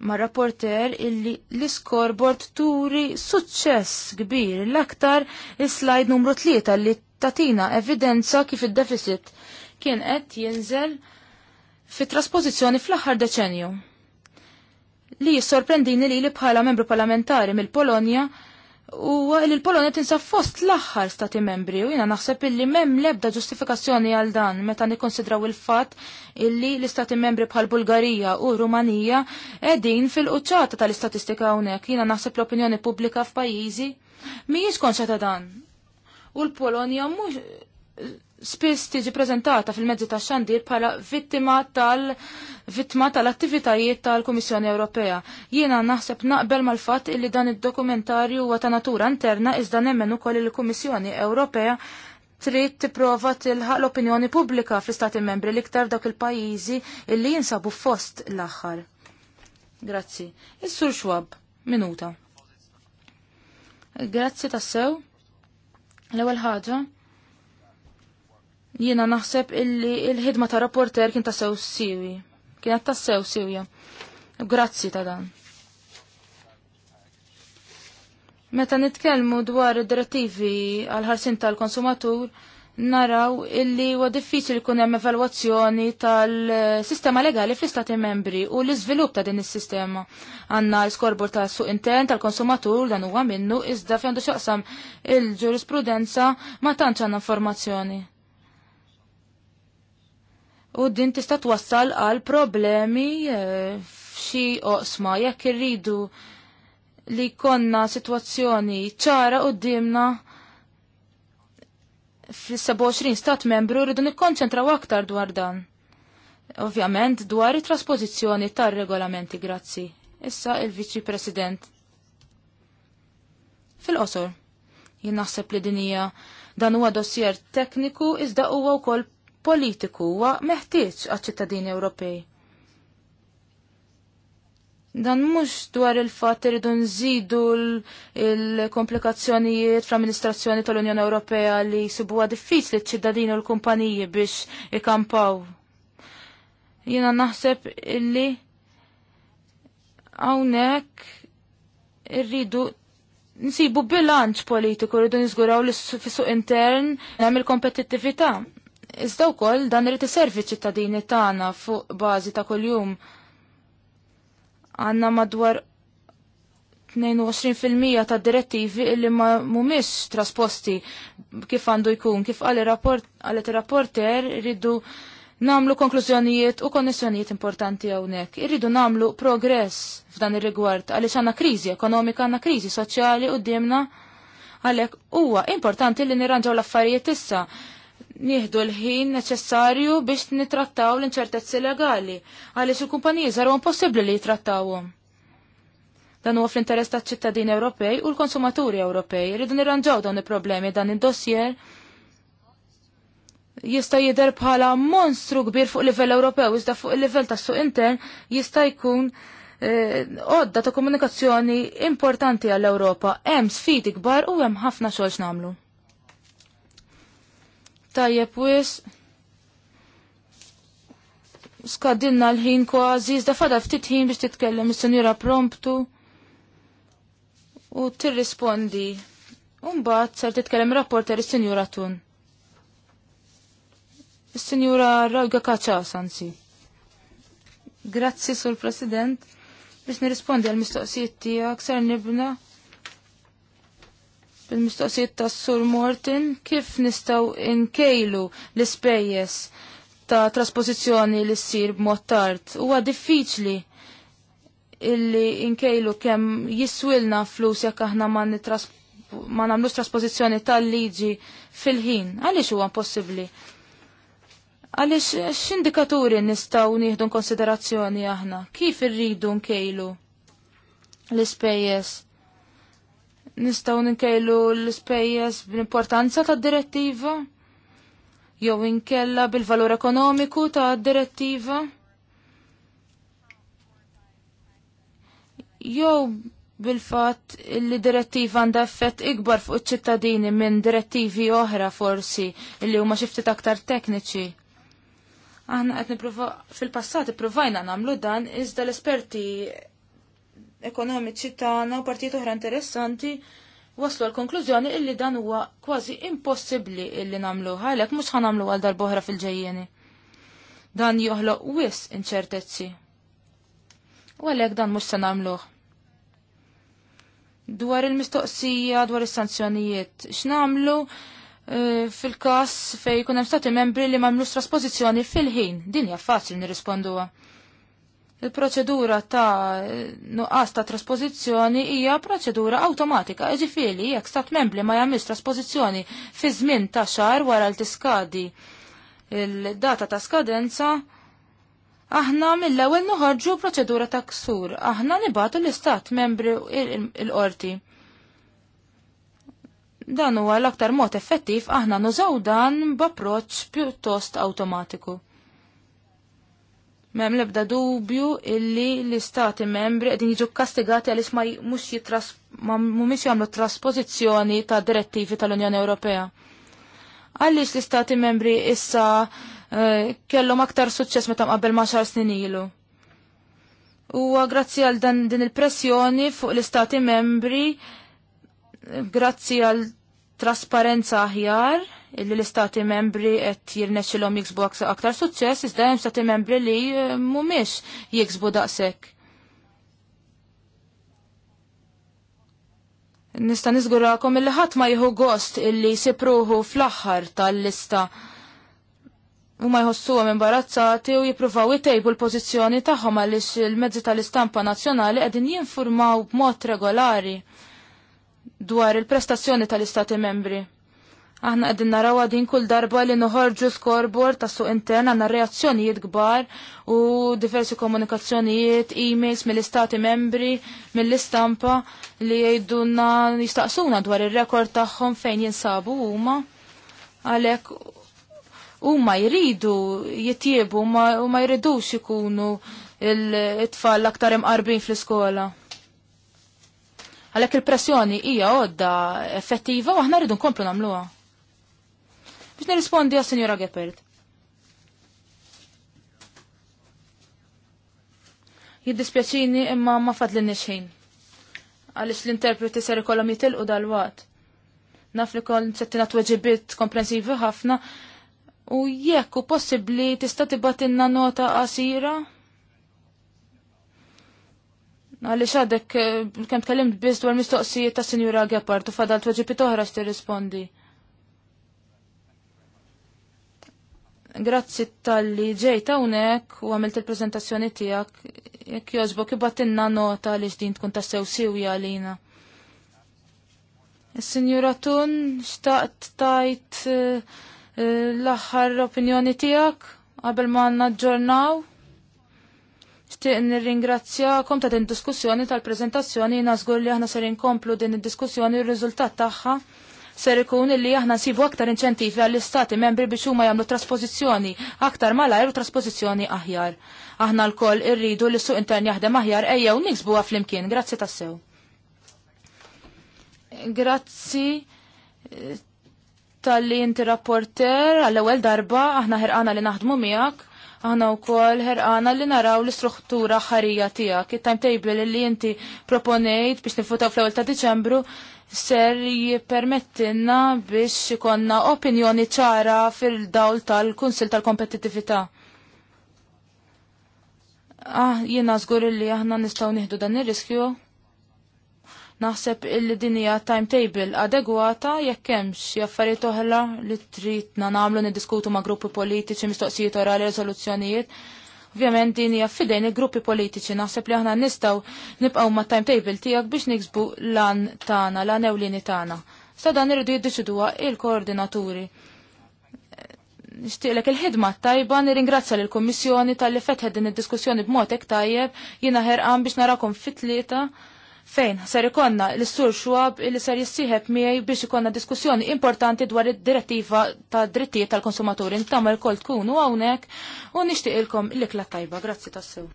C: ma' rapporter illi l-iskorbord turi suċċess kbir l-aktar is-slajd numru 3 li tatina evidenza kif id-deficit kien qed jinżel fit trasposizzjoni fl-aħħar deċenju. Li jissorprendini li li bħala membru parlamentari mill-Polonja u li l-Polonja tinsab fost l-aħħar stati membri u jina naħseb illi mem lebda ġustifikazzjoni għal dan meta nikkonsidraw il-fatt illi l-istati membri bħal Bulgarija u Rumanija edin fil-qċata tal-istatistika hawnhekk jina naħseb l-opinjoni pubblika f'pajjiżi mhijiex konxa ta' dan. U l-Polonja mhux spiss tiġi prezentata fil-mezzi ta' xandir bħala vittima tal vittma tal-attivitajiet tal-Komissjoni Ewropea. Jiena naħseb naqbel mal-fatt illi dan id-dokumentarju huwa ta' natura interna iżda nemmen ukoll il-Komissjoni Ewropea trid tipprova tilħaq l-opinjoni pubblika fl-Istati Membri l-iktar dak il-pajjiżi illi jinsabu fost l-aħħar. Grazzi. Is-Sur Schwab, minuta. Grazzi tassew. L-ewwel ħaġa Jiena naħseb illi il-ħidma ta' rapporter kien ta' sew siwi. Kienet ta' sew siwi. Grazzi ta' dan. Meta nitkellmu dwar id-direttivi għal ħarsin tal-konsumatur, naraw illi huwa diffiċli jkun hemm evalwazzjoni tal-sistema legali fl-istati membri u l-iżvilupp ta' din is-sistema. Għandna l-skorbur ta' suq intern tal-konsumatur dan huwa minnu iżda fjandu xaqsam il-ġurisprudenza ma tantx għandna informazzjoni. U din tista' twassal għal problemi eh, f'xi oqsma jekk irridu li konna sitwazzjoni ċara dimna fis-27 stat membru rridu nikkonċentraw aktar dwar dan. Ovvjament dwar it-trasposizzjoni tar-regolamenti, grazzi. Issa il-Viċi President. Fil-qosor, jien naħseb li dinija dan huwa dossier tekniku iżda huwa wkoll politiku huwa meħtieġ għaċ-ċittadini Ewropej. Dan mhux dwar il-fatt irridu nżidu l-komplikazzjonijiet fl-amministrazzjoni tal-Unjoni Ewropea li jsibuha diffiċli ċ-ċittadini u l-kumpaniji biex ikampaw. Jiena naħseb illi hawnhekk irridu nsibu bilanċ politiku, rridu nżguraw l fissu intern nagħmel kompetittività. Iżda wkoll dan irid iservi ċittadini tagħna fuq bażi ta' kuljum. Għandna madwar 22% ta' direttivi illi ma mhumiex trasposti kif għandu jkun, kif għal rapport għalet ir-rapporter rridu namlu konklużjonijiet u konnessjonijiet importanti hawnhekk. Irridu namlu progress f'dan ir-rigward għaliex għandna kriżi ekonomika, għandna kriżi soċjali qudiemna għalhekk huwa importanti li nirranġaw l-affarijiet issa nieħdu l-ħin neċessarju biex nitrattaw l-inċertezzi legali għaliex il-kumpaniji żaru impossibbli li jitrattawhom. Dan huwa fl-interess taċ ċittadin Ewropej u l-konsumaturi Ewropej rridu nirranġaw dawn il-problemi dan id-dossier jista' jidher bħala monstru kbir fuq livell Ewropew iżda fuq il-livell tas-suq intern jista' jkun eh, għodda ta' komunikazzjoni importanti għall-Ewropa. Hemm sfidi kbar u hemm ħafna xogħol nagħmlu. Tajjeb wis. Skadilna l-ħin kważi, iżda fada ftit ħin biex titkellem is sinjura promptu u tirrispondi. mbagħad ser titkellem rapporter is-Sinjura Tun. Is-Sinjura Rawga Kaċa sansi. Grazzi sur President biex nirrispondi għal mistoqsijiet tiegħek ser nibna Bil-mistoqsijiet ta' Sur Morton, kif nistaw inkejlu l-ispejjes ta' trasposizjoni li ssir b'mod tard? Huwa diffiċli illi inkejlu kemm jiswilna flus jekk aħna ma ma nagħmlux trasposizjoni tal-liġi fil-ħin. Għaliex huwa possibbli? Għaliex x'indikaturi nistgħu nieħdu konsiderazzjoni aħna? Kif irridu nkejlu l-ispejjeż? nistaw ninkejlu l-spejjes bl-importanza ta' direttiva jew inkella bil-valur ekonomiku ta' direttiva jew bil-fatt li direttiva għandha effett ikbar fuq iċ-ċittadini minn direttivi oħra forsi li huma xi ftit aktar tekniċi. Aħna qed nipprova fil-passat ippruvajna nagħmlu dan iżda l-esperti ekonomiċi tagħna u partijiet oħra interessanti waslu għal konklużjoni illi dan huwa kważi impossibbli illi nagħmlu għalhekk mhux ħanamlu għal darb'oħra fil-ġejjeni. Dan joħloq wis inċertezzi. U għalhekk dan mhux se nagħmluh. Dwar il-mistoqsija, dwar is-sanzjonijiet, x'namlu e, fil-każ fejn jkun hemm stati membri li m'għamlux trasposizzjoni fil-ħin, din hija faċli nirrisponduha. Il-proċedura ta' nuqqas ta' trasposizjoni hija proċedura awtomatika, ġifieri jekk stat membri ma jagħmilx trasposizjoni fi żmien ta' xahar wara l-tiskadi il-data ta' skadenza, aħna mill-ewwel noħorġu proċedura ta' ksur, aħna nibatu l-istat membri il-qorti. Dan huwa l-aktar mod effettiv aħna nużaw dan b'approċċ pjuttost awtomatiku. Mem lebda dubju illi l-istati membri għedin jiġu kastigati għalis ma mux jitras, ma mumis jgħamlu trasposizjoni ta' direttivi tal-Unjoni Ewropea. Għalix l-istati membri issa eh, kellhom aktar suċċess meta qabel ma' xar snin ilu. U grazzi għal dan din il-pressjoni fuq l-istati membri, grazzi għal trasparenza aħjar illi l-istati membri qed jirnexxilhom jiksbu aktar suċċess iżda hemm stati membri li eh, mhumiex jiksbu daqshekk. Nista' niżgurakom illi ħadd ma jieħu gost illi sipruħu fl-aħħar tal-lista u ma jħossuhom imbarazzati u jippruvaw jtejbu l-pożizzjoni tagħhom għaliex il-mezzi tal-istampa nazzjonali qegħdin jinfurmaw b'mod regolari dwar il-prestazzjoni tal-Istati membri. Aħna qegħdin narawha din kull darba li noħorġu scoreboard tas suq intern għanna reazzjonijiet kbar u diversi komunikazzjonijiet, emails mill-istati membri, mill-istampa li jgħidunna jistaqsuna dwar ir-rekord tagħhom fejn jinsabu huma. Għalhekk huma jridu jittiebu u ma jridux ikunu il-tfal aktar imqarbin fl-iskola. Għalhekk il-pressjoni hija għodda effettiva u aħna rridu nkomplu nagħmluha. Biex nirrispondi għas-Sinjora Geppert. jiddispjaċini imma ma fadli nixħin. Għalix l-interpreti ser ikollhom jitilqu dal-waqt. Naf li kol settina tweġibiet komprensivi ħafna u jekk possibli possibbli tista' tibatinna nota qasira Għalli xadek, eh, kem tkellimt biz dwar mistoqsijiet ta' Sinjura Gepard u fadal tweġibi toħra x-tirrispondi. Grazzi tal-li ġejt hawnhekk u għamilt il-preżentazzjoni tiegħek jekk jogħġbok ibatinna nota li xdin tkun tassew sew għalina. Is-Sinjura Tun xtaqt tajt eh, l-aħħar opinjoni tiegħek qabel ma naġġornaw? Xtieq nirringrazzjakom ta' din diskussjoni tal-preżentazzjoni nażgur li aħna ser inkomplu din id-diskussjoni r-riżultat tagħha ser ikun li aħna nsibu aktar inċentivi għall-istati membri biex huma jagħmlu trasposizzjoni aktar malajr u trasposizzjoni aħjar. Aħna lkoll irridu li suq intern jaħdem aħjar ejjew niksbuha flimkien. Grazzi tassew. Grazzi eh, tal-li inti rapporter għall-ewwel darba aħna ħirqana li naħdmu miegħek Aħna wkoll ħerqana li naraw l-istruttura ħarija tiegħek, it-timetable li inti proponejt biex nifutaw fl-ewwel ta' Diċembru ser jippermettilna biex ikonna opinjoni ċara fil-dawl tal-Kunsil tal-Kompetittività. Ah, jiena żgur li aħna nistgħu nieħdu dan ir-riskju Naħseb illi dinija timetable adegwata jekk hemm xi affarijiet oħra li tridna nagħmlu niddiskutu ma' gruppi politiċi mistoqsijiet li riżoluzzjonijiet. Ovvjament din hija fidejn il-gruppi politiċi naħseb li aħna nistgħu nibqgħu ma' timetable tiegħek biex niksbu lan tagħna, lan ewlieni tagħna. Sa dan irridu jiddeċiduha il-koordinaturi. Nixtieqlek il-ħidma tajba nirringrazzja lill kummissjoni tal-li fetħed din id-diskussjoni b'mod hekk tajjeb, jiena ħerqan biex narakom fit-tlieta fejn ser ikonna l-sur xwab li ser jissieħeb miej biex ikonna diskussjoni importanti dwar id-direttiva ta' drittijiet tal-konsumaturi. Ntamel kol tkunu hawnhekk u nixtieq ilkom l-ikla tajba. Grazzi tassew.